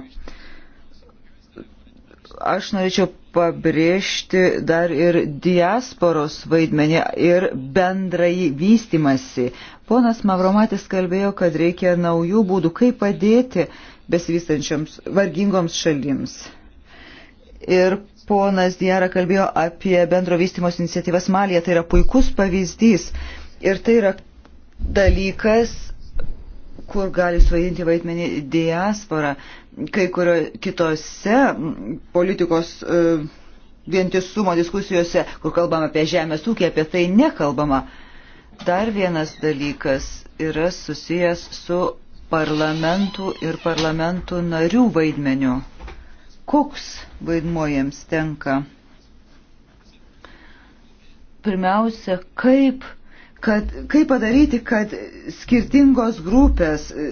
Aš norėčiau pabrėžti dar ir diasporos vaidmenį ir bendrąjį vystimasi. Ponas Mavromatis kalbėjo, kad reikia naujų būdų, kaip padėti besivystančioms vargingoms šalims. Ir ponas Diara kalbėjo apie bendro vystimos iniciatyvas Malija, tai yra puikus pavyzdys. Ir tai yra dalykas, kur gali suvaidinti vaidmenį diaspora, kai kurio kitose politikos e, vientisumo diskusijose, kur kalbama apie žemės ūkį, apie tai nekalbama. Dar vienas dalykas yra susijęs su parlamentų ir parlamentų narių vaidmeniu. Koks vaidmuo jiems tenka? Pirmiausia, kaip kad kaip padaryti, kad skirtingos grupės e,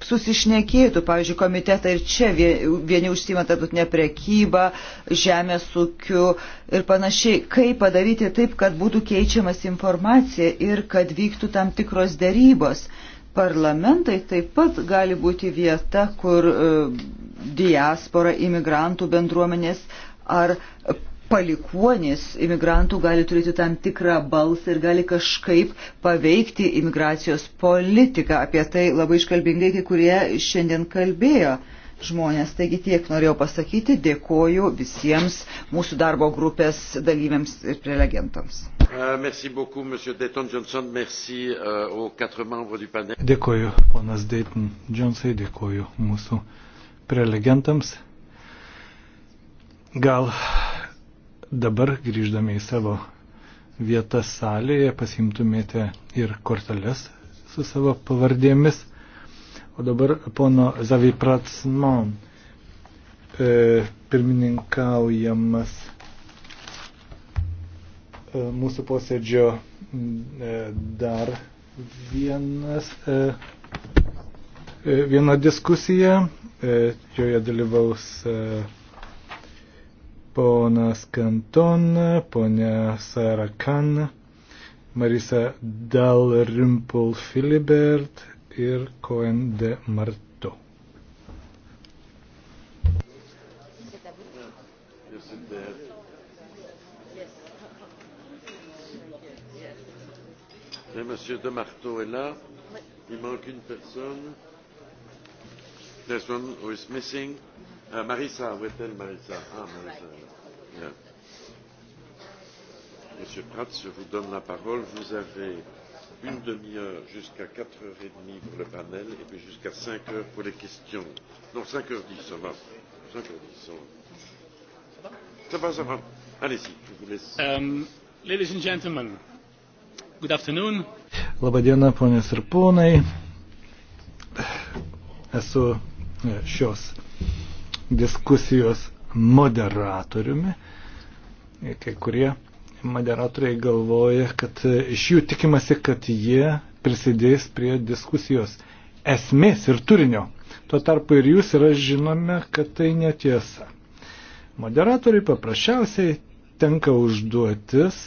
susišnekėtų, pavyzdžiui, komitetai ir čia vieni užsima tarptautinę prekybą, žemės ūkiu ir panašiai. Kaip padaryti taip, kad būtų keičiamas informacija ir kad vyktų tam tikros dėrybos. Parlamentai taip pat gali būti vieta, kur e, diaspora, imigrantų bendruomenės ar palikuonys imigrantų gali turėti tam tikrą balsą ir gali kažkaip paveikti imigracijos politiką. Apie tai labai iškalbingai kai kurie šiandien kalbėjo. Žmonės, taigi tiek norėjau pasakyti, dėkoju visiems mūsų darbo grupės dalyviams ir prelegentams. Euh, euh, dėkoju, ponas Dayton Johnsai, dėkoju mūsų prelegentams. Gal dabar grįždami į savo vietas salėje pasimtumėte ir korteles su savo pavardėmis. O dabar pono Zavipratsmon e, pirmininkaujamas e, mūsų posėdžio e, dar vienas, e, e, viena diskusija, e, joje dalyvaus e, ponas Kanton, ponia Sara Kan, Marisa Dal Rimpul Filibert ir Cohen de Marto. Et Monsieur de Marteau est là. Oui. Il manque une personne. This one who is missing. Mm -hmm. Uh, Marisa, where is Marisa? Ah, Marisa. Yeah. Monsieur Prats, je vous donne la parole. Vous avez une demi-heure jusqu'à 4h30 pour le panel et puis jusqu'à 5h pour les questions. Non, 5h10, ça va. 5h10, ça va. Ça va, ça va. Allez-y, je vous laisse. Um, ladies and gentlemen, good afternoon. Labadiena, ponios ir ponai. Esu e, šios diskusijos moderatoriumi. Kai kurie moderatoriai galvoja, kad iš jų tikimasi, kad jie prisidės prie diskusijos esmės ir turinio. Tuo tarpu ir jūs ir aš žinome, kad tai netiesa. Moderatoriai paprasčiausiai tenka užduotis,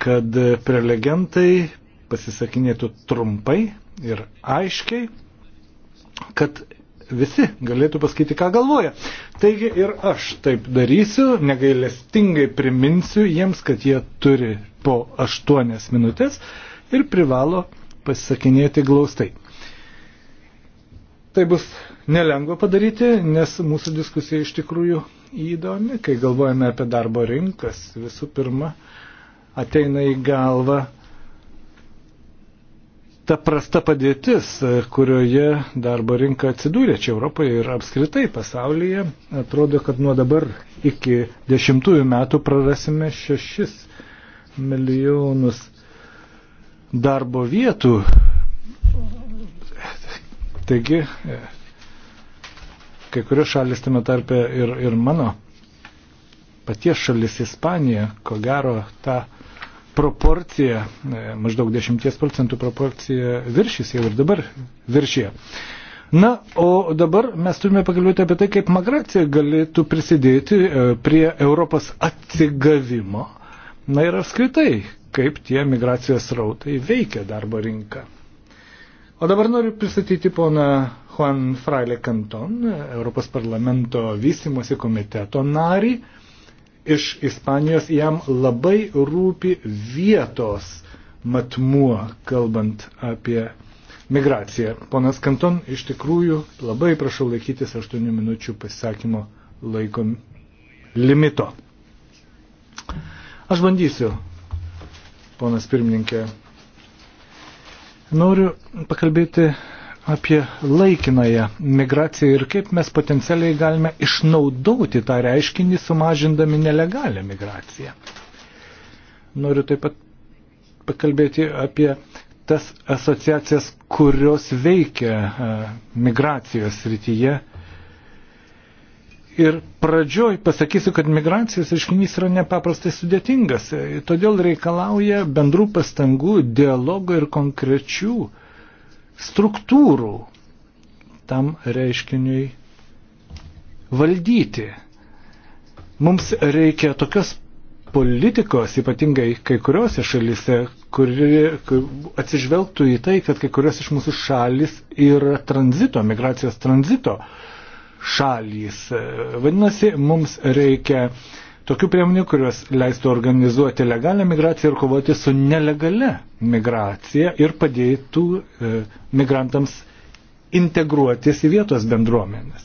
kad prelegentai pasisakinėtų trumpai ir aiškiai, kad visi galėtų pasakyti, ką galvoja. Taigi ir aš taip darysiu, negailestingai priminsiu jiems, kad jie turi po aštuonias minutės ir privalo pasisakinėti glaustai. Tai bus nelengva padaryti, nes mūsų diskusija iš tikrųjų įdomi, kai galvojame apie darbo rinkas. Visų pirma, ateina į galvą ta prasta padėtis, kurioje darbo rinka atsidūrė čia Europoje ir apskritai pasaulyje, atrodo, kad nuo dabar iki dešimtųjų metų prarasime šešis milijonus darbo vietų. Taigi, kai kurios šalis tame tarpe ir, ir mano paties šalis Ispanija, ko gero, tą ta proporcija, e, maždaug 10 procentų proporcija viršys jau ir dabar viršyje. Na, o dabar mes turime pagalvoti apie tai, kaip migracija galėtų prisidėti e, prie Europos atsigavimo. Na ir apskritai, kaip tie migracijos rautai veikia darbo rinką. O dabar noriu pristatyti poną Juan Fraile Kanton, Europos parlamento vystimosi komiteto narį iš Ispanijos, jam labai rūpi vietos matmuo, kalbant apie migraciją. Ponas Kanton, iš tikrųjų labai prašau laikytis 8 minučių pasisakymo laiko limito. Aš bandysiu, ponas pirmininkė. Noriu pakalbėti apie laikinąją migraciją ir kaip mes potencialiai galime išnaudoti tą reiškinį, sumažindami nelegalią migraciją. Noriu taip pat pakalbėti apie tas asociacijas, kurios veikia e, migracijos rytyje. Ir pradžioj pasakysiu, kad migracijos reiškinys yra nepaprastai sudėtingas, todėl reikalauja bendrų pastangų, dialogo ir konkrečių uh, struktūrų tam reiškiniui valdyti. Mums reikia tokios politikos, ypatingai kai kuriuose šalise, kuri kur atsižvelgtų į tai, kad kai kurios iš mūsų šalis yra tranzito, migracijos tranzito šalys. Vadinasi, mums reikia uh, tokių priemonių, kurios leistų organizuoti legalią migraciją ir kovoti su nelegale migracija ir padėtų e, migrantams integruotis į vietos bendruomenės.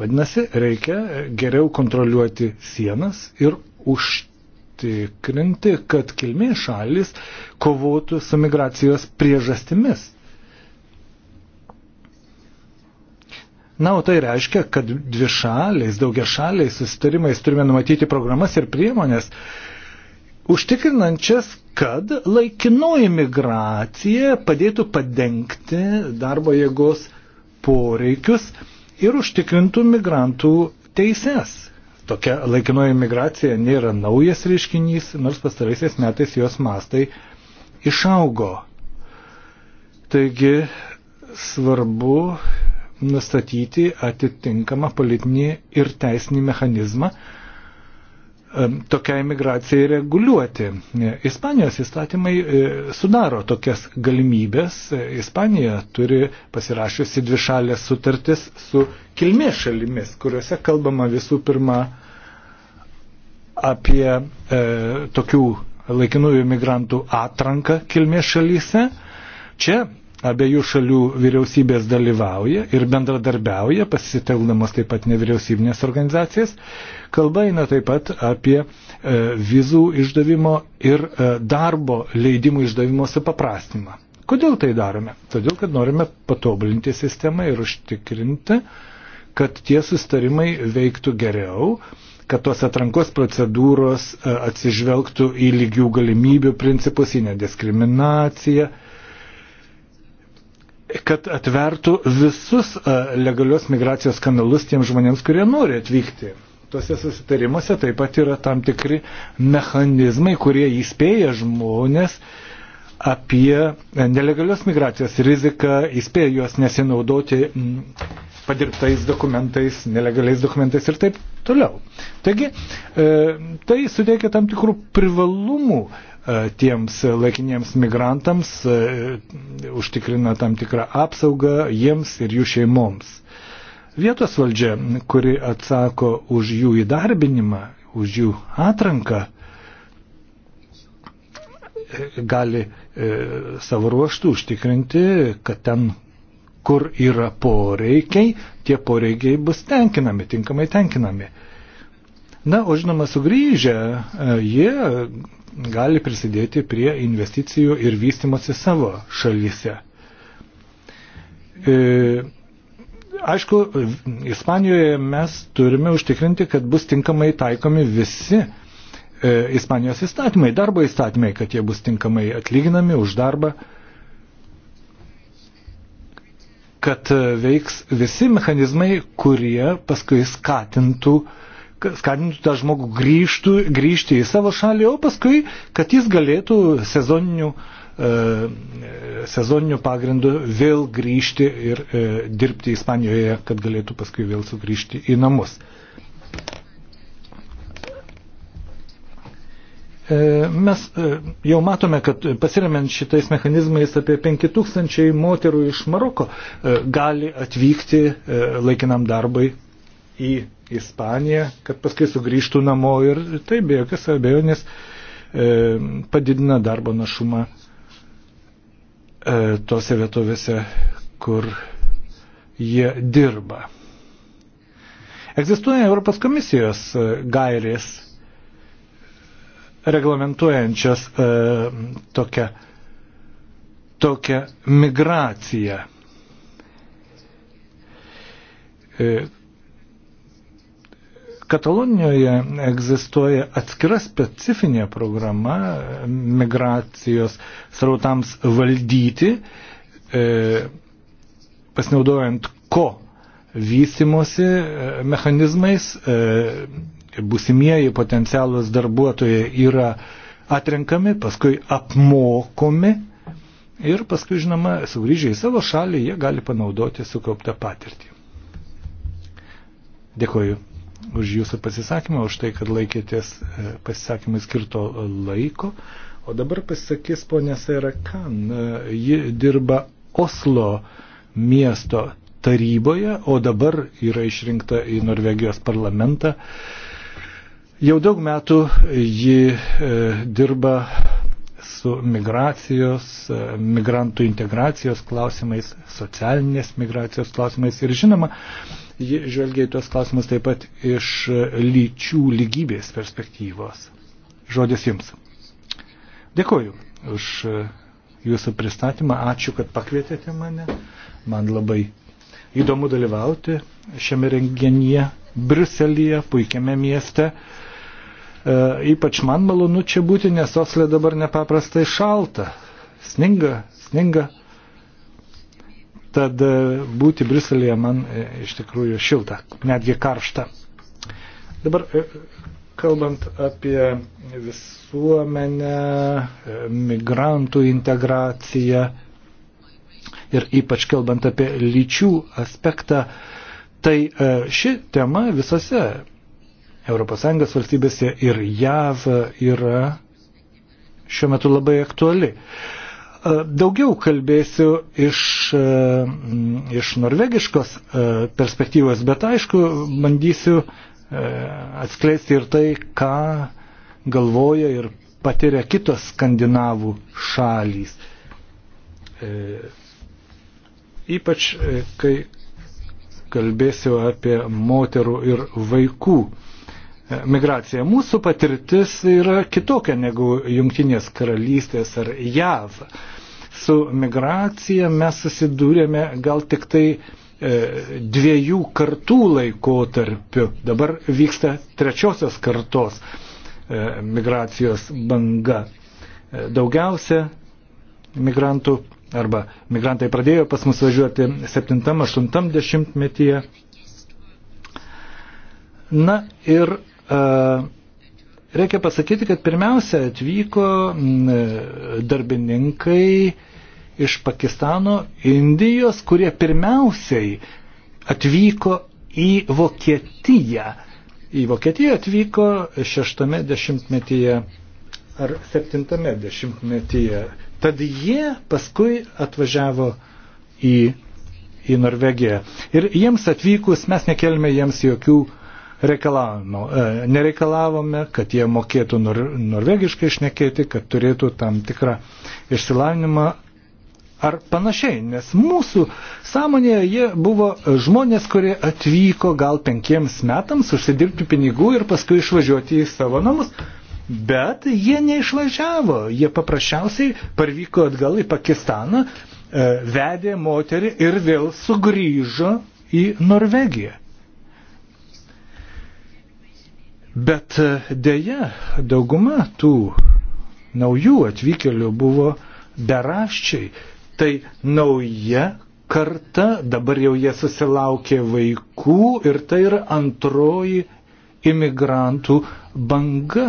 Vadinasi, reikia geriau kontroliuoti sienas ir užtikrinti, kad kilmės šalis kovotų su migracijos priežastimis. Na, o tai reiškia, kad dvi šaliais, daugia šaliais susitarimais turime numatyti programas ir priemonės, užtikrinančias, kad laikinoji migracija padėtų padengti darbo jėgos poreikius ir užtikrintų migrantų teises. Tokia laikinoji migracija nėra naujas reiškinys, nors pastaraisiais metais jos mastai išaugo. Taigi svarbu nustatyti atitinkamą politinį ir teisinį mechanizmą tokiai migracijai reguliuoti. Ispanijos įstatymai e, sudaro tokias galimybės. Ispanija turi pasirašiusi dvi šalės sutartis su kilmės šalimis, kuriuose kalbama visų pirma apie e, tokių laikinųjų migrantų atranką kilmės šalyse. Čia abiejų šalių vyriausybės dalyvauja ir bendradarbiauja, pasitelkdamas taip pat nevyriausybinės organizacijas. Kalba eina taip pat apie e, vizų išdavimo ir e, darbo leidimų išdavimo supaprastinimą. Kodėl tai darome? Todėl, kad norime patobulinti sistemą ir užtikrinti, kad tie sustarimai veiktų geriau, kad tos atrankos procedūros e, atsižvelgtų į lygių galimybių principus, į nediskriminaciją, kad atvertų visus e, legalios migracijos kanalus tiems žmonėms, kurie nori atvykti. Tuose susitarimuose taip pat yra tam tikri mechanizmai, kurie įspėja žmonės apie e, nelegalios migracijos riziką, įspėja juos nesinaudoti padirbtais dokumentais, nelegaliais dokumentais ir taip toliau. Taigi, e, tai suteikia tam tikrų privalumų E, tiems laikiniems migrantams, e, užtikrina tam tikrą apsaugą jiems ir jų šeimoms. Vietos valdžia, kuri atsako už jų įdarbinimą, už jų atranką, e, gali savo ruoštų užtikrinti, kad ten, kur yra poreikiai, tie poreikiai bus tenkinami, tinkamai tenkinami. Na, o žinoma, sugrįžę, jie gali prisidėti prie investicijų ir vystimosi savo šalyse. E, aišku, Ispanijoje mes turime užtikrinti, kad bus tinkamai taikomi visi e, Ispanijos įstatymai, darbo įstatymai, kad jie bus tinkamai atlyginami už darbą, kad veiks visi mechanizmai, kurie paskui skatintų uh, skatintų tą žmogų grįžtų, grįžti į savo šalį, o paskui, kad jis galėtų sezoninių, e, sezoninių pagrindų vėl grįžti ir e, dirbti Ispanijoje, kad galėtų paskui vėl sugrįžti į namus. E, mes jau matome, kad pasiremiant šitais mechanizmais apie 5000 moterų iš Maroko gali atvykti laikinam darbui į Ispaniją, kad paskui sugrįžtų namo ir tai be jokios abejonės e, padidina darbo našumą e, tose vietovėse, kur jie dirba. Egzistuoja Europos komisijos e, gairės reglamentuojančias e, tokią, tokią migraciją. E, Katalonijoje egzistuoja atskira specifinė programa e, migracijos srautams valdyti, e, pasinaudojant ko vystimosi e, mechanizmais. E, busimieji potencialus darbuotojai yra atrenkami, paskui apmokomi ir paskui, žinoma, sugrįžę į savo šalį, jie gali panaudoti sukauptą patirtį. Dėkuoju už jūsų pasisakymą, už tai, kad laikėtės e, pasisakymai skirto laiko. O dabar pasisakys ponė Sairakan. E, ji dirba Oslo miesto taryboje, o dabar yra išrinkta į Norvegijos parlamentą. Jau daug metų ji e, dirba su migracijos, e, migrantų integracijos klausimais, socialinės migracijos klausimais ir žinoma, Ji žvelgia į tuos klausimus taip pat iš lyčių lygybės perspektyvos. Žodis jums. Dėkuoju už jūsų pristatymą. Ačiū, kad pakvietėte mane. Man labai įdomu dalyvauti šiame renginyje Briuselėje, puikiame mieste. E, ypač man malonu čia būti, nes Osle dabar nepaprastai šalta. Sninga, sninga. Tad e, būti Briselėje man e, iš tikrųjų šilta, netgi karšta. Dabar e, kalbant apie visuomenę, migrantų integraciją ir ypač kalbant apie lyčių aspektą, tai ši tema visose ES valstybėse ir JAV yra šiuo metu labai aktuali. E, daugiau kalbėsiu iš, e, iš norvegiškos e, perspektyvos, bet aišku, bandysiu atskleisti ir tai, ką galvoja ir patiria kitos skandinavų šalys. Ypač, kai kalbėsiu apie moterų ir vaikų migraciją. Mūsų patirtis yra kitokia negu Junktinės karalystės ar JAV. Su migracija mes susidūrėme gal tik tai e, dviejų kartų laikotarpiu. Dabar vyksta trečiosios kartos e, migracijos banga. E, daugiausia migrantų arba migrantai pradėjo pas mus važiuoti 7-8 dešimtmetyje. Na ir uh, Reikia pasakyti, kad pirmiausia atvyko mm, darbininkai iš Pakistano, Indijos, kurie pirmiausiai atvyko į Vokietiją. Į Vokietiją atvyko šeštame dešimtmetyje ar septintame dešimtmetyje. Tad jie paskui atvažiavo į, į Norvegiją. Ir jiems atvykus mes nekelime jiems jokių uh, reikalavimo. E, nereikalavome, kad jie mokėtų nor norvegiškai šnekėti, kad turėtų tam tikrą išsilavinimą ar panašiai, nes mūsų sąmonėje jie buvo žmonės, kurie atvyko gal penkiems metams užsidirbti pinigų ir paskui išvažiuoti į savo namus. Bet jie neišvažiavo, jie paprasčiausiai parvyko atgal į Pakistaną, e, vedė moterį ir vėl sugrįžo į Norvegiją. Bet e, dėja, dauguma tų naujų atvykėlių buvo beraščiai. Tai nauja karta, dabar jau jie susilaukė vaikų ir tai yra antroji imigrantų banga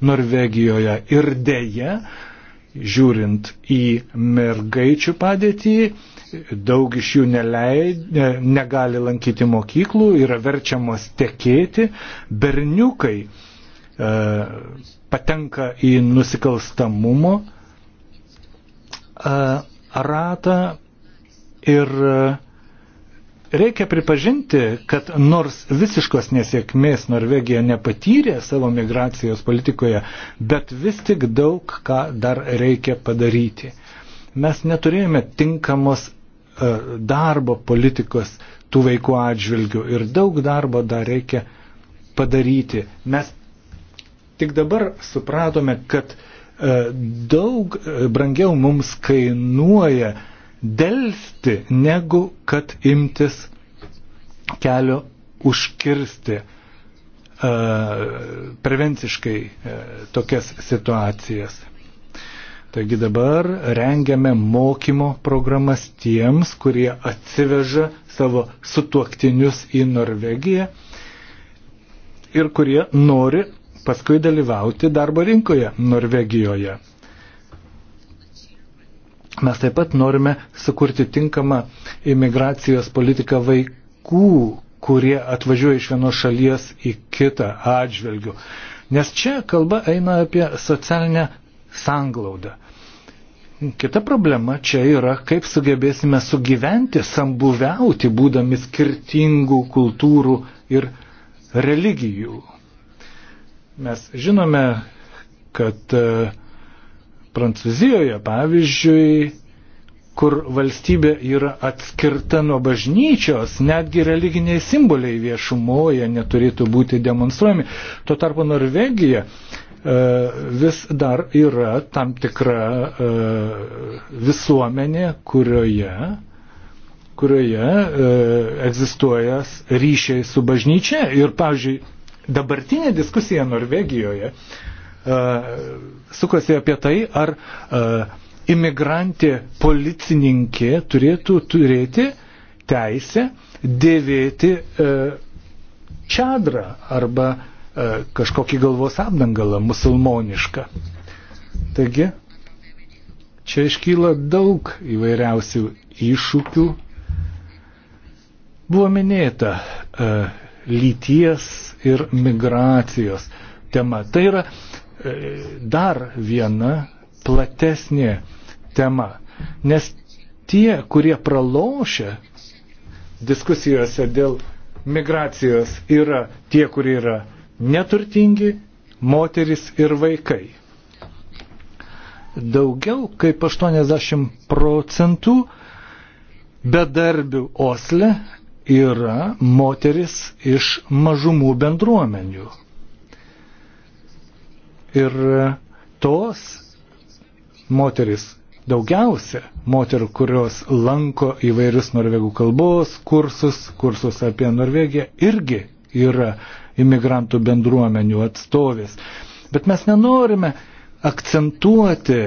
Norvegijoje. Ir dėja, žiūrint į mergaičių padėtį, daug iš jų neleid, negali lankyti mokyklų, yra verčiamos tekėti, berniukai e, patenka į nusikalstamumo e, ratą ir e, reikia pripažinti, kad nors visiškos nesėkmės Norvegija nepatyrė savo migracijos politikoje, bet vis tik daug ką dar reikia padaryti mes neturėjome tinkamos E, darbo politikos tų vaikų atžvilgių ir daug darbo dar reikia padaryti. Mes tik dabar supratome, kad e, daug e, brangiau mums kainuoja dėlsti, negu kad imtis kelio užkirsti prevenciškai tokias situacijas. Taigi dabar rengiame mokymo programas tiems, kurie atsiveža savo sutuoktinius į Norvegiją ir kurie nori paskui dalyvauti darbo rinkoje Norvegijoje. Mes taip pat norime sukurti tinkamą imigracijos politiką vaikų, kurie atvažiuoja iš vienos šalies į kitą atžvilgių. Nes čia kalba eina apie socialinę sanglaudą. Kita problema čia yra, kaip sugebėsime sugyventi, sambuviauti, būdami skirtingų kultūrų ir religijų. Mes žinome, kad e, Prancūzijoje, pavyzdžiui, kur valstybė yra atskirta nuo bažnyčios, netgi religiniai simboliai viešumoje neturėtų būti demonstruojami. Tuo tarpu Norvegija E, vis dar yra tam tikra e, visuomenė, kurioje kurioje e, egzistuoja ryšiai su bažnyčia. Ir, pavyzdžiui, dabartinė diskusija Norvegijoje e, sukosi apie tai, ar e, imigrantė policininkė turėtų turėti teisę dėvėti e, čadrą arba e, E, kažkokį galvos apdangalą musulmonišką. Taigi, čia iškyla daug įvairiausių iššūkių. Buvo minėta e, lyties ir migracijos tema. Tai yra e, dar viena platesnė tema, nes tie, kurie pralošia diskusijose dėl migracijos, yra tie, kurie yra neturtingi moteris ir vaikai. Daugiau kaip 80 procentų bedarbių Osle yra moteris iš mažumų bendruomenių. Ir tos moteris, daugiausia moterų, kurios lanko įvairius norvegų kalbos kursus, kursus apie Norvegiją, irgi yra imigrantų bendruomenių atstovės. Bet mes nenorime akcentuoti,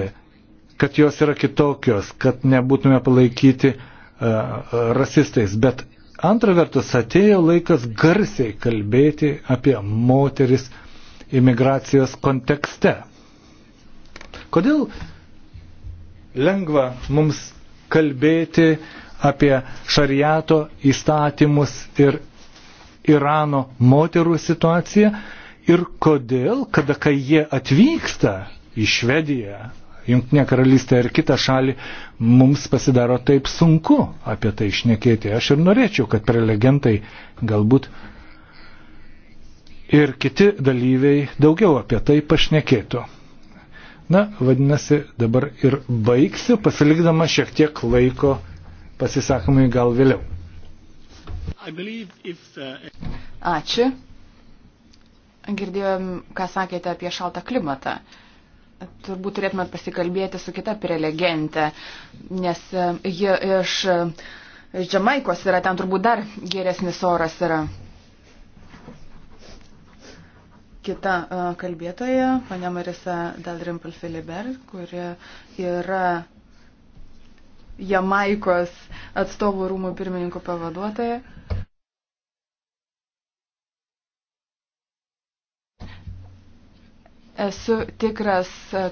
kad jos yra kitokios, kad nebūtume palaikyti uh, rasistais. Bet antra vertus atėjo laikas garsiai kalbėti apie moteris imigracijos kontekste. Kodėl lengva mums kalbėti apie šariato įstatymus ir Irano moterų situaciją ir kodėl, kada kai jie atvyksta į Švediją, Junktinė karalystė ar kitą šalį, mums pasidaro taip sunku apie tai išnekėti. Aš ir norėčiau, kad prelegentai galbūt ir kiti dalyviai daugiau apie tai pašnekėtų. Na, vadinasi, dabar ir baigsiu, pasilikdama šiek tiek laiko pasisakymui gal vėliau. If, uh... Ačiū. Girdėjom, ką sakėte apie šaltą klimatą. Turbūt turėtumėt pasikalbėti su kita prelegente, nes uh, ji iš Džamaikos uh, yra, ten turbūt dar geresnis oras yra. Kita uh, kalbėtoja, ponia Marisa Dalrimpel Filiber, kuri yra Jamaikos atstovų rūmų pirmininko pavaduotoja. Esu tikras,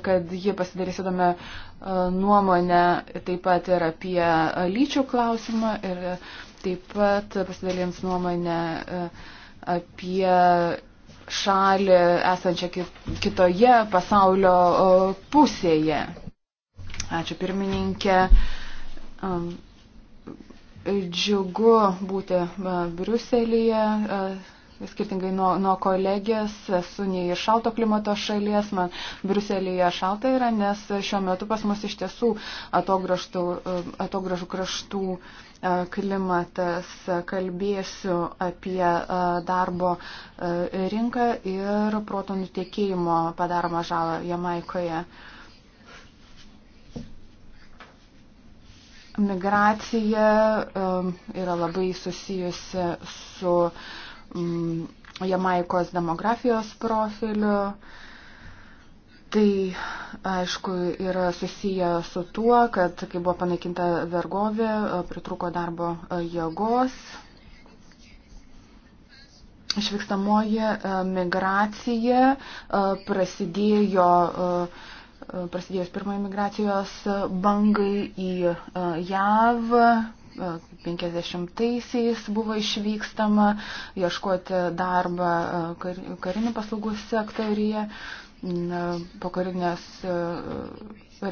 kad ji pasidarys įdomią e, nuomonę taip pat ir apie e, lyčių klausimą ir taip pat pasidalins nuomonę e, apie šalį esančią kitoje pasaulio pusėje. Ačiū pirmininkė. Džiugu būti Briuselėje, skirtingai nuo, nuo kolegės, esu nei iš šalto klimato šalies, man Briuselėje šalta yra, nes šiuo metu pas mus iš tiesų atogražų kraštų klimatas, kalbėsiu apie darbo rinką ir proto nutekėjimo padaromą žalą Jamaikoje. Uh, Migracija um, yra labai susijusi su mm, Jamaikos demografijos profiliu. Tai aišku yra susiję su tuo, kad kai buvo panaikinta vergovė, pritruko darbo e, jėgos. Išvykstamoji e, migracija e, prasidėjo E, prasidėjus pirmai migracijos bangai į e, JAV. 50-aisiais e, buvo išvykstama ieškoti darbą karinių paslaugų sektorija, po karinės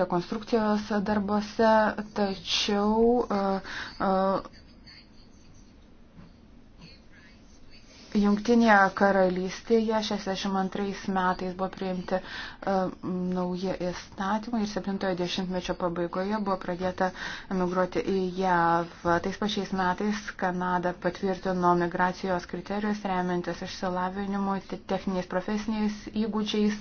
rekonstrukcijos darbose, tačiau Jungtinėje karalystėje 62 metais buvo priimti uh, nauji įstatymai ir 70-mečio pabaigoje buvo pradėta emigruoti į JAV. Tais pačiais metais Kanada patvirtino migracijos kriterijus remiantis išsilavinimu, techniniais profesiniais įgūdžiais.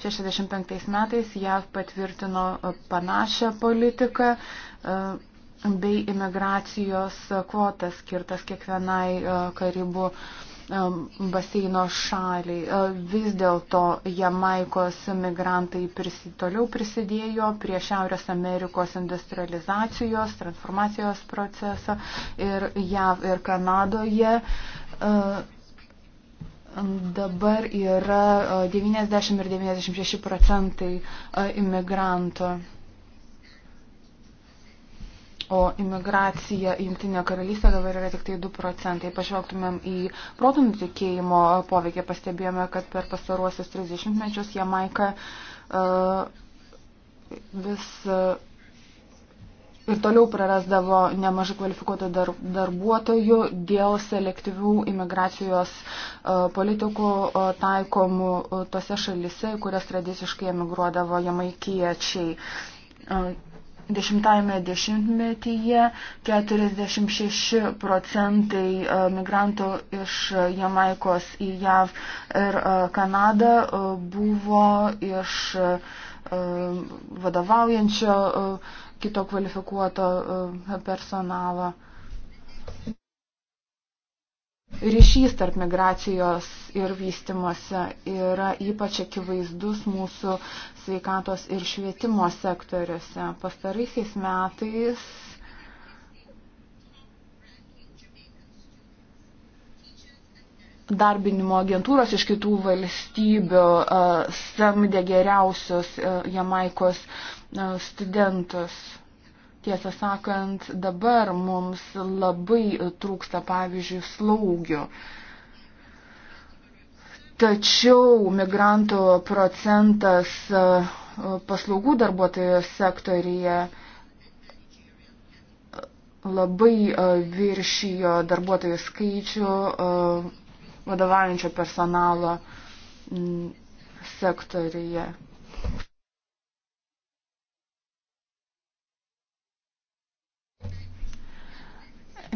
65 metais JAV patvirtino e, panašią politiką. Uh, bei imigracijos kvotas skirtas kiekvienai karibų uh, Um, baseino šaliai. Uh, vis dėlto Jamaikos migrantai prisi, toliau prisidėjo prie Šiaurės Amerikos industrializacijos, transformacijos proceso ir JAV ir Kanadoje. Uh, dabar yra 90 uh, ir 96 procentai imigrantų o imigracija į Junktinę karalystę dabar yra tik tai 2 procentai. Pažvelgtumėm į protų nutikėjimo poveikį, pastebėjome, kad per pastaruosius 30 mečius Jamaika uh, vis uh, ir toliau prarasdavo nemažai kvalifikuotų dar, darbuotojų dėl selektyvių imigracijos uh, politikų uh, taikomų uh, tose šalise, kurias tradiciškai emigruodavo jamaikiečiai. Uh, Dešimtajame dešimtmetyje 46 procentai e, migrantų iš Jamaikos į JAV ir e, Kanadą e, buvo iš vadovaujančio kito kvalifikuoto personalo ryšys tarp migracijos ir vystimuose yra ypač akivaizdus mūsų sveikatos ir švietimo sektoriuose. Pastaraisiais metais darbinimo agentūros iš kitų valstybių samdė geriausius Jamaikos studentus. Tiesą sakant, dabar mums labai trūksta, pavyzdžiui, slaugių. Tačiau migrantų procentas e, paslaugų darbuotojų sektorija labai e, viršijo darbuotojų skaičių e, vadovaujančio personalo sektorija.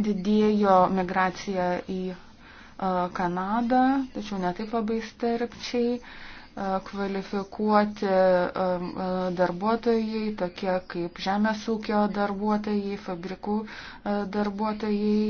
didėjo migracija į e, Kanadą, tačiau netaip labai sterpčiai e, kvalifikuoti e, darbuotojai, tokie kaip žemės ūkio darbuotojai, fabrikų darbuotojai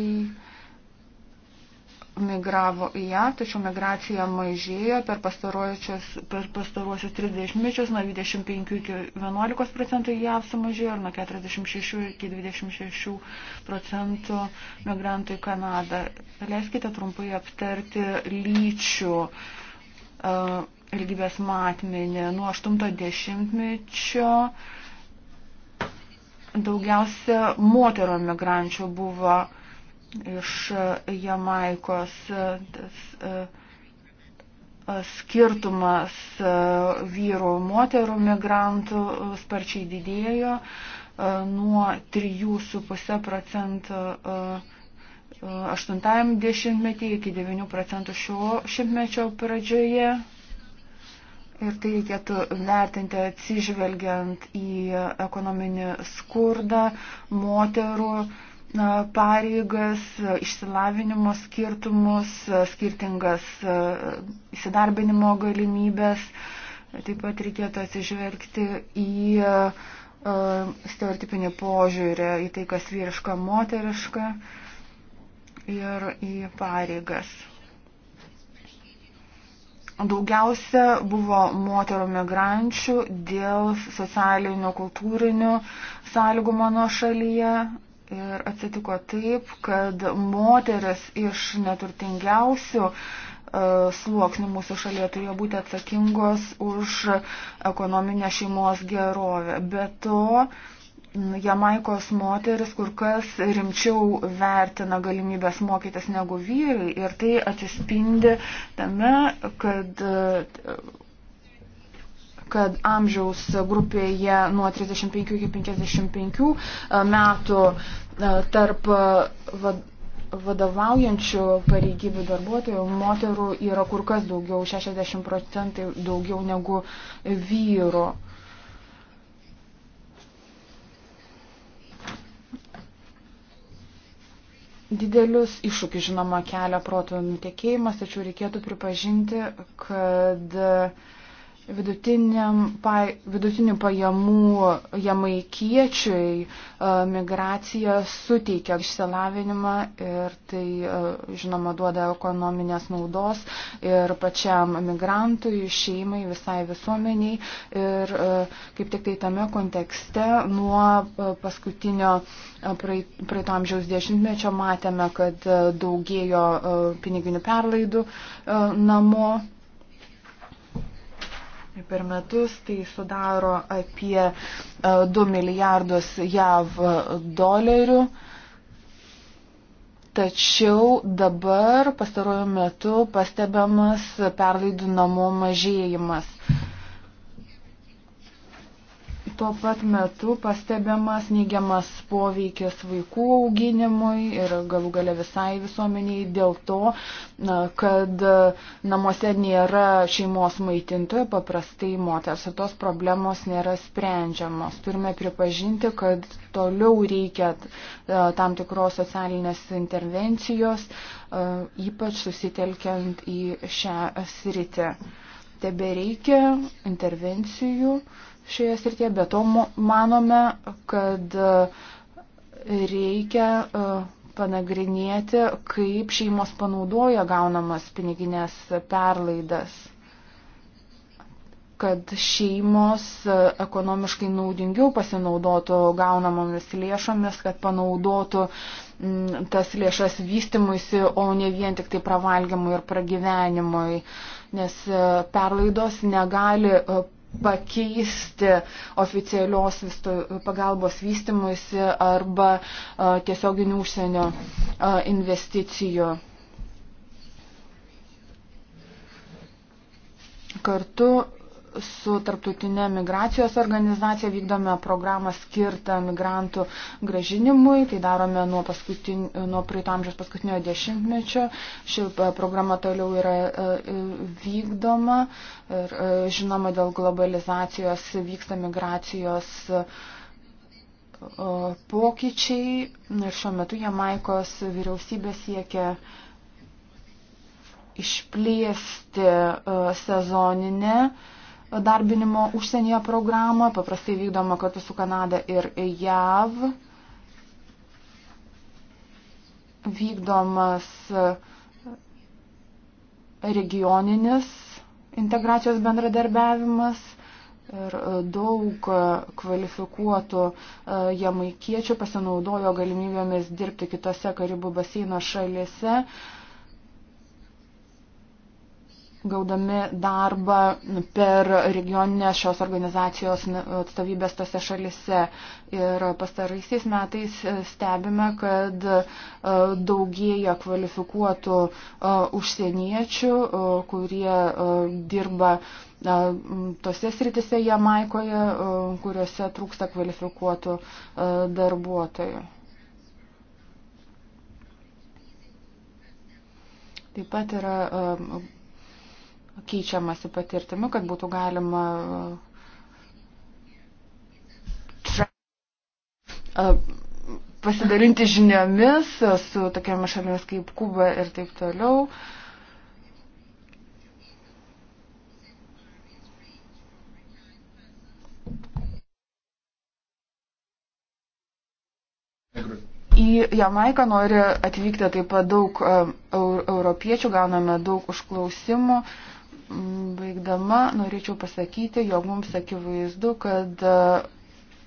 migravo į ją, tačiau migracija mažėjo per pastaruosius, per pastaruosius 30 mečius nuo 25 iki 11 procentų į JAV sumažėjo ir nuo 46 iki 26 procentų migrantų į Kanadą. Leiskite trumpai aptarti lyčių uh, e, ilgybės matmenį nuo 80-mečio. Daugiausia moterų migrančių buvo uh, iš e, Jamaikos. E, tas, e, skirtumas vyrų moterų migrantų sparčiai didėjo nuo 3,5 procentų 80 dešimtmetį iki 9 procentų šio šimtmečio pradžioje. Ir tai reikėtų vertinti atsižvelgiant į ekonominį skurdą, moterų pareigas, išsilavinimo skirtumus, skirtingas įsidarbinimo galimybės. Taip pat reikėtų atsižvelgti į stereotipinį požiūrį, į tai, kas vyriška, moteriška ir į pareigas. Daugiausia buvo moterų migrančių dėl socialinių, kultūrinių sąlygų mano šalyje, Ir atsitiko taip, kad moteris iš neturtingiausių e, sluoksnių mūsų šalyje turėjo būti atsakingos už ekonominę šeimos gerovę. Be to, Jamaikos moteris kur kas rimčiau vertina galimybės mokytis negu vyrai ir tai atsispindi tame, kad e, kad amžiaus grupėje nuo 35 iki 55 e, metų e, tarp e, vadovaujančių pareigybių darbuotojų moterų yra kur kas daugiau, 60 procentai daugiau negu vyru. Didelius iššūkius, žinoma, kelia proto nutekėjimas, tačiau reikėtų pripažinti, kad uh, vidutinių pajamų jamaikiečiui e, migracija suteikia išsilavinimą ir tai, e, žinoma, duoda ekonominės naudos ir pačiam migrantui, šeimai, visai visuomeniai. Ir e, kaip tik tai tame kontekste nuo paskutinio praeito amžiaus dešimtmečio matėme, kad daugėjo piniginių perlaidų namo per metus, tai sudaro apie 2 e, milijardus JAV e, dolerių. Tačiau dabar pastaruoju metu pastebiamas perlaidinamumo mažėjimas tuo pat metu pastebimas neigiamas poveikis vaikų auginimui ir galų gale visai visuomeniai dėl to, kad namuose nėra šeimos maitintojų, paprastai moters ir tos problemos nėra sprendžiamos. Turime pripažinti, kad toliau reikia tam tikros socialinės intervencijos, ypač susitelkiant į šią sritį. Tebe reikia intervencijų. Uh, šioje srityje, bet to manome, kad e, reikia e, panagrinėti, kaip šeimos panaudoja gaunamas piniginės perlaidas kad šeimos e, ekonomiškai naudingiau pasinaudotų gaunamomis lėšomis, kad panaudotų tas lėšas vystimuisi, o ne vien tik tai pravalgymui ir pragyvenimui, nes perlaidos negali pakeisti oficialios pagalbos vystimuisi arba tiesioginių užsienio investicijų. Kartu su tarptautinė migracijos organizacija vykdome programą skirtą migrantų gražinimui. Tai darome nuo, paskutin, nuo praeito amžiaus paskutiniojo dešimtmečio. Ši e, programa toliau yra e, e, vykdoma. Ir žinoma, dėl globalizacijos vyksta migracijos pokyčiai. Ir šiuo metu Jamaikos vyriausybė siekia išplėsti sezoninę darbinimo užsienyje programą, paprastai vykdoma kartu su Kanada ir JAV. Vykdomas e, regioninis integracijos bendradarbiavimas ir e, daug kvalifikuotų e, jamaikiečių pasinaudojo galimybėmis dirbti kitose Karibų baseino šalise. Uh, gaudami darbą per regioninės šios organizacijos atstovybės tose šalise. Ir pastaraisiais metais stebime, kad e, daugėja kvalifikuotų e, užsieniečių, e, kurie dirba tose sritise Jamaikoje, kuriuose trūksta kvalifikuotų darbuotojų. Taip pat yra keičiamasi patirtimi, kad būtų galima pasidalinti žiniomis su tokiamis šalimis kaip Kuba ir taip toliau. Į Jamaiką nori atvykti taip pat daug europiečių, gauname daug užklausimų. Uh, Baigdama norėčiau pasakyti, jog mums akivaizdu, kad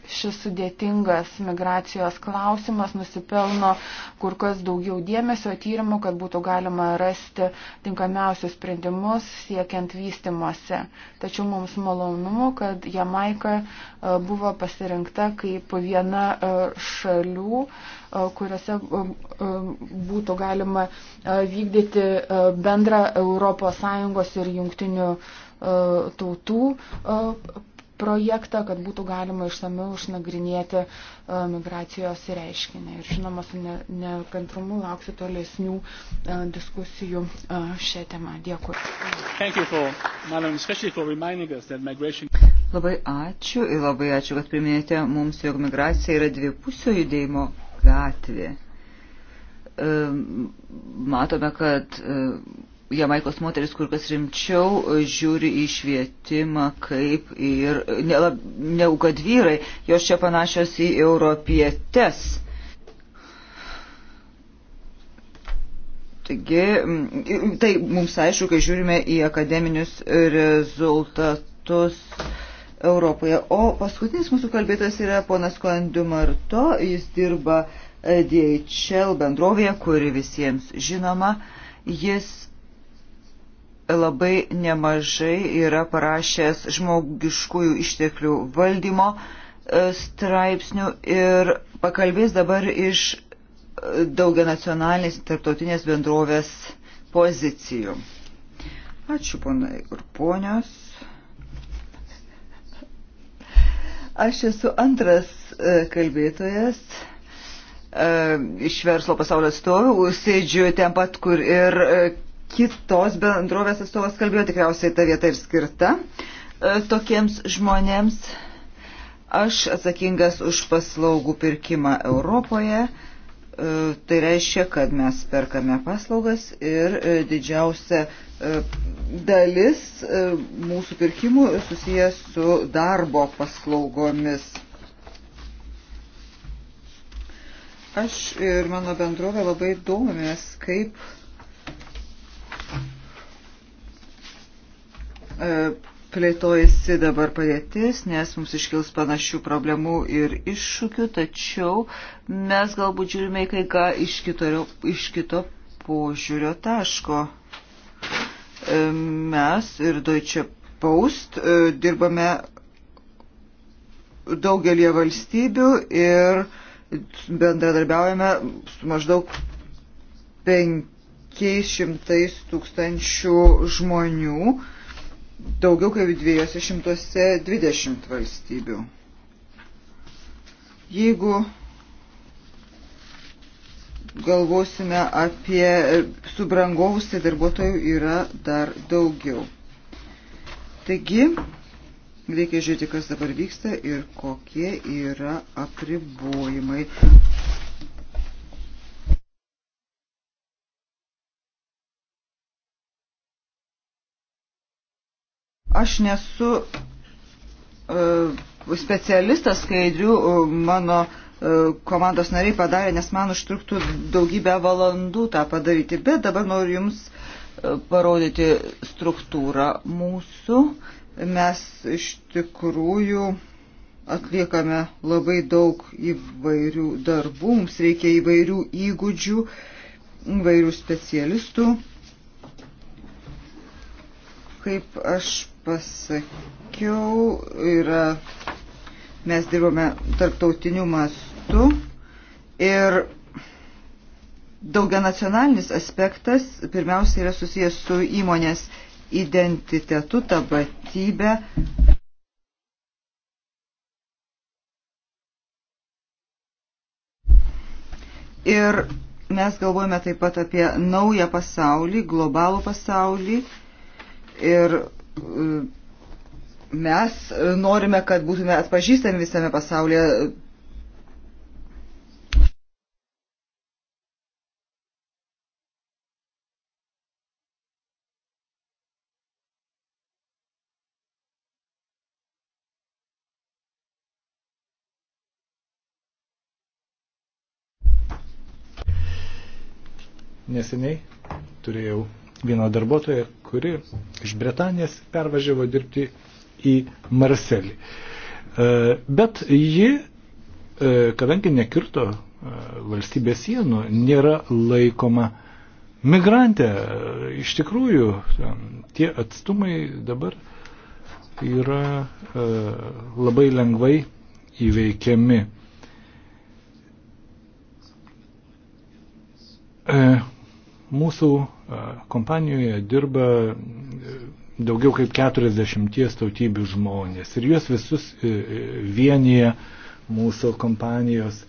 šis sudėtingas migracijos klausimas nusipelno kur kas daugiau dėmesio tyrimų, kad būtų galima rasti tinkamiausius sprendimus siekiant vystimuose. Tačiau mums malonu, kad Jamaika e, buvo pasirinkta kaip viena e, šalių, e, kuriuose būtų galima vykdyti bendrą ES ir jungtinių tautų projektą, kad būtų galima išsamiau išnagrinėti e, migracijos reiškinį. Ir žinoma, su nekantrumu ne lauksiu tolesnių e, diskusijų e, šią temą. Dėkui. For, Madam, migration... Labai ačiū ir labai ačiū, kad priminėte mums, jog migracija yra dvipusio judėjimo gatvė. Matome, kad Jamaikos moteris kur kas rimčiau e, žiūri į švietimą kaip ir negu ne, kad vyrai, jos čia panašios į europietes. Taigi, tai mums aišku, kai žiūrime į akademinius rezultatus Europoje. O paskutinis mūsų kalbėtas yra ponas Koendu Marto, jis dirba e, DHL bendrovėje, kuri visiems žinoma. Jis labai nemažai yra parašęs žmogiškųjų išteklių valdymo e, straipsnių ir pakalbės dabar iš e, daugia nacionalinės tarptautinės bendrovės pozicijų. Ačiū, ponai ir ponios. Aš esu antras e, kalbėtojas iš verslo pasaulio atstovų, sėdžiu ten pat, kur ir kitos bendrovės atstovas kalbėjo, tikriausiai ta vieta ir skirta e, tokiems žmonėms. Aš atsakingas už paslaugų pirkimą Europoje. E, tai reiškia, kad mes perkame paslaugas ir e, didžiausia dalis mūsų pirkimų susijęs su darbo paslaugomis. Aš ir mano bendrovė labai domimės, kaip E, plėtojasi dabar padėtis, nes mums iškils panašių problemų ir iššūkių, tačiau mes galbūt žiūrime į kai ką iš kito, iš kito požiūrio taško. E, mes ir Deutsche Post e, dirbame daugelie valstybių ir bendradarbiaujame su maždaug 500 tūkstančių žmonių daugiau kaip 220 valstybių. Jeigu galvosime apie subrangovusią tai darbuotojų yra dar daugiau. Taigi, reikia žiūrėti, kas dabar vyksta ir kokie yra apribojimai. Aš nesu e, specialistas skaidrių, e, mano e, komandos nariai padarė, nes man užtruktų daugybę valandų tą padaryti, bet dabar noriu Jums parodyti struktūrą mūsų. Mes iš tikrųjų atliekame labai daug įvairių darbų, mums reikia įvairių įgūdžių, įvairių specialistų. Kaip aš pasakiau, yra, mes dirbame tarptautiniu mastu ir daugia nacionalinis aspektas pirmiausia yra susijęs su įmonės identitetu, tapatybė. Ir mes galvojame taip pat apie naują pasaulį, globalų pasaulį ir mes norime, kad būtume atpažįstami visame pasaulyje. Neseniai turėjau vieno darbuotojo, kuri iš Bretanės pervažiavo dirbti į Marselį. E, bet ji, e, kadangi nekirto e, valstybės sienų, nėra laikoma migrantė. Iš tikrųjų, tie atstumai dabar yra labai lengvai įveikiami. Mūsų kompanijoje dirba e, daugiau kaip 40 tautybių žmonės ir juos visus e, e, vienyje mūsų kompanijos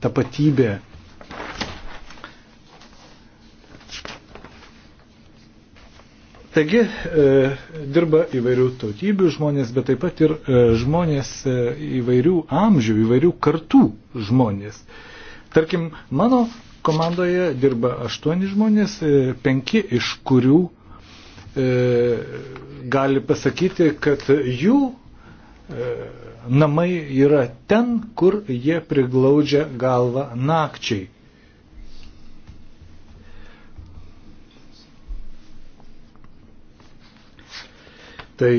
tapatybė. Taigi e, dirba įvairių tautybių žmonės, bet taip pat ir e, žmonės e, įvairių amžių, įvairių kartų žmonės. Tarkim, mano komandoje dirba aštuoni žmonės, e, penki iš kurių e, gali pasakyti, kad jų e, namai yra ten, kur jie priglaudžia galvą nakčiai. Tai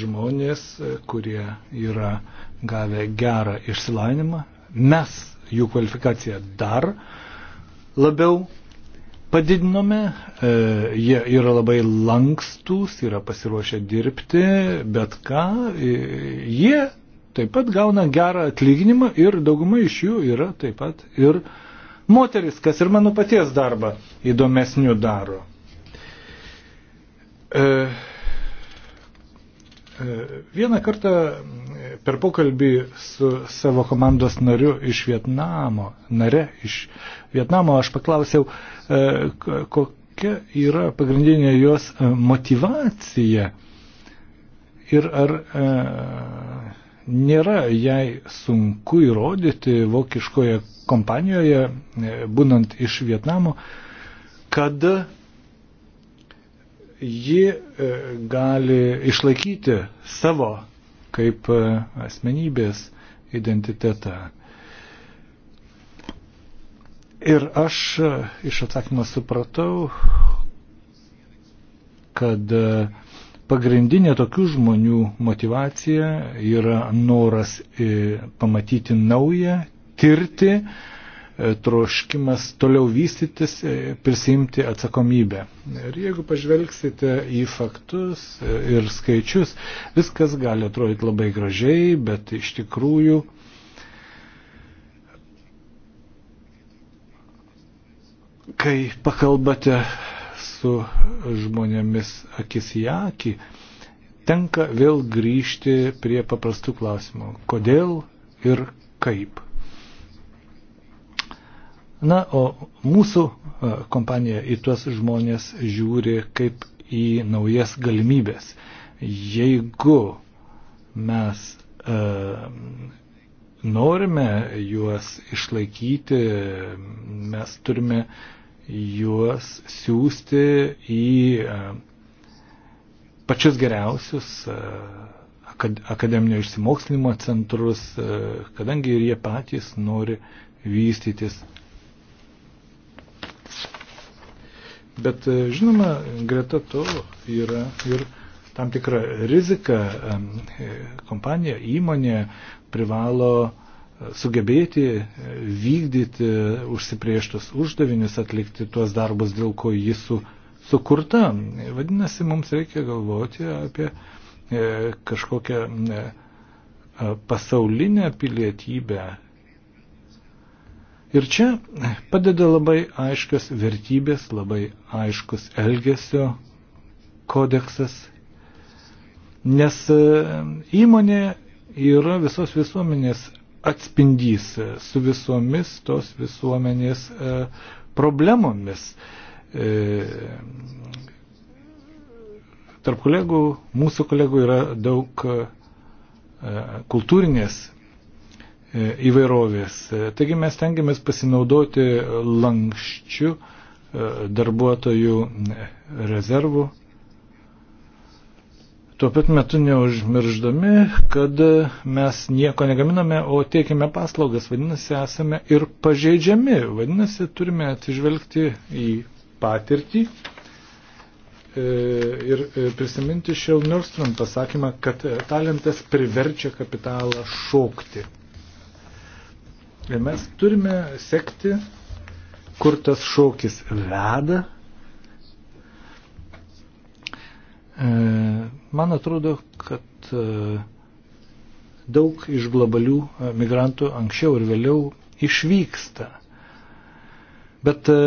žmonės, e, kurie yra gavę gerą išsilavinimą, mes jų kvalifikaciją dar uh, labiau padidinome, e, jie yra labai lankstus, yra pasiruošę dirbti, bet ką, e, jie taip pat gauna gerą atlyginimą ir dauguma iš jų yra taip pat ir moteris, kas ir mano paties darbą įdomesnių daro. E, Vieną kartą mm, per pokalbį su savo komandos nariu iš Vietnamo, nare iš Vietnamo, aš paklausiau, e, kokia yra pagrindinė jos e, motivacija ir ar e, nėra jai sunku įrodyti vokiškoje kompanijoje, būnant iš Vietnamo, kad ji e, gali išlaikyti savo kaip e, asmenybės identitetą. Ir aš e, iš atsakymą supratau, kad pagrindinė tokių žmonių motivacija yra noras pamatyti naują, tirti, E, troškimas toliau vystytis, e, prisimti atsakomybę. Ir jeigu pažvelgsite į faktus e, ir skaičius, viskas gali atrodyti labai gražiai, bet iš tikrųjų kai pakalbate su žmonėmis akis į akį, tenka vėl grįžti prie paprastų klausimų. Kodėl ir kaip? Na, o mūsų e, kompanija į tuos žmonės žiūri kaip į naujas galimybės. Jeigu mes e, norime juos išlaikyti, mes turime juos siūsti į e, pačius geriausius e, akad, akademinio išsimokslinimo centrus, e, kadangi ir jie patys nori vystytis Bet e, žinoma, greta to yra ir tam tikra rizika. E, kompanija, įmonė privalo e, sugebėti vykdyti užsiprieštus uždavinius, atlikti tuos darbus, dėl ko jis su, sukurta. Vadinasi, mums reikia galvoti apie kažkokią pasaulinę pilietybę Ir čia padeda labai aiškios vertybės, labai aiškus elgesio kodeksas, nes e, įmonė yra visos visuomenės atspindys e, su visomis tos visuomenės e, problemomis. Tarp kolegų, mūsų kolegų yra daug kultūrinės E, įvairovės. E, taigi mes tengiamės pasinaudoti lankščių e, darbuotojų rezervų. Tuo pat metu neužmirždami, kad mes nieko negaminame, o teikime paslaugas, vadinasi, esame ir pažeidžiami, vadinasi, turime atsižvelgti į patirtį ir prisiminti Šil Nurstrom pasakymą, kad talentas priverčia kapitalą šokti. Ir mes turime sekti, kur tas šaukis veda. E, man atrodo, kad e, daug iš globalių e, migrantų anksčiau ir vėliau išvyksta. Bet e,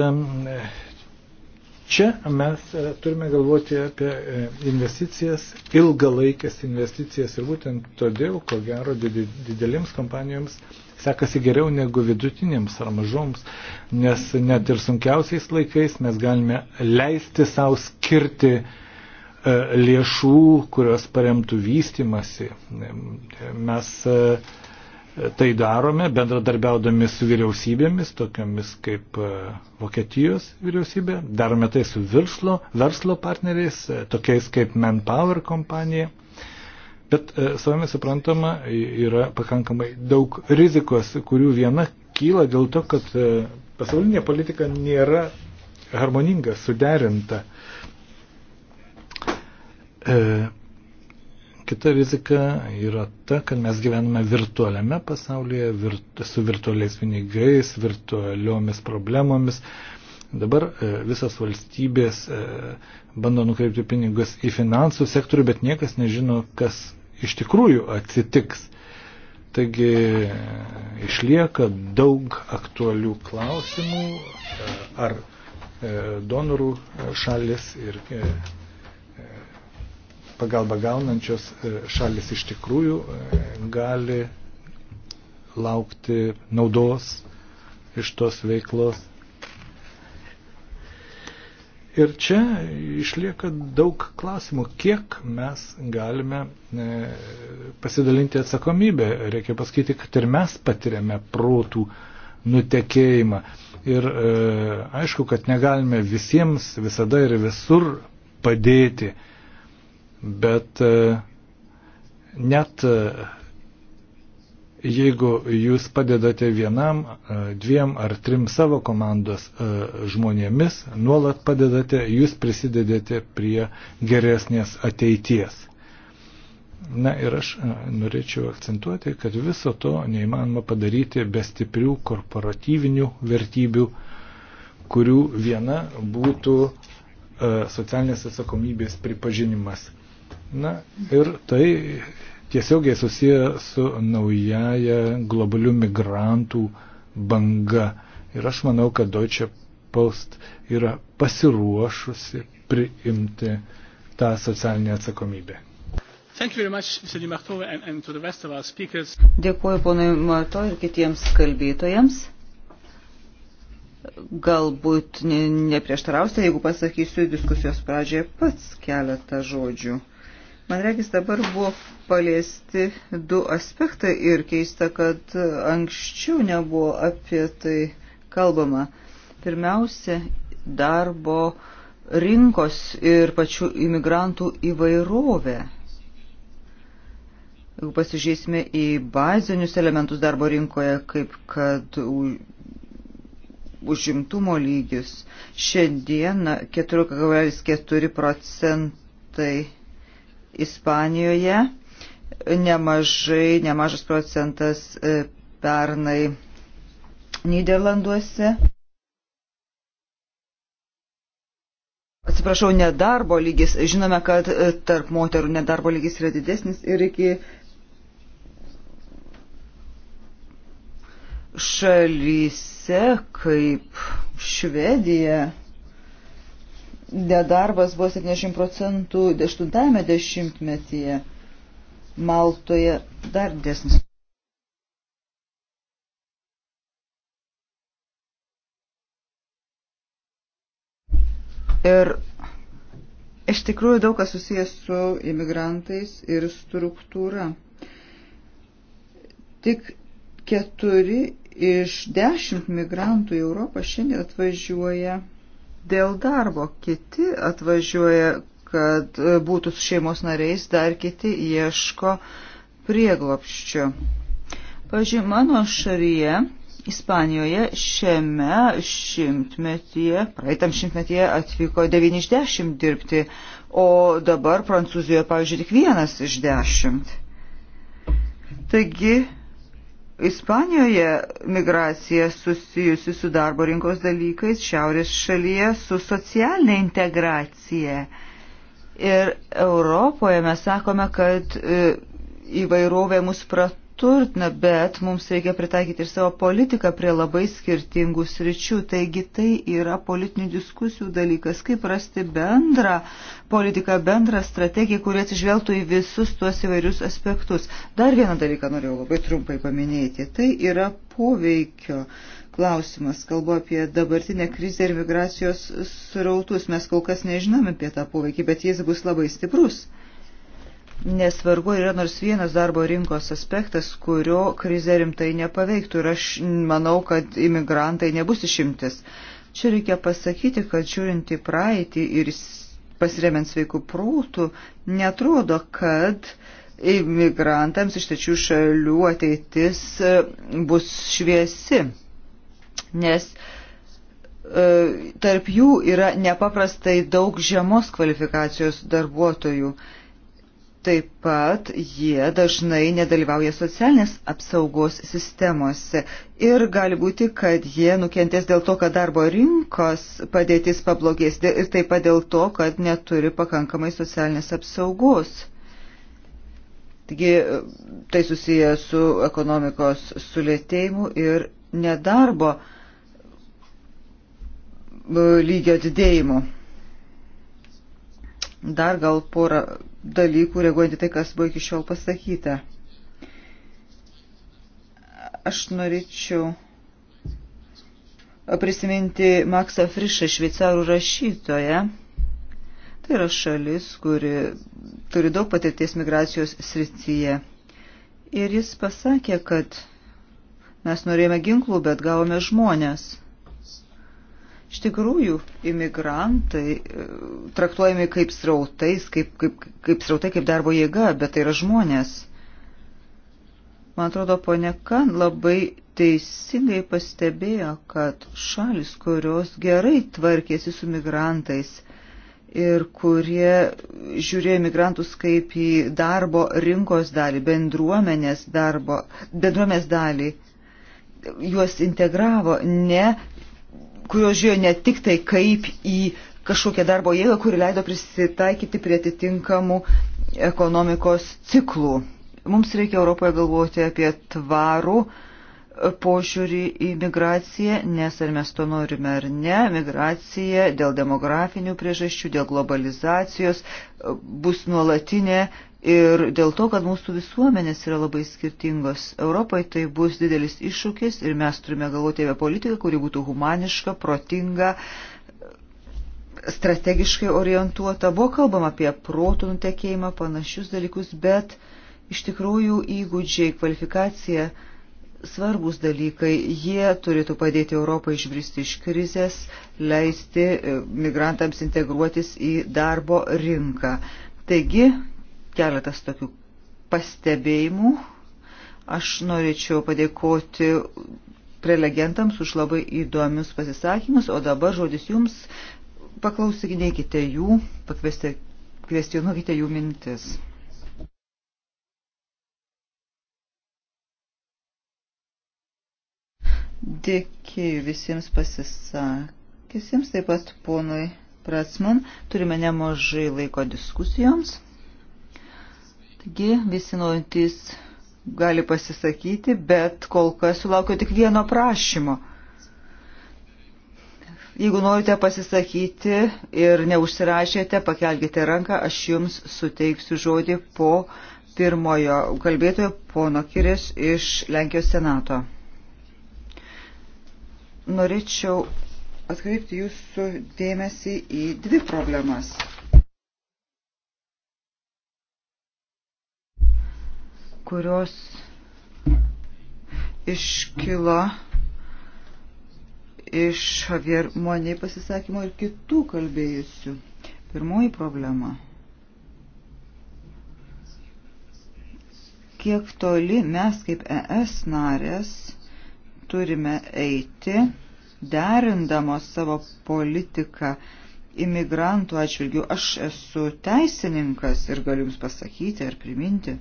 čia mes e, turime galvoti apie e, investicijas, ilgalaikės investicijas ir būtent todėl, ko gero, didelėms kompanijoms e, sekasi geriau negu vidutinėms ar mažoms, nes net ir sunkiausiais laikais mes galime leisti savo skirti e, lėšų, kurios paremtų vystimasi. Mes e, tai darome bendradarbiaudami su vyriausybėmis, tokiamis kaip e, Vokietijos vyriausybė, darome tai su verslo, verslo partneriais, e, tokiais kaip Manpower kompanija. Bet e, savame suprantama, yra pakankamai daug rizikos, kurių viena kyla dėl to, kad e, pasaulinė politika nėra harmoninga, suderinta. E, kita rizika yra ta, kad mes gyvename virtualiame pasaulyje virt, su virtualiais pinigais, virtualiomis problemomis. Dabar visas valstybės bando nukreipti pinigus į finansų sektorių, bet niekas nežino, kas iš tikrųjų atsitiks. Taigi išlieka daug aktualių klausimų, e, ar e, donorų šalis ir e, pagalba gaunančios šalis iš tikrųjų gali laukti naudos iš tos veiklos. Ir čia išlieka daug klausimų, kiek mes galime e, pasidalinti atsakomybę. Reikia pasakyti, kad ir mes patiriame protų nutekėjimą. Ir e, aišku, kad negalime visiems visada ir visur padėti, bet e, net e, jeigu jūs padedate vienam, dviem ar trim savo komandos žmonėmis, nuolat padedate, jūs prisidedate prie geresnės ateities. Na ir aš norėčiau akcentuoti, kad viso to neįmanoma padaryti be stiprių korporatyvinių vertybių, kurių viena būtų socialinės atsakomybės pripažinimas. Na ir tai tiesiogiai susiję su naujaja globalių migrantų banga. Ir aš manau, kad Deutsche Post yra pasiruošusi priimti tą socialinę atsakomybę. Dėkuoju ponui Mato ir kitiems kalbėtojams. Galbūt neprieštarausite, jeigu pasakysiu diskusijos pradžioje pats keletą žodžių. Man reikės dabar buvo paliesti du aspektai ir keista, kad anksčiau nebuvo apie tai kalbama. Pirmiausia, darbo rinkos ir pačių imigrantų įvairovė. Jeigu pasižiūrėsime į bazinius elementus darbo rinkoje, kaip kad užimtumo lygis, šiandien 14,4 procentai Ispanijoje nemažai, nemažas procentas e, pernai Niderlanduose. Atsiprašau, nedarbo lygis. Žinome, kad e, tarp moterų nedarbo lygis yra didesnis ir iki šalyse kaip Švedija nedarbas buvo 70 procentų 80-ame dešimtmetyje, Maltoje dar didesnis. Ir iš tikrųjų daug kas susijęs su imigrantais ir struktūra. Tik keturi iš dešimt migrantų į Europą šiandien atvažiuoja dėl darbo, kiti atvažiuoja, kad e, būtų su šeimos nariais, dar kiti ieško prieglopščio. Pavyzdžiui, mano šalyje, Ispanijoje, šiame šimtmetyje, praeitam šimtmetyje atvyko 9 iš 10 dirbti, o dabar Prancūzijoje, pavyzdžiui, tik vienas iš 10. Taigi, Ispanijoje migracija susijusi su darbo rinkos dalykais, šiaurės šalyje su socialinė integracija. Ir Europoje mes sakome, kad e, įvairovė mus praturtina praturtina, bet mums reikia pritaikyti ir savo politiką prie labai skirtingų sričių. Taigi tai yra politinių diskusijų dalykas, kaip rasti bendrą politiką, bendrą strategiją, kurie atsižvelgtų į visus tuos įvairius aspektus. Dar vieną dalyką norėjau labai trumpai paminėti. Tai yra poveikio klausimas. Kalbu apie dabartinę krizę ir migracijos srautus. Mes kol kas nežinome apie tą poveikį, bet jis bus labai stiprus. Nesvarbu, yra nors vienas darbo rinkos aspektas, kurio krize rimtai nepaveiktų ir aš manau, kad imigrantai nebus išimtis. Čia reikia pasakyti, kad žiūrint į praeitį ir pasiremiant sveikų prūtų, netrodo, kad imigrantams iš tačių šalių ateitis e, bus šviesi, nes e, tarp jų yra nepaprastai daug žemos kvalifikacijos darbuotojų. Taip pat jie dažnai nedalyvauja socialinės apsaugos sistemose ir gali būti, kad jie nukentės dėl to, kad darbo rinkos padėtis pablogės ir taip pat dėl to, kad neturi pakankamai socialinės apsaugos. Taigi tai susiję su ekonomikos sulėtėjimu ir nedarbo e, lygio didėjimu. Dar gal porą dalykų, reaguojant į tai, kas buvo iki šiol pasakyta. Aš norėčiau prisiminti Maksą Frišą, šveicarų rašytoją. Tai yra šalis, kuri turi daug patirties migracijos srityje. Ir jis pasakė, kad mes norėjome ginklų, bet gavome žmonės. Iš tikrųjų, imigrantai e, traktuojami kaip srautais, kaip, kaip, kaip srautai, kaip darbo jėga, bet tai yra žmonės. Man atrodo, ponia Kan labai teisingai pastebėjo, kad šalis, kurios gerai tvarkėsi su migrantais ir kurie žiūrėjo migrantus kaip į darbo rinkos dalį, bendruomenės, darbo, bendruomenės dalį, juos integravo, ne kurios žiūrėjo ne tik tai kaip į kažkokią darbo jėgą, kuri leido prisitaikyti prie atitinkamų ekonomikos ciklų. Mums reikia Europoje galvoti apie tvarų požiūrį į migraciją, nes ar mes to norime ar ne, migracija dėl demografinių priežasčių, dėl globalizacijos bus nuolatinė Ir dėl to, kad mūsų visuomenės yra labai skirtingos, Europai tai bus didelis iššūkis ir mes turime galvoti apie politiką, kuri būtų humaniška, protinga, strategiškai orientuota. Buvo kalbama apie protų nutekėjimą, panašius dalykus, bet iš tikrųjų įgūdžiai, kvalifikacija svarbus dalykai. Jie turėtų padėti Europai išbristi iš krizės, leisti migrantams integruotis į darbo rinką. Taigi, keletas tokių pastebėjimų. Aš norėčiau padėkoti prelegentams už labai įdomius pasisakymus, o dabar žodis jums paklausykinėkite jų, pakvestionuokite jų mintis. Dėkėju visiems pasisakysiems, taip pat ponui Pratsman. Turime nemažai laiko diskusijoms. Taigi visi norintys gali pasisakyti, bet kol kas sulaukiu tik vieno prašymo. Jeigu norite pasisakyti ir neužsirašėte, pakelkite ranką, aš jums suteiksiu žodį po pirmojo kalbėtojo, pono Kirės iš Lenkijos senato. Norėčiau atkreipti jūsų dėmesį į dvi problemas. kurios iškilo iš Javier Monė pasisakymo ir kitų kalbėjusių. Pirmoji problema. Kiek toli mes kaip ES narės turime eiti, derindamos savo politiką imigrantų atžvilgių. Aš esu teisininkas ir galiu Jums pasakyti ar priminti.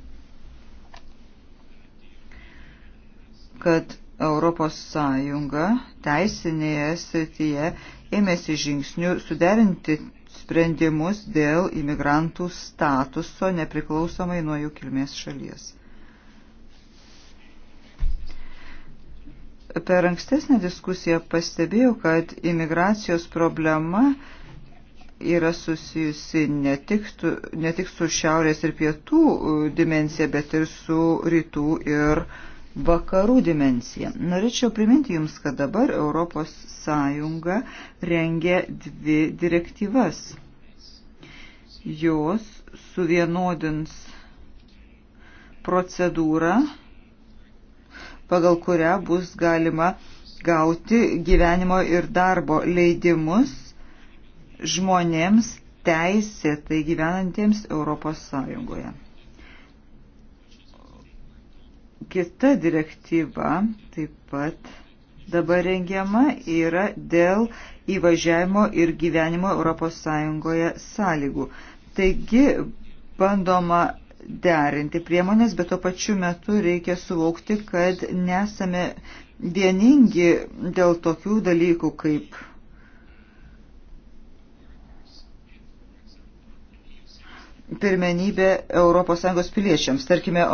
kad Europos Sąjunga teisinėje srityje ėmėsi žingsnių suderinti sprendimus dėl imigrantų statuso nepriklausomai nuo jų kilmės šalies. Per ankstesnę diskusiją pastebėjau, kad imigracijos problema yra susijusi ne tik, tu, ne tik su šiaurės ir pietų dimensija, bet ir su rytų ir uh, vakarų dimensiją. Norėčiau priminti Jums, kad dabar Europos Sąjunga rengia dvi direktyvas. Jos suvienodins procedūrą, pagal kurią bus galima gauti gyvenimo ir darbo leidimus žmonėms teisėtai gyvenantiems Europos Sąjungoje. Kita direktyva taip pat dabar rengiama yra dėl įvažiavimo ir gyvenimo ES sąlygų. Taigi bandoma derinti priemonės, bet tuo pačiu metu reikia suvokti, kad nesame vieningi dėl tokių dalykų kaip pirmenybė ES piliečiams. Tarkime,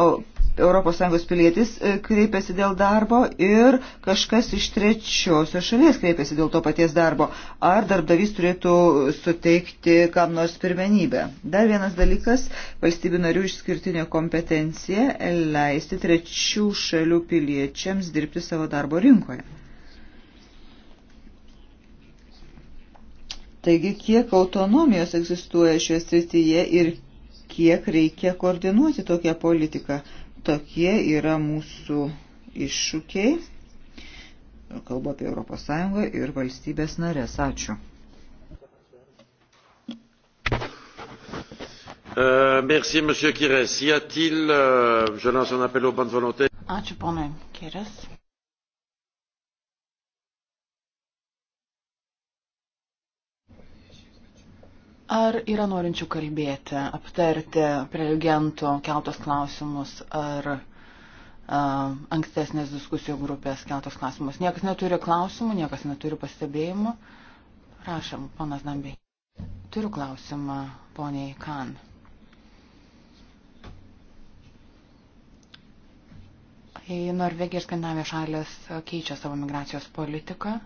ES pilietis e, kreipiasi dėl darbo ir kažkas iš trečiosios šalies kreipiasi dėl to paties darbo. Ar darbdavys turėtų suteikti kam nors pirmenybę? Dar vienas dalykas - valstybių narių išskirtinė kompetencija leisti trečių šalių piliečiams dirbti savo darbo rinkoje. Taigi, kiek autonomijos egzistuoja šioje srityje ir kiek reikia koordinuoti tokią politiką? Tokie yra mūsų iššūkiai. Kalbu apie ES ir valstybės narės. Ačiū. Euh, merci, monsieur Kires. Y a-t-il, euh, je lance un appel aux bonnes volontés. Ačiū, ponai Kires. Ar yra norinčių kalbėti, aptarti prelegentų keltos klausimus ar uh, ankstesnės diskusijų grupės keltos klausimus? Niekas neturi klausimų, niekas neturi pastebėjimų. Prašom, panas Dambiai. Turiu klausimą poniai Kan. Į Norvegiją ir Skandinavijos šalės keičia savo migracijos politiką.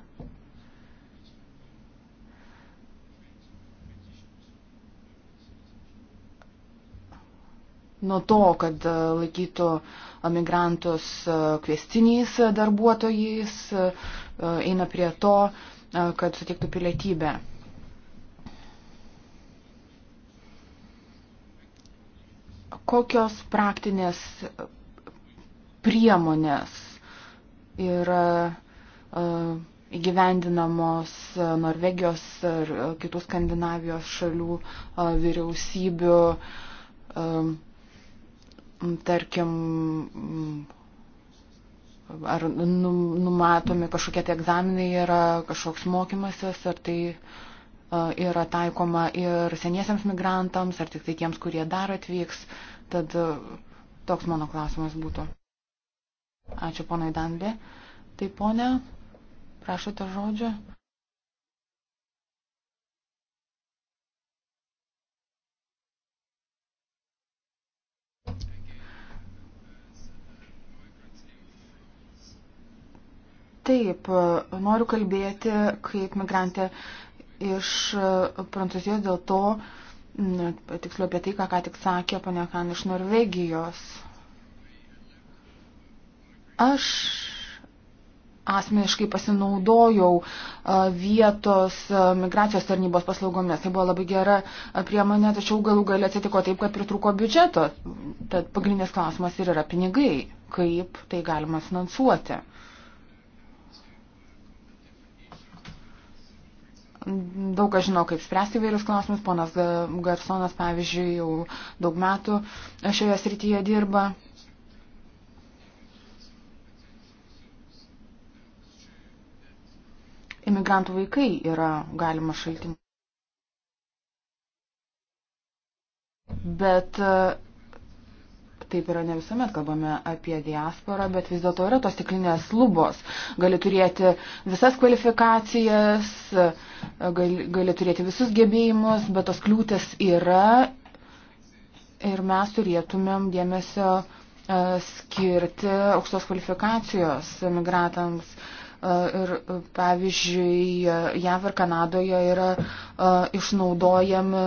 nuo to, kad e, laikytų migrantus e, kvestiniais darbuotojais, e, eina prie to, kad sutiktų pilietybę. Kokios praktinės priemonės yra įgyvendinamos Norvegijos ir kitų Skandinavijos šalių vyriausybių tarkim, mm, ar nu, numatomi kažkokie tai egzaminai yra, kažkoks mokymasis, ar tai e, yra taikoma ir seniesiams migrantams, ar tik tai tiems, kurie dar atvyks. Tad e, toks mano klausimas būtų. Ačiū ponai Dandė. Tai ponė, prašote žodžio? Taip, noriu kalbėti kaip migrantė iš Prancūzijos dėl to, tiksliau apie tai, ką ką tik sakė ponia Han iš Norvegijos. Aš asmeniškai pasinaudojau vietos migracijos tarnybos paslaugomis. Tai buvo labai gera priemonė, tačiau galų gale atsitiko taip, kad pritruko biudžeto. Tad pagrindinis klausimas ir yra pinigai, kaip tai galima finansuoti. daug kas žino, kaip spręsti vairius klausimus. Ponas Garsonas, pavyzdžiui, jau daug metų šioje srityje dirba. Imigrantų vaikai yra galima šaltinis. Bet Taip yra ne visuomet kalbame apie diasporą, bet vis dėlto yra tos stiklinės lubos. Gali turėti visas kvalifikacijas, gali, gali turėti visus gebėjimus, bet tos kliūtis yra ir mes turėtumėm dėmesio e, skirti aukštos kvalifikacijos migrantams. Uh, Ir pavyzdžiui, JAV ir Kanadoje yra išnaudojami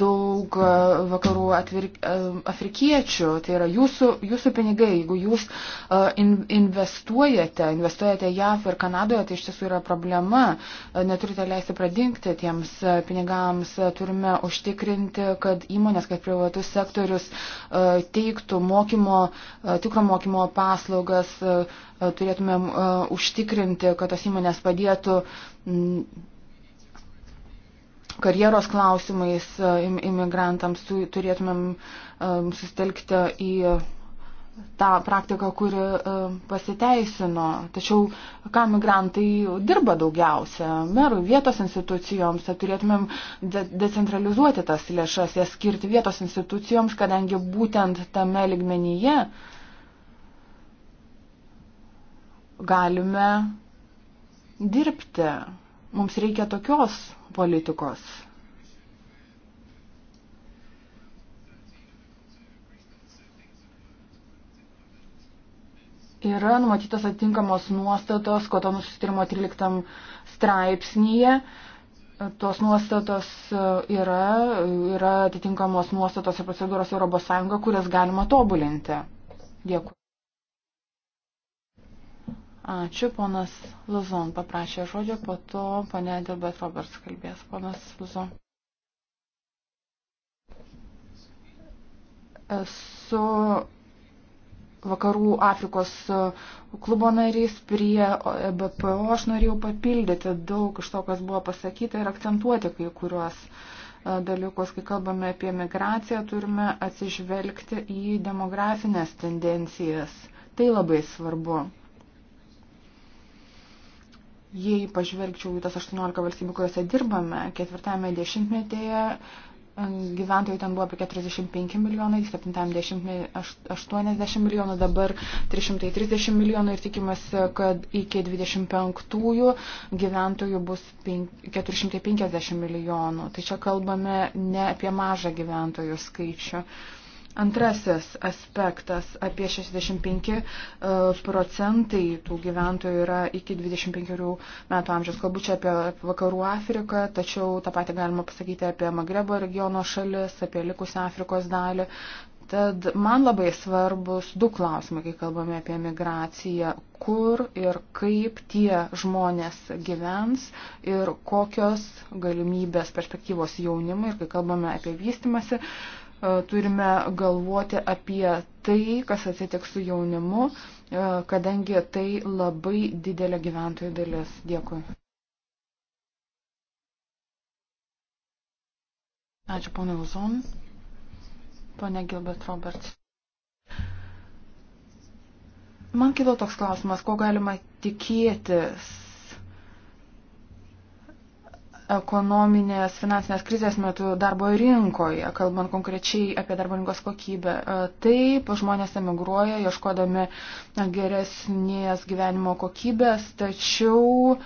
daug vakarų atvirk, afrikiečių. Tai yra jūsų, jūsų pinigai. Jeigu jūs investuojate, investuojate JAV ir Kanadoje, tai iš tiesų yra problema. Neturite leisti pradingti tiems pinigams. Turime užtikrinti, kad įmonės, kad privatus sektorius teiktų mokymo, tikro mokymo paslaugas E, turėtumėm e, užtikrinti, kad tas įmonės padėtų mm, karjeros klausimais e, imigrantams, turėtumėm sustelkti į tą praktiką, kuri pasiteisino. Tačiau ką migrantai dirba daugiausia? Merų vietos institucijoms, tai turėtumėm de decentralizuoti tas lėšas, jas skirti vietos institucijoms, kadangi būtent tame ligmenyje uh, galime dirbti. Mums reikia tokios politikos. Yra numatytos atitinkamos nuostatos, kotonų susitirimo 13 straipsnyje. Tos nuostatos e, yra, yra atitinkamos nuostatos ir procedūros ES, kurias galima tobulinti. Dėkui. Ačiū, ponas Luzon paprašė žodžio, po to ponė Dilbert Roberts kalbės. Ponas Luzon. Esu vakarų Afrikos klubo narys prie BPO. Aš norėjau papildyti daug iš to, kas buvo pasakyta ir akcentuoti kai kuriuos e, dalykus. Kai kalbame apie migraciją, turime atsižvelgti į demografinės tendencijas. Tai labai svarbu Jei pažvelgčiau į tas 18 valstybių, kuriuose dirbame, ketvirtame dešimtmetyje e, gyventojų ten buvo apie 45 milijonai, 70 80 milijonų, dabar 330 milijonų ir tikimasi, kad iki 25-ųjų gyventojų bus 450 milijonų. Tai čia kalbame ne apie mažą gyventojų skaičių. Uh, Antrasis aspektas - apie 65 e, procentai tų gyventojų yra iki 25 metų amžiaus. Kalbu čia apie vakarų Afriką, tačiau tą patį galima pasakyti apie Magrebo regiono šalis, apie likusią Afrikos dalį. Tad man labai svarbus du klausimai, kai kalbame apie migraciją, kur ir kaip tie žmonės gyvens ir kokios galimybės perspektyvos jaunimui ir kai kalbame apie vystimasi. Uh, E, turime galvoti apie tai, kas atsitiks su jaunimu, e, kadangi tai labai didelė gyventojų dalis. Dėkui. Ačiū, ponai Uzon. Pane Gilbert Roberts. Man kilo toks klausimas, ko galima tikėtis ekonominės finansinės krizės metu darbo rinkoje, kalbant konkrečiai apie darbo rinkos kokybę. E, taip, žmonės emigruoja, ieškodami geresnės gyvenimo kokybės, tačiau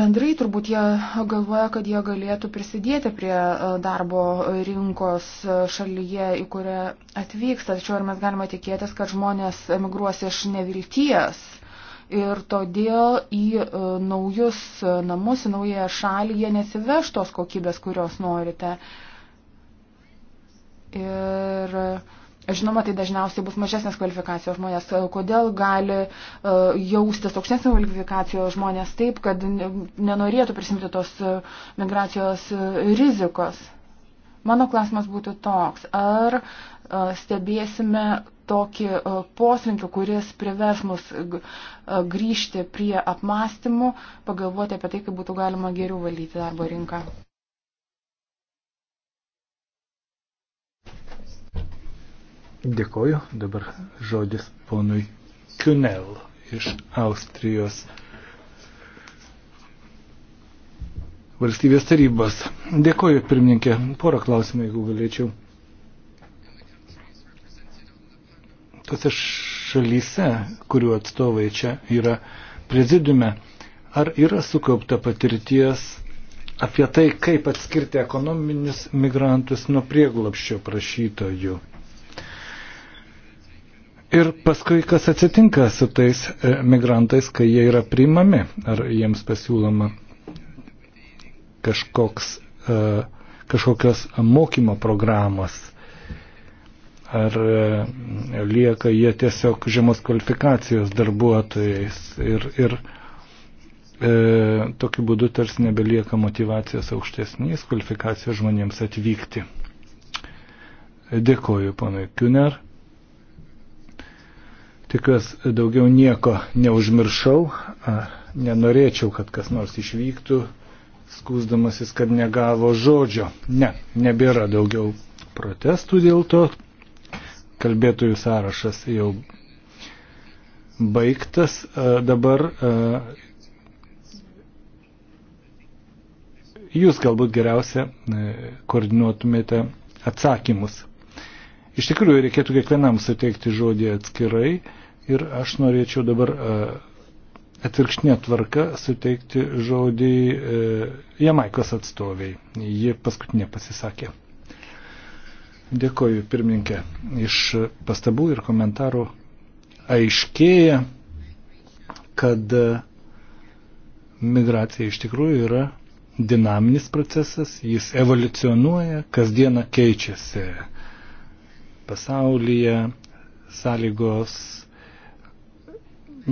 bendrai turbūt jie galvoja, kad jie galėtų prisidėti prie e, darbo rinkos šalyje, į kurią atvyksta. Tačiau ar mes galime tikėtis, kad žmonės emigruos iš nevilties? ir todėl į e, naujus namus, į naują šalį jie nesiveš tos kokybės, kurios norite. Ir e, žinoma, tai dažniausiai bus mažesnės kvalifikacijos žmonės. E, kodėl gali jaustis aukštesnės kvalifikacijos žmonės taip, kad nenorėtų prisimti tos migracijos rizikos? Mano klausimas būtų toks, ar stebėsime tokį poslinkį, kuris privers mus grįžti prie apmąstymų, pagalvoti apie tai, kaip būtų galima geriau valyti darbo rinką. Dėkoju. Dabar žodis ponui Kunel iš Austrijos valstybės tarybos. Dėkoju, pirmininkė. Porą klausimų, jeigu galėčiau. tose šalyse, kurių atstovai čia yra prezidiume, ar yra sukaupta patirties apie tai, kaip atskirti ekonominius migrantus nuo prieglopščio prašytojų. Ir paskui, kas atsitinka su tais e, migrantais, kai jie yra priimami, ar jiems pasiūloma kažkoks, e, kažkokios mokymo programos ar e, lieka jie tiesiog žemos kvalifikacijos darbuotojais ir, ir e, tokiu būdu tarsi nebelieka motivacijos aukštesnės kvalifikacijos žmonėms atvykti. Dėkoju, ponai Kuner. Tikiuosi, daugiau nieko neužmiršau. Nenorėčiau, kad kas nors išvyktų, skūsdamasis, kad negavo žodžio. Ne, nebėra daugiau protestų dėl to kalbėtojų sąrašas jau baigtas. E, dabar e, jūs galbūt geriausia e, koordinuotumėte atsakymus. Iš tikrųjų, reikėtų kiekvienam suteikti žodį atskirai ir aš norėčiau dabar atvirkštinė tvarka suteikti žodį Jamaikos atstoviai. Ji paskutinė pasisakė. Dėkoju, pirmininkė. Iš pastabų ir komentarų aiškėja, kad e, migracija iš tikrųjų yra dinaminis procesas, jis evoliucionuoja, kasdieną keičiasi. Pasaulyje sąlygos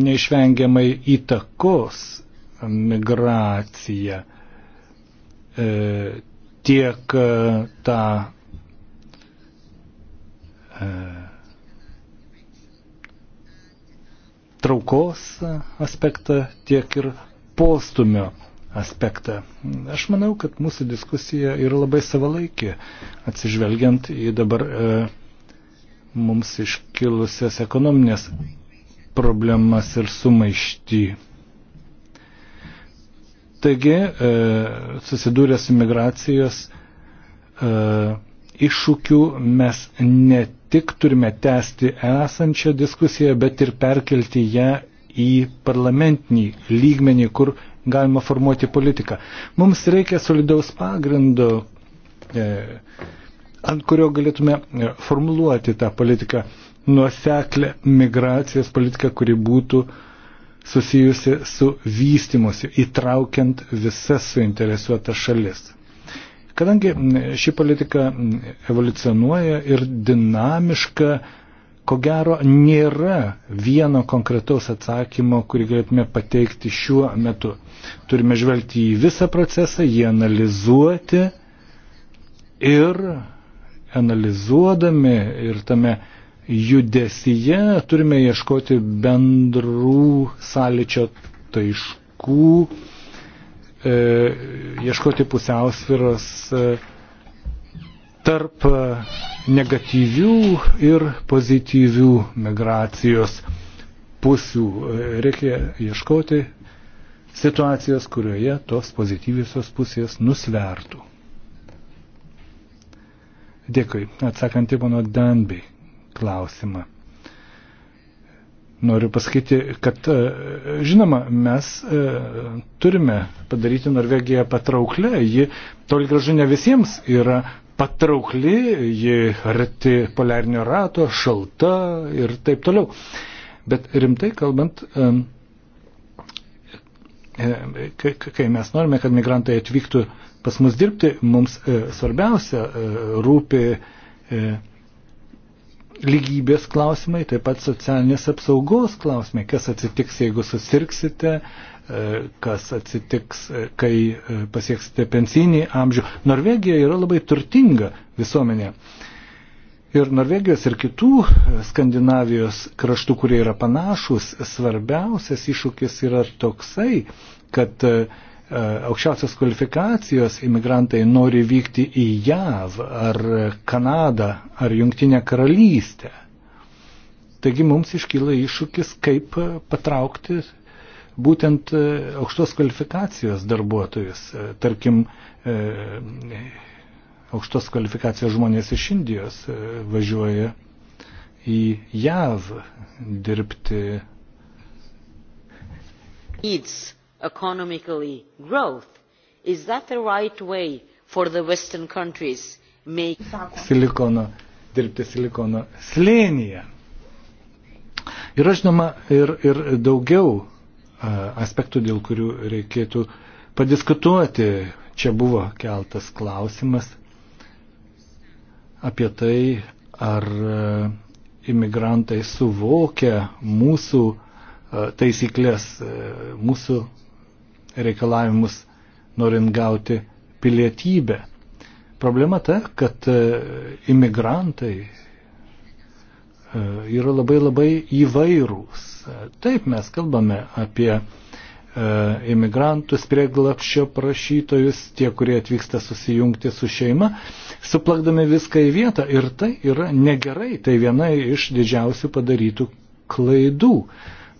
neišvengiamai įtakos migraciją. E, tiek e, tą E, traukos aspektą, tiek ir postumio aspektą. Aš manau, kad mūsų diskusija yra labai savalaikė, atsižvelgiant į dabar e, mums iškilusias ekonominės problemas ir sumaištį. Taigi, e, susidūrę su migracijos e, iššūkiu mes ne tik turime tęsti esančią diskusiją, bet ir perkelti ją į parlamentinį lygmenį, kur galima formuoti politiką. Mums reikia solidaus pagrindo, e, ant kurio galėtume e, formuluoti tą politiką, nuoseklę migracijos politiką, kuri būtų susijusi su vystimuose, įtraukiant visas suinteresuotas šalis. Kadangi ši politika evoliucionuoja ir dinamiška, ko gero nėra vieno konkretaus atsakymo, kurį galėtume pateikti šiuo metu. Turime žvelgti į visą procesą, jį analizuoti ir analizuodami ir tame judesyje turime ieškoti bendrų sąlyčio taiškų, e, ieškoti pusiausviros e, tarp e, negatyvių ir pozityvių migracijos pusių. E, reikia ieškoti situacijos, kurioje tos pozityviosios pusės nusvertų. Dėkui. Atsakant į mano Danby klausimą. Noriu pasakyti, kad e, žinoma, mes e, turime padaryti Norvegiją patrauklę. Ji toli gražu ne visiems yra patraukli, ji arti poliarnio rato, šalta ir taip toliau. Bet rimtai kalbant, e, kai mes norime, kad migrantai atvyktų pas mus dirbti, mums svarbiausia rūpi lygybės klausimai, taip pat socialinės apsaugos klausimai, kas atsitiks, jeigu susirksite, e, kas atsitiks, e, kai e, pasieksite pensinį amžių. Norvegija yra labai turtinga visuomenė. Ir Norvegijos ir kitų Skandinavijos kraštų, kurie yra panašus, svarbiausias iššūkis yra toksai, kad E, aukščiausios kvalifikacijos imigrantai nori vykti į JAV ar Kanadą ar Junktinę karalystę. Taigi mums iškyla iššūkis, kaip patraukti būtent e, aukštos kvalifikacijos darbuotojus. E, tarkim, aukštos kvalifikacijos žmonės iš Indijos važiuoja į JAV dirbti. Needs economic growth. Is that the right way for the Western countries make... Silikono, dirbti silikono slėnyje. Yra žinoma ir, ir daugiau e, aspektų, dėl kurių reikėtų padiskutuoti. Čia buvo keltas klausimas apie tai, ar e, imigrantai suvokia mūsų e, taisyklės, mūsų reikalavimus, norint gauti pilietybę. Problema ta, kad e, imigrantai e, yra labai labai įvairūs. Taip mes kalbame apie e, imigrantus, prieglapščio prašytojus, tie, kurie atvyksta susijungti su šeima, suplakdami viską į vietą. Ir tai yra negerai, tai viena iš didžiausių padarytų klaidų.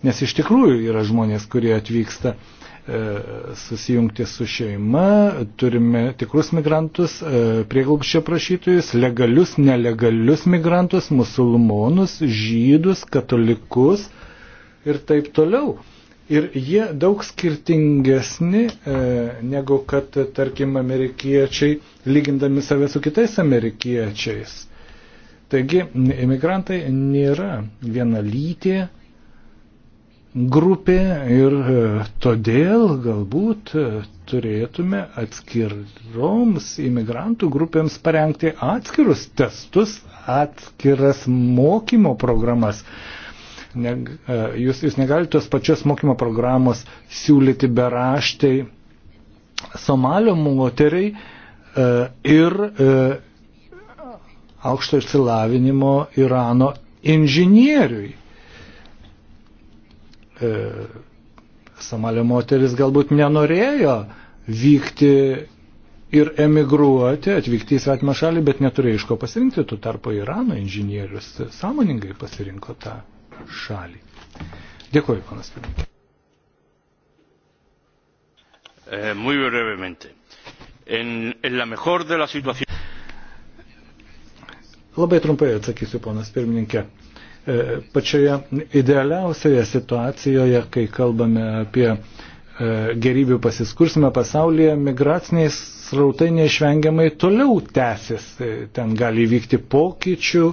Nes iš tikrųjų yra žmonės, kurie atvyksta uh, E, susijungti su šeima, turime tikrus migrantus, e, prieglobščio prašytojus, legalius, nelegalius migrantus, musulmonus, žydus, katalikus ir taip toliau. Ir jie daug skirtingesni e, negu kad, tarkim, amerikiečiai, lygindami save su kitais amerikiečiais. Taigi, imigrantai nėra vienalytė grupė ir e, todėl galbūt e, turėtume atskiroms imigrantų grupėms parengti atskirus testus, atskiras mokymo programas. Ne, e, jūs, jūs negalite tos pačios mokymo programos siūlyti beraštai Somalio moteriai ir aukšto išsilavinimo Irano inžinieriui e, Somalio moteris galbūt nenorėjo vykti ir emigruoti, atvykti į svetimą šalį, bet neturėjo iš ko pasirinkti. Tuo tarpu Irano inžinierius sąmoningai pasirinko tą šalį. Dėkuoju, panas pirmininkė. Eh, muy brevemente. En, en la mejor de la situación. Labai trumpai atsakysiu, ponas pirmininkė. E, pačioje idealiausioje situacijoje, kai kalbame apie e, gerybių pasiskursime pasaulyje, migraciniai srautai neišvengiamai toliau tęsis. E, ten gali įvykti pokyčių,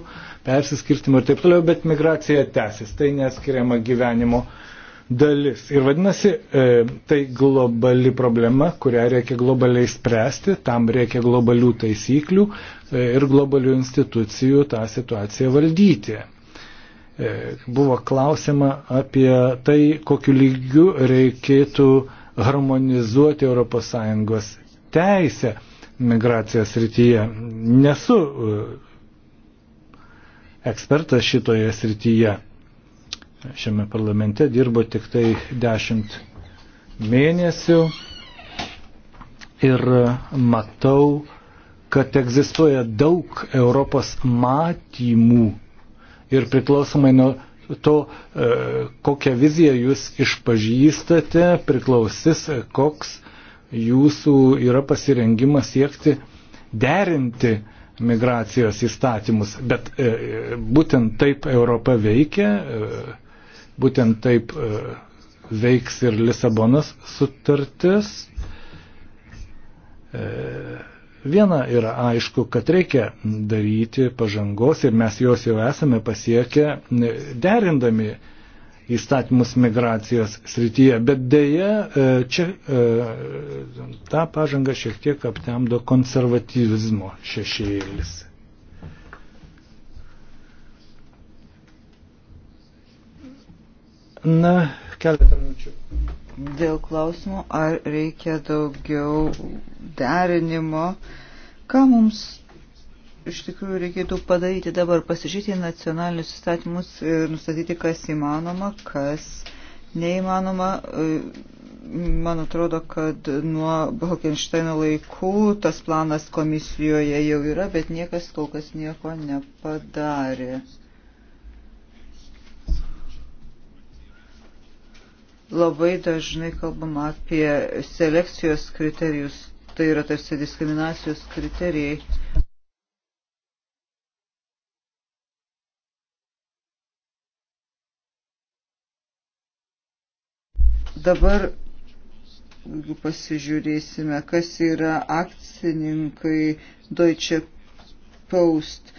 persiskirstimų ir taip toliau, bet migracija tęsis. Tai neskiriama gyvenimo dalis. Ir vadinasi, tai globali problema, kurią reikia globaliai spręsti, tam reikia globalių taisyklių ir globalių institucijų tą situaciją valdyti. E, buvo klausima apie tai, kokiu lygiu reikėtų harmonizuoti ES teisę migracijos srityje. Nesu e, ekspertas šitoje srityje. Šiame parlamente dirbo tik tai 10 mėnesių ir matau, kad egzistuoja daug Europos matymų ir priklausomai nuo to, e, kokią viziją jūs išpažįstate, priklausys, e, koks jūsų yra pasirengimas siekti derinti migracijos įstatymus. Bet e, būtent taip Europa veikia, būtent taip veiks ir Lisabonos sutartis. E, Viena yra aišku, kad reikia daryti pažangos ir mes jos jau esame pasiekę e, derindami įstatymus migracijos srityje, bet dėja e, čia e, tą pažangą šiek tiek aptemdo konservatyvizmo šešėlis. Na, keletą minučių dėl klausimų, ar reikia daugiau derinimo, ką mums iš tikrųjų reikėtų padaryti dabar, pasižiūrėti nacionalinius įstatymus ir nustatyti, kas įmanoma, kas neįmanoma. Man atrodo, kad nuo Balkenšteino laikų tas planas komisijoje jau yra, bet niekas kol kas nieko nepadarė. labai dažnai kalbama apie selekcijos kriterijus, tai yra tarsi diskriminacijos kriterijai. Dabar pasižiūrėsime, kas yra akcininkai Deutsche Post.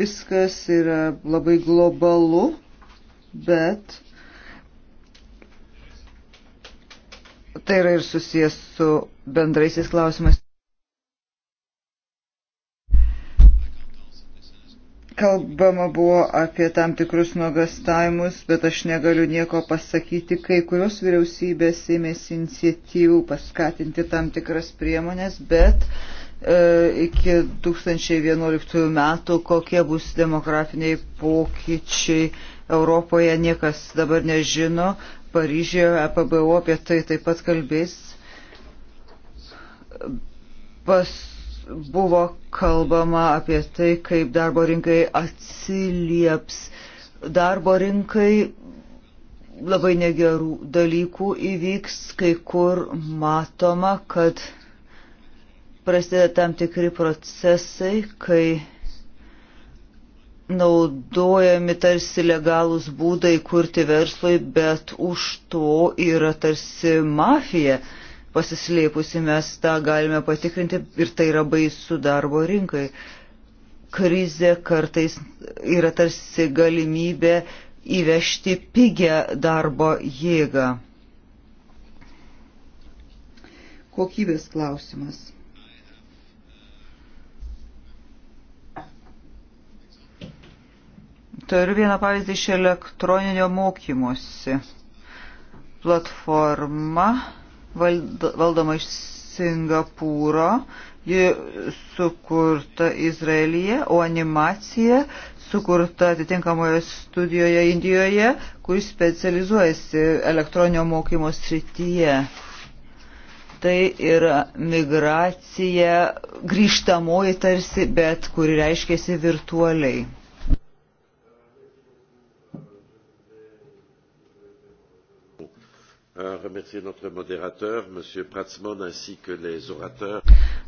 Viskas yra labai globalu, bet Tai yra ir susijęs su bendraisiais klausimais. Kalbama buvo apie tam tikrus nuogastavimus, bet aš negaliu nieko pasakyti. Kai kurios vyriausybės ėmėsi iniciatyvų paskatinti tam tikras priemonės, bet e, iki 2011 metų, kokie bus demografiniai pokyčiai Europoje, niekas dabar nežino. Paryžioje EPBO apie tai taip pat kalbės. Pas buvo kalbama apie tai, kaip darbo rinkai atsilieps. Darbo rinkai labai negerų dalykų įvyks, kai kur matoma, kad prasideda tam tikri procesai, kai naudojami tarsi legalūs būdai kurti verslui, bet už to yra tarsi mafija pasislėpusi, mes tą galime patikrinti ir tai yra baisu darbo rinkai. Krize kartais yra tarsi galimybė įvežti pigę darbo jėgą. Kokybės klausimas. Turiu vieną pavyzdį iš elektroninio mokymosi. Platforma valdoma iš Singapūro, ji sukurta Izraelyje, o animacija sukurta atitinkamoje studijoje Indijoje, kuris specializuojasi elektroninio mokymo srityje. Tai yra migracija grįžtamoji tarsi, bet kuri reiškėsi virtualiai. remercier notre modérateur, M. Pratsman, ainsi que les orateurs.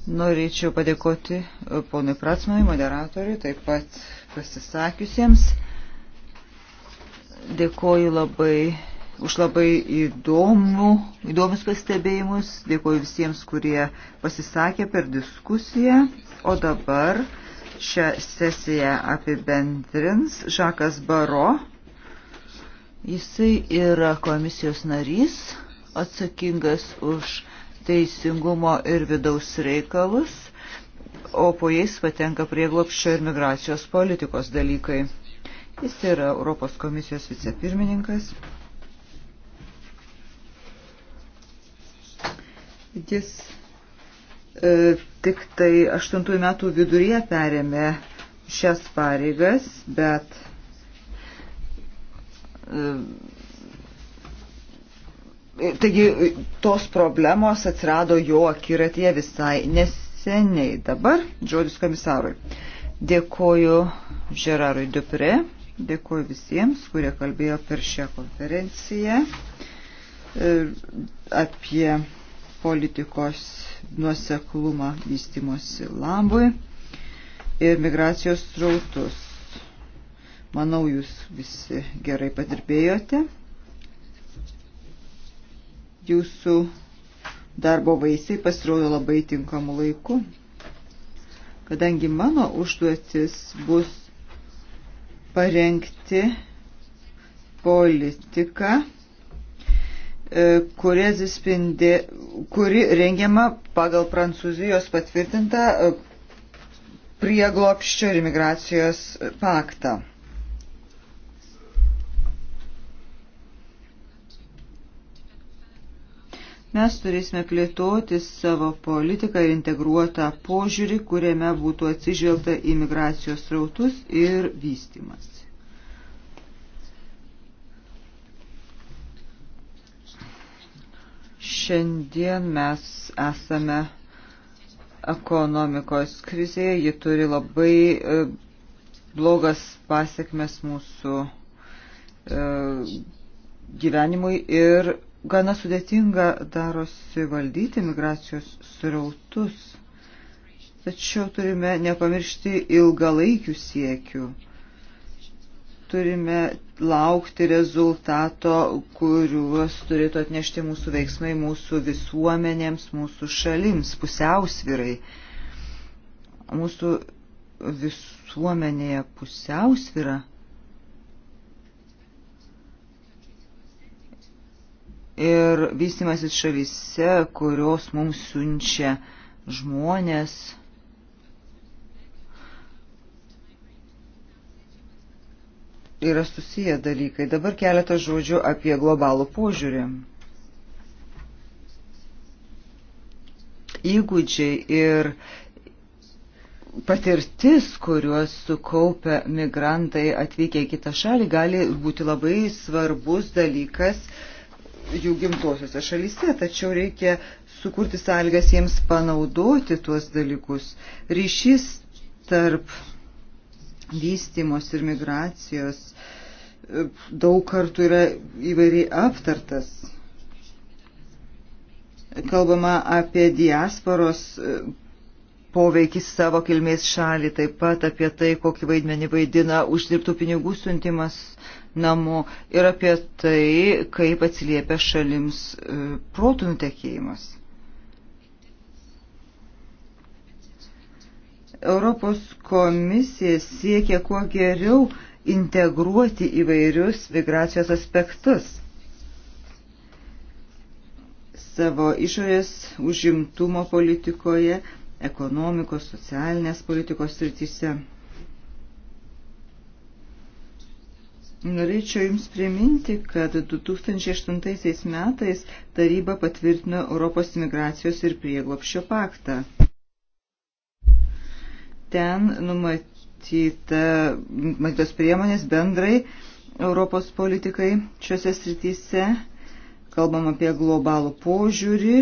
Norėčiau padėkoti e, ponui Pratsmanui, moderatoriui, taip pat pasisakiusiems. Dėkoju labai už labai įdomų, įdomius pastebėjimus. Dėkoju visiems, kurie pasisakė per diskusiją. O dabar šią sesiją apibendrins Žakas Baro. Jisai yra komisijos narys, atsakingas už teisingumo ir vidaus reikalus, o po jais patenka prieglopščio ir migracijos politikos dalykai. Jis yra Europos komisijos vicepirmininkas. Jis e, tik tai aštuntųjų metų viduryje perėmė šias pareigas, bet Ehm, taigi tos problemos atsirado jo akiratėje visai neseniai. Dabar žodis komisarui. Dėkoju Žerarui Dupre, dėkoju visiems, kurie kalbėjo per šią konferenciją ehm, apie politikos nuoseklumą vystimosi labui ir migracijos trautus. Manau, jūs visi gerai padirbėjote. Jūsų darbo vaisiai pasirodo labai tinkamu laiku, kadangi mano užduotis bus parengti politiką, e, kuri, atsispindė, kuri rengiama pagal Prancūzijos patvirtintą e, prieglopščio ir imigracijos paktą. Mes turėsime plėtoti savo politiką ir integruotą požiūrį, kuriame būtų atsižvelgta į migracijos rautus ir vystimas. Šiandien mes esame ekonomikos krizėje, ji turi labai e, blogas pasiekmes mūsų e, gyvenimui ir gana sudėtinga darosi valdyti migracijos srautus. Tačiau turime nepamiršti ilgalaikių siekių. Turime laukti rezultato, kuriuos turėtų atnešti mūsų veiksmai mūsų visuomenėms, mūsų šalims, pusiausvirai. Mūsų visuomenėje pusiausvira ir vystimasis šalyse, kurios mums siunčia žmonės. Yra susiję dalykai. Dabar keletą žodžių apie globalų požiūrį. Įgūdžiai ir patirtis, kuriuos sukaupia migrantai atvykę į kitą šalį, gali būti labai svarbus dalykas uh, jų gimtosiuose šalyse, tačiau reikia sukurti sąlygas jiems panaudoti tuos dalykus. Ryšys tarp vystimos ir migracijos e, daug kartų yra įvairiai aptartas. Kalbama apie diasporos e, poveikį savo kilmės šalį, taip pat apie tai, kokį vaidmenį vaidina uždirbtų pinigų siuntimas namo ir apie tai, kaip atsiliepia šalims e, protų nutekėjimas. Europos komisija siekia kuo geriau integruoti įvairius migracijos aspektus savo išorės užimtumo politikoje ekonomikos, socialinės politikos srityse. Norėčiau Jums priminti, kad 2008 metais taryba patvirtino Europos imigracijos ir prieglopščio paktą. Ten numatyta, numatytos priemonės bendrai Europos politikai šiuose srityse. Kalbam apie globalų požiūrį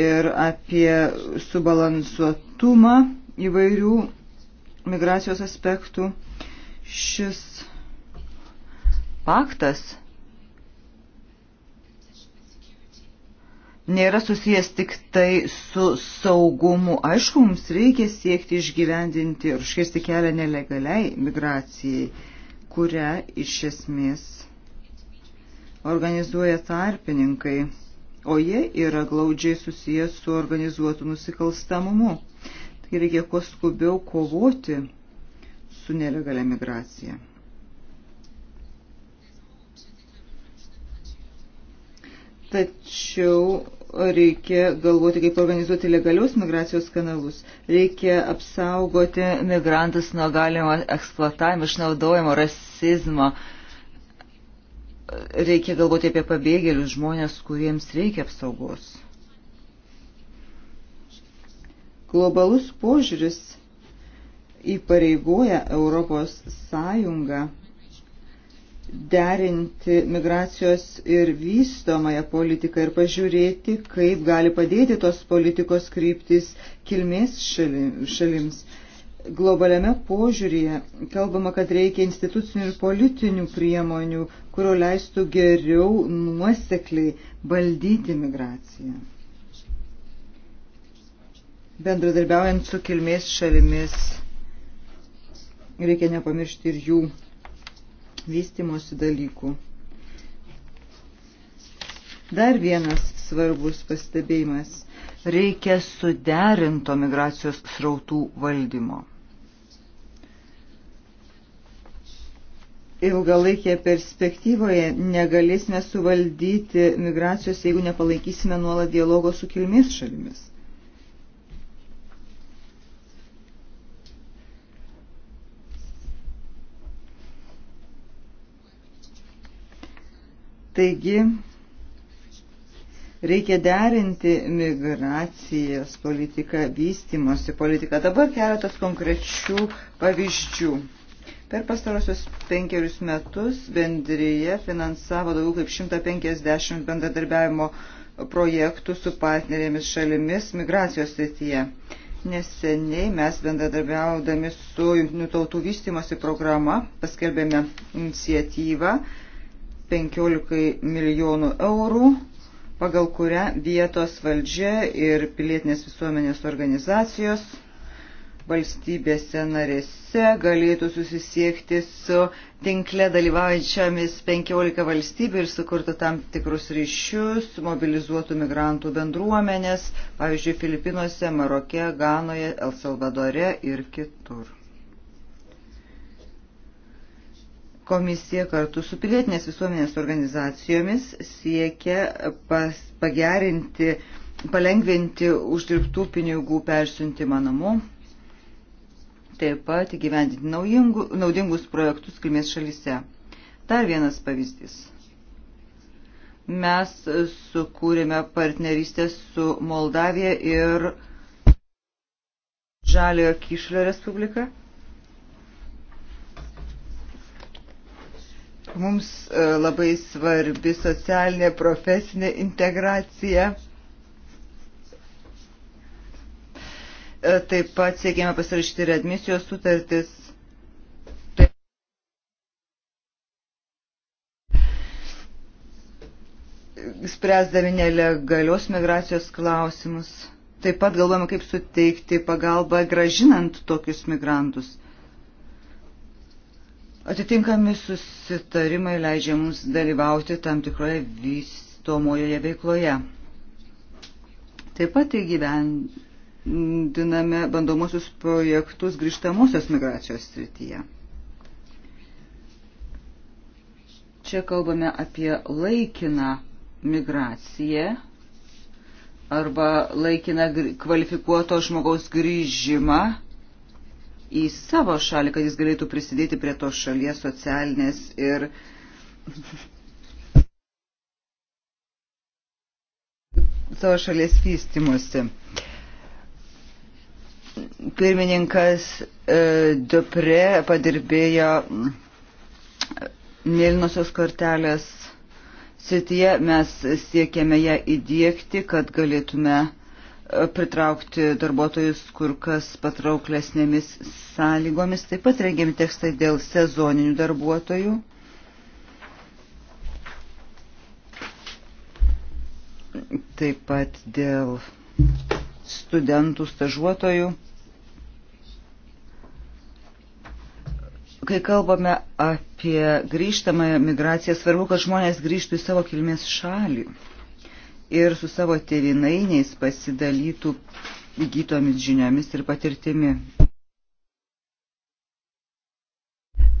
ir apie subalansuotumą įvairių migracijos aspektų. Šis paktas nėra susijęs tik tai su saugumu. Aišku, mums reikia siekti išgyvendinti ir užkirsti kelią nelegaliai migracijai, kurią iš esmės organizuoja tarpininkai o jie yra glaudžiai susijęs su organizuotu nusikalstamumu. Tai reikia kuo skubiau kovoti su nelegalia migracija. Tačiau reikia galvoti, kaip organizuoti legalius migracijos kanalus. Reikia apsaugoti migrantus nuo galimo eksploatavimo, išnaudojimo, rasizmo, reikia galvoti apie pabėgėlius žmonės, kuriems reikia apsaugos. Globalus požiūris įpareigoja Europos Sąjungą derinti migracijos ir vystomąją politiką ir pažiūrėti, kaip gali padėti tos politikos kryptis kilmės šalim, šalims. šalims globaliame požiūrėje kalbama, kad reikia institucinių ir politinių priemonių, kurio leistų geriau nuosekliai valdyti migraciją. Bendradarbiaujant su kilmės šalimis, reikia nepamiršti ir jų vystimosi dalykų. Dar vienas svarbus pastebėjimas. Reikia suderinto migracijos srautų valdymo. ilgalaikėje perspektyvoje negalėsime suvaldyti migracijos, jeigu nepalaikysime nuolat dialogo su kilmės šalimis. Taigi, reikia derinti migracijos politiką, vystimosi politiką. Dabar keletas konkrečių pavyzdžių. Per pastarosius penkerius metus bendryje finansavo daugiau kaip 150 bendradarbiavimo projektų su partnerėmis šalimis migracijos srityje. Neseniai mes bendradarbiaudami su Junktinių tautų vystimosi programa paskelbėme iniciatyvą 15 milijonų eurų, pagal kurią vietos valdžia ir pilietinės visuomenės organizacijos valstybėse narėse galėtų susisiekti su tinkle dalyvaujančiamis 15 valstybių ir sukurtų tam tikrus ryšius, mobilizuotų migrantų bendruomenės, pavyzdžiui, Filipinuose, Maroke, Ganoje, El Salvadore ir kitur. Komisija kartu su pilietinės visuomenės organizacijomis siekia pas, pagerinti, palengventi uždirbtų pinigų persiuntimą namo taip pat įgyvendinti naudingus projektus kilmės šalyse. Dar vienas pavyzdys. Mes sukūrėme partnerystę su Moldavija ir Žaliojo Kišlio Respublika. Mums e, labai svarbi socialinė profesinė integracija E, taip pat siekėme pasirašyti readmisijos sutartis. Spręsdami nelegalios migracijos klausimus. Taip pat galvojame, kaip suteikti pagalbą gražinant tokius migrantus. Atitinkami susitarimai leidžia mums dalyvauti tam tikroje vystomojoje veikloje. Taip pat įgyvendinti diname bandomosius projektus grįžtamosios migracijos srityje. Čia kalbame apie laikiną migraciją arba laikiną kvalifikuoto žmogaus grįžimą į savo šalį, kad jis galėtų prisidėti prie tos šalies socialinės ir savo šalies vystimuose. Uh, Pirmininkas e, Dupre padirbėjo mėlynosios kortelės srityje. Mes siekėme ją įdėkti, kad galėtume e, pritraukti darbuotojus kur kas patrauklesnėmis sąlygomis. Taip pat rengiami tekstai dėl sezoninių darbuotojų. Taip pat dėl studentų, stažuotojų. Kai kalbame apie grįžtamą migraciją, svarbu, kad žmonės grįžtų į savo kilmės šalį ir su savo tėvinainiais pasidalytų įgytomis žiniomis ir patirtimi.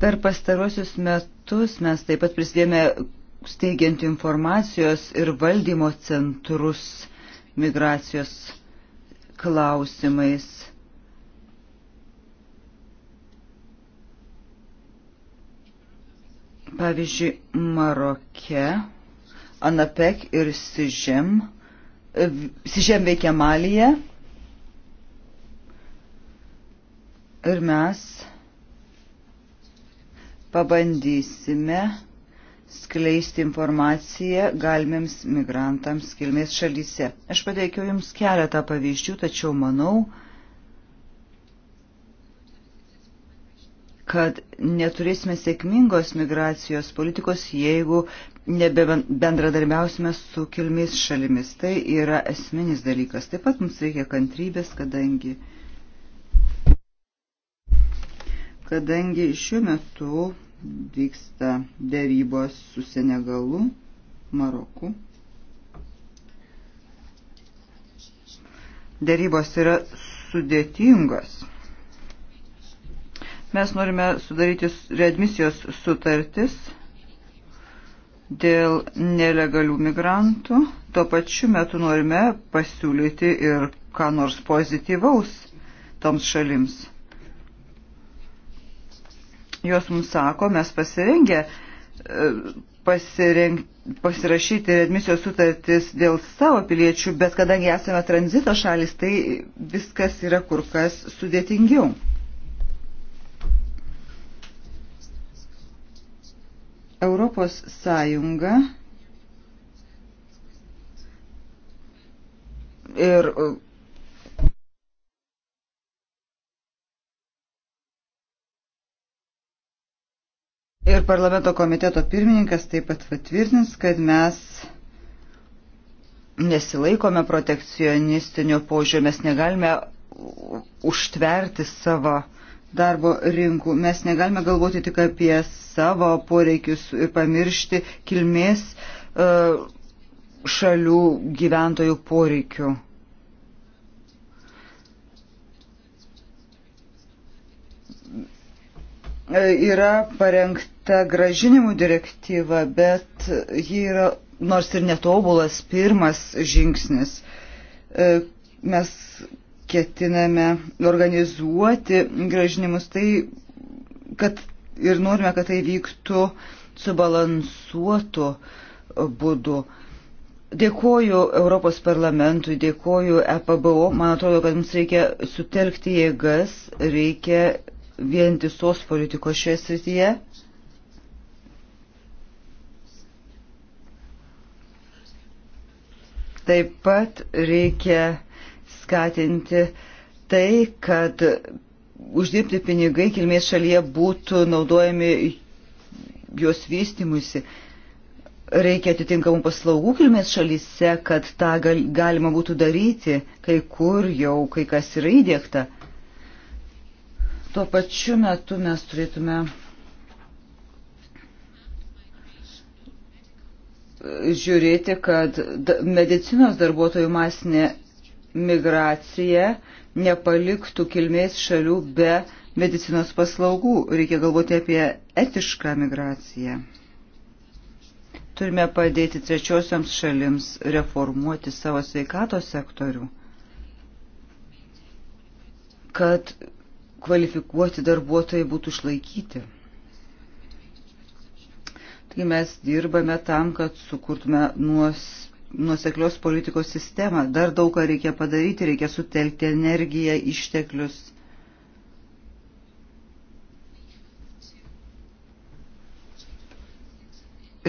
Per pastarosius metus mes taip pat prisidėjome steigiant informacijos ir valdymo centrus migracijos klausimais. Pavyzdžiui, Maroke, Anapek ir Sižem. Sižem veikia Malyje. Ir mes pabandysime skleisti informaciją galimiems migrantams kilmės šalyse. Aš pateikiau Jums keletą pavyzdžių, tačiau manau, kad neturėsime sėkmingos migracijos politikos, jeigu nebendradarbiausime su kilmės šalimis. Tai yra esminis dalykas. Taip pat mums reikia kantrybės, kadangi, kadangi šiuo metu vyksta dėrybos su Senegalu, Maroku. Dėrybos yra sudėtingos. Mes norime sudaryti readmisijos sutartis dėl nelegalių migrantų. Tuo pačiu metu norime pasiūlyti ir ką nors pozityvaus toms šalims. Jos mums sako, mes pasirengę e, pasirenk, pasirašyti admisijos sutartis dėl savo piliečių, bet kadangi esame tranzito šalis, tai viskas yra kur kas sudėtingiau. Europos Sąjunga ir Ir parlamento komiteto pirmininkas taip pat patvirtins, kad mes nesilaikome protekcionistinio požiūrio, mes negalime užtverti savo darbo rinkų, mes negalime galvoti tik apie savo poreikius ir pamiršti kilmės e, šalių gyventojų poreikių. E, yra parengti ta gražinimų direktyva, bet ji yra nors ir netobulas pirmas žingsnis. E, mes ketiname organizuoti gražinimus tai, kad ir norime, kad tai vyktų subalansuotų būdų. Dėkoju Europos parlamentui, dėkoju EPBO. Man atrodo, kad mums reikia sutelkti jėgas, reikia vientisos politikos šioje srityje. Taip pat reikia skatinti tai, kad uždirbti pinigai kilmės šalyje būtų naudojami jos vystimusi. Reikia atitinkamų paslaugų kilmės šalyse, kad tą gal, galima būtų daryti, kai kur jau kai kas yra įdėkta. Tuo pačiu metu mes turėtume žiūrėti, kad medicinos darbuotojų masinė migracija nepaliktų kilmės šalių be medicinos paslaugų. Reikia galvoti apie etišką migraciją. Turime padėti trečiosioms šalims reformuoti savo sveikatos sektorių, kad kvalifikuoti darbuotojai būtų išlaikyti. Taigi mes dirbame tam, kad sukurtume nuos, nuoseklios politikos sistemą. Dar daug ką reikia padaryti, reikia sutelkti energiją, išteklius.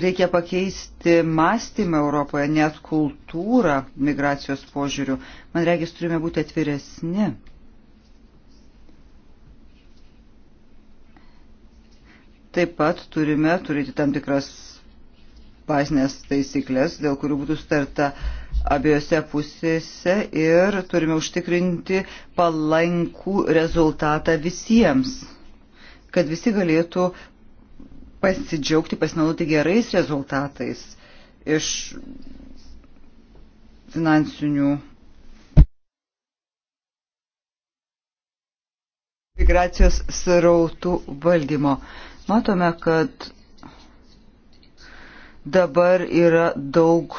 reikia pakeisti mąstymą Europoje, net kultūrą migracijos požiūrių. Man regis, turime būti atviresni. Taip pat turime turėti tam tikras bazinės taisyklės, dėl kurių būtų starta abiejose pusėse ir turime užtikrinti palankų rezultatą visiems, kad visi galėtų pasidžiaugti, pasinaudoti gerais rezultatais iš finansinių migracijos srautų valdymo. Matome, kad dabar yra daug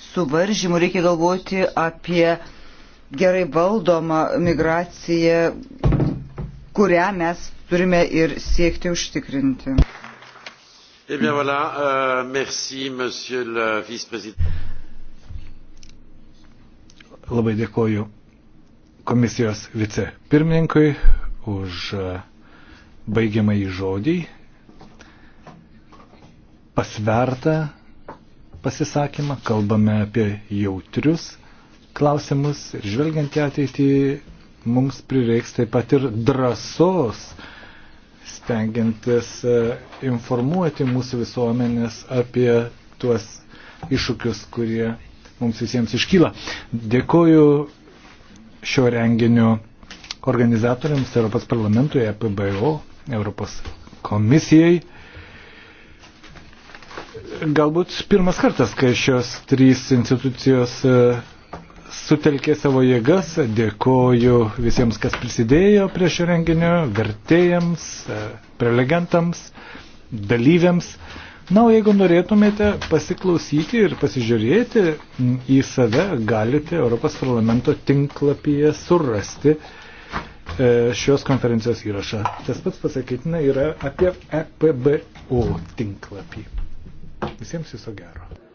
suvaržymų, reikia galvoti apie gerai valdomą migraciją, kurią mes turime ir siekti užtikrinti. Eh bien voilà, euh, merci Monsieur le Vice-président. Labai dėkoju komisijos vicepirmininkui už uh, baigiamai žodį, pasvertą pasisakymą, kalbame apie jautrius klausimus ir žvelgiant į ateitį mums prireiks taip pat ir drąsos stengiantis e, informuoti mūsų visuomenės apie tuos iššūkius, kurie mums visiems iškyla. Dėkoju šio renginio organizatoriams, Europos parlamentui, EPBO, Europos komisijai. Galbūt pirmas kartas, kai šios trys institucijos e, sutelkė savo jėgas. Dėkoju visiems, kas prisidėjo prie šio renginio, vertėjams, e, prelegentams, dalyviams. Na, o jeigu norėtumėte pasiklausyti ir pasižiūrėti į save, galite Europos parlamento tinklapyje surasti uh, E, šios konferencijos įrašą. Tas pats pasakytina yra apie EPBO tinklapį. Visiems viso gero.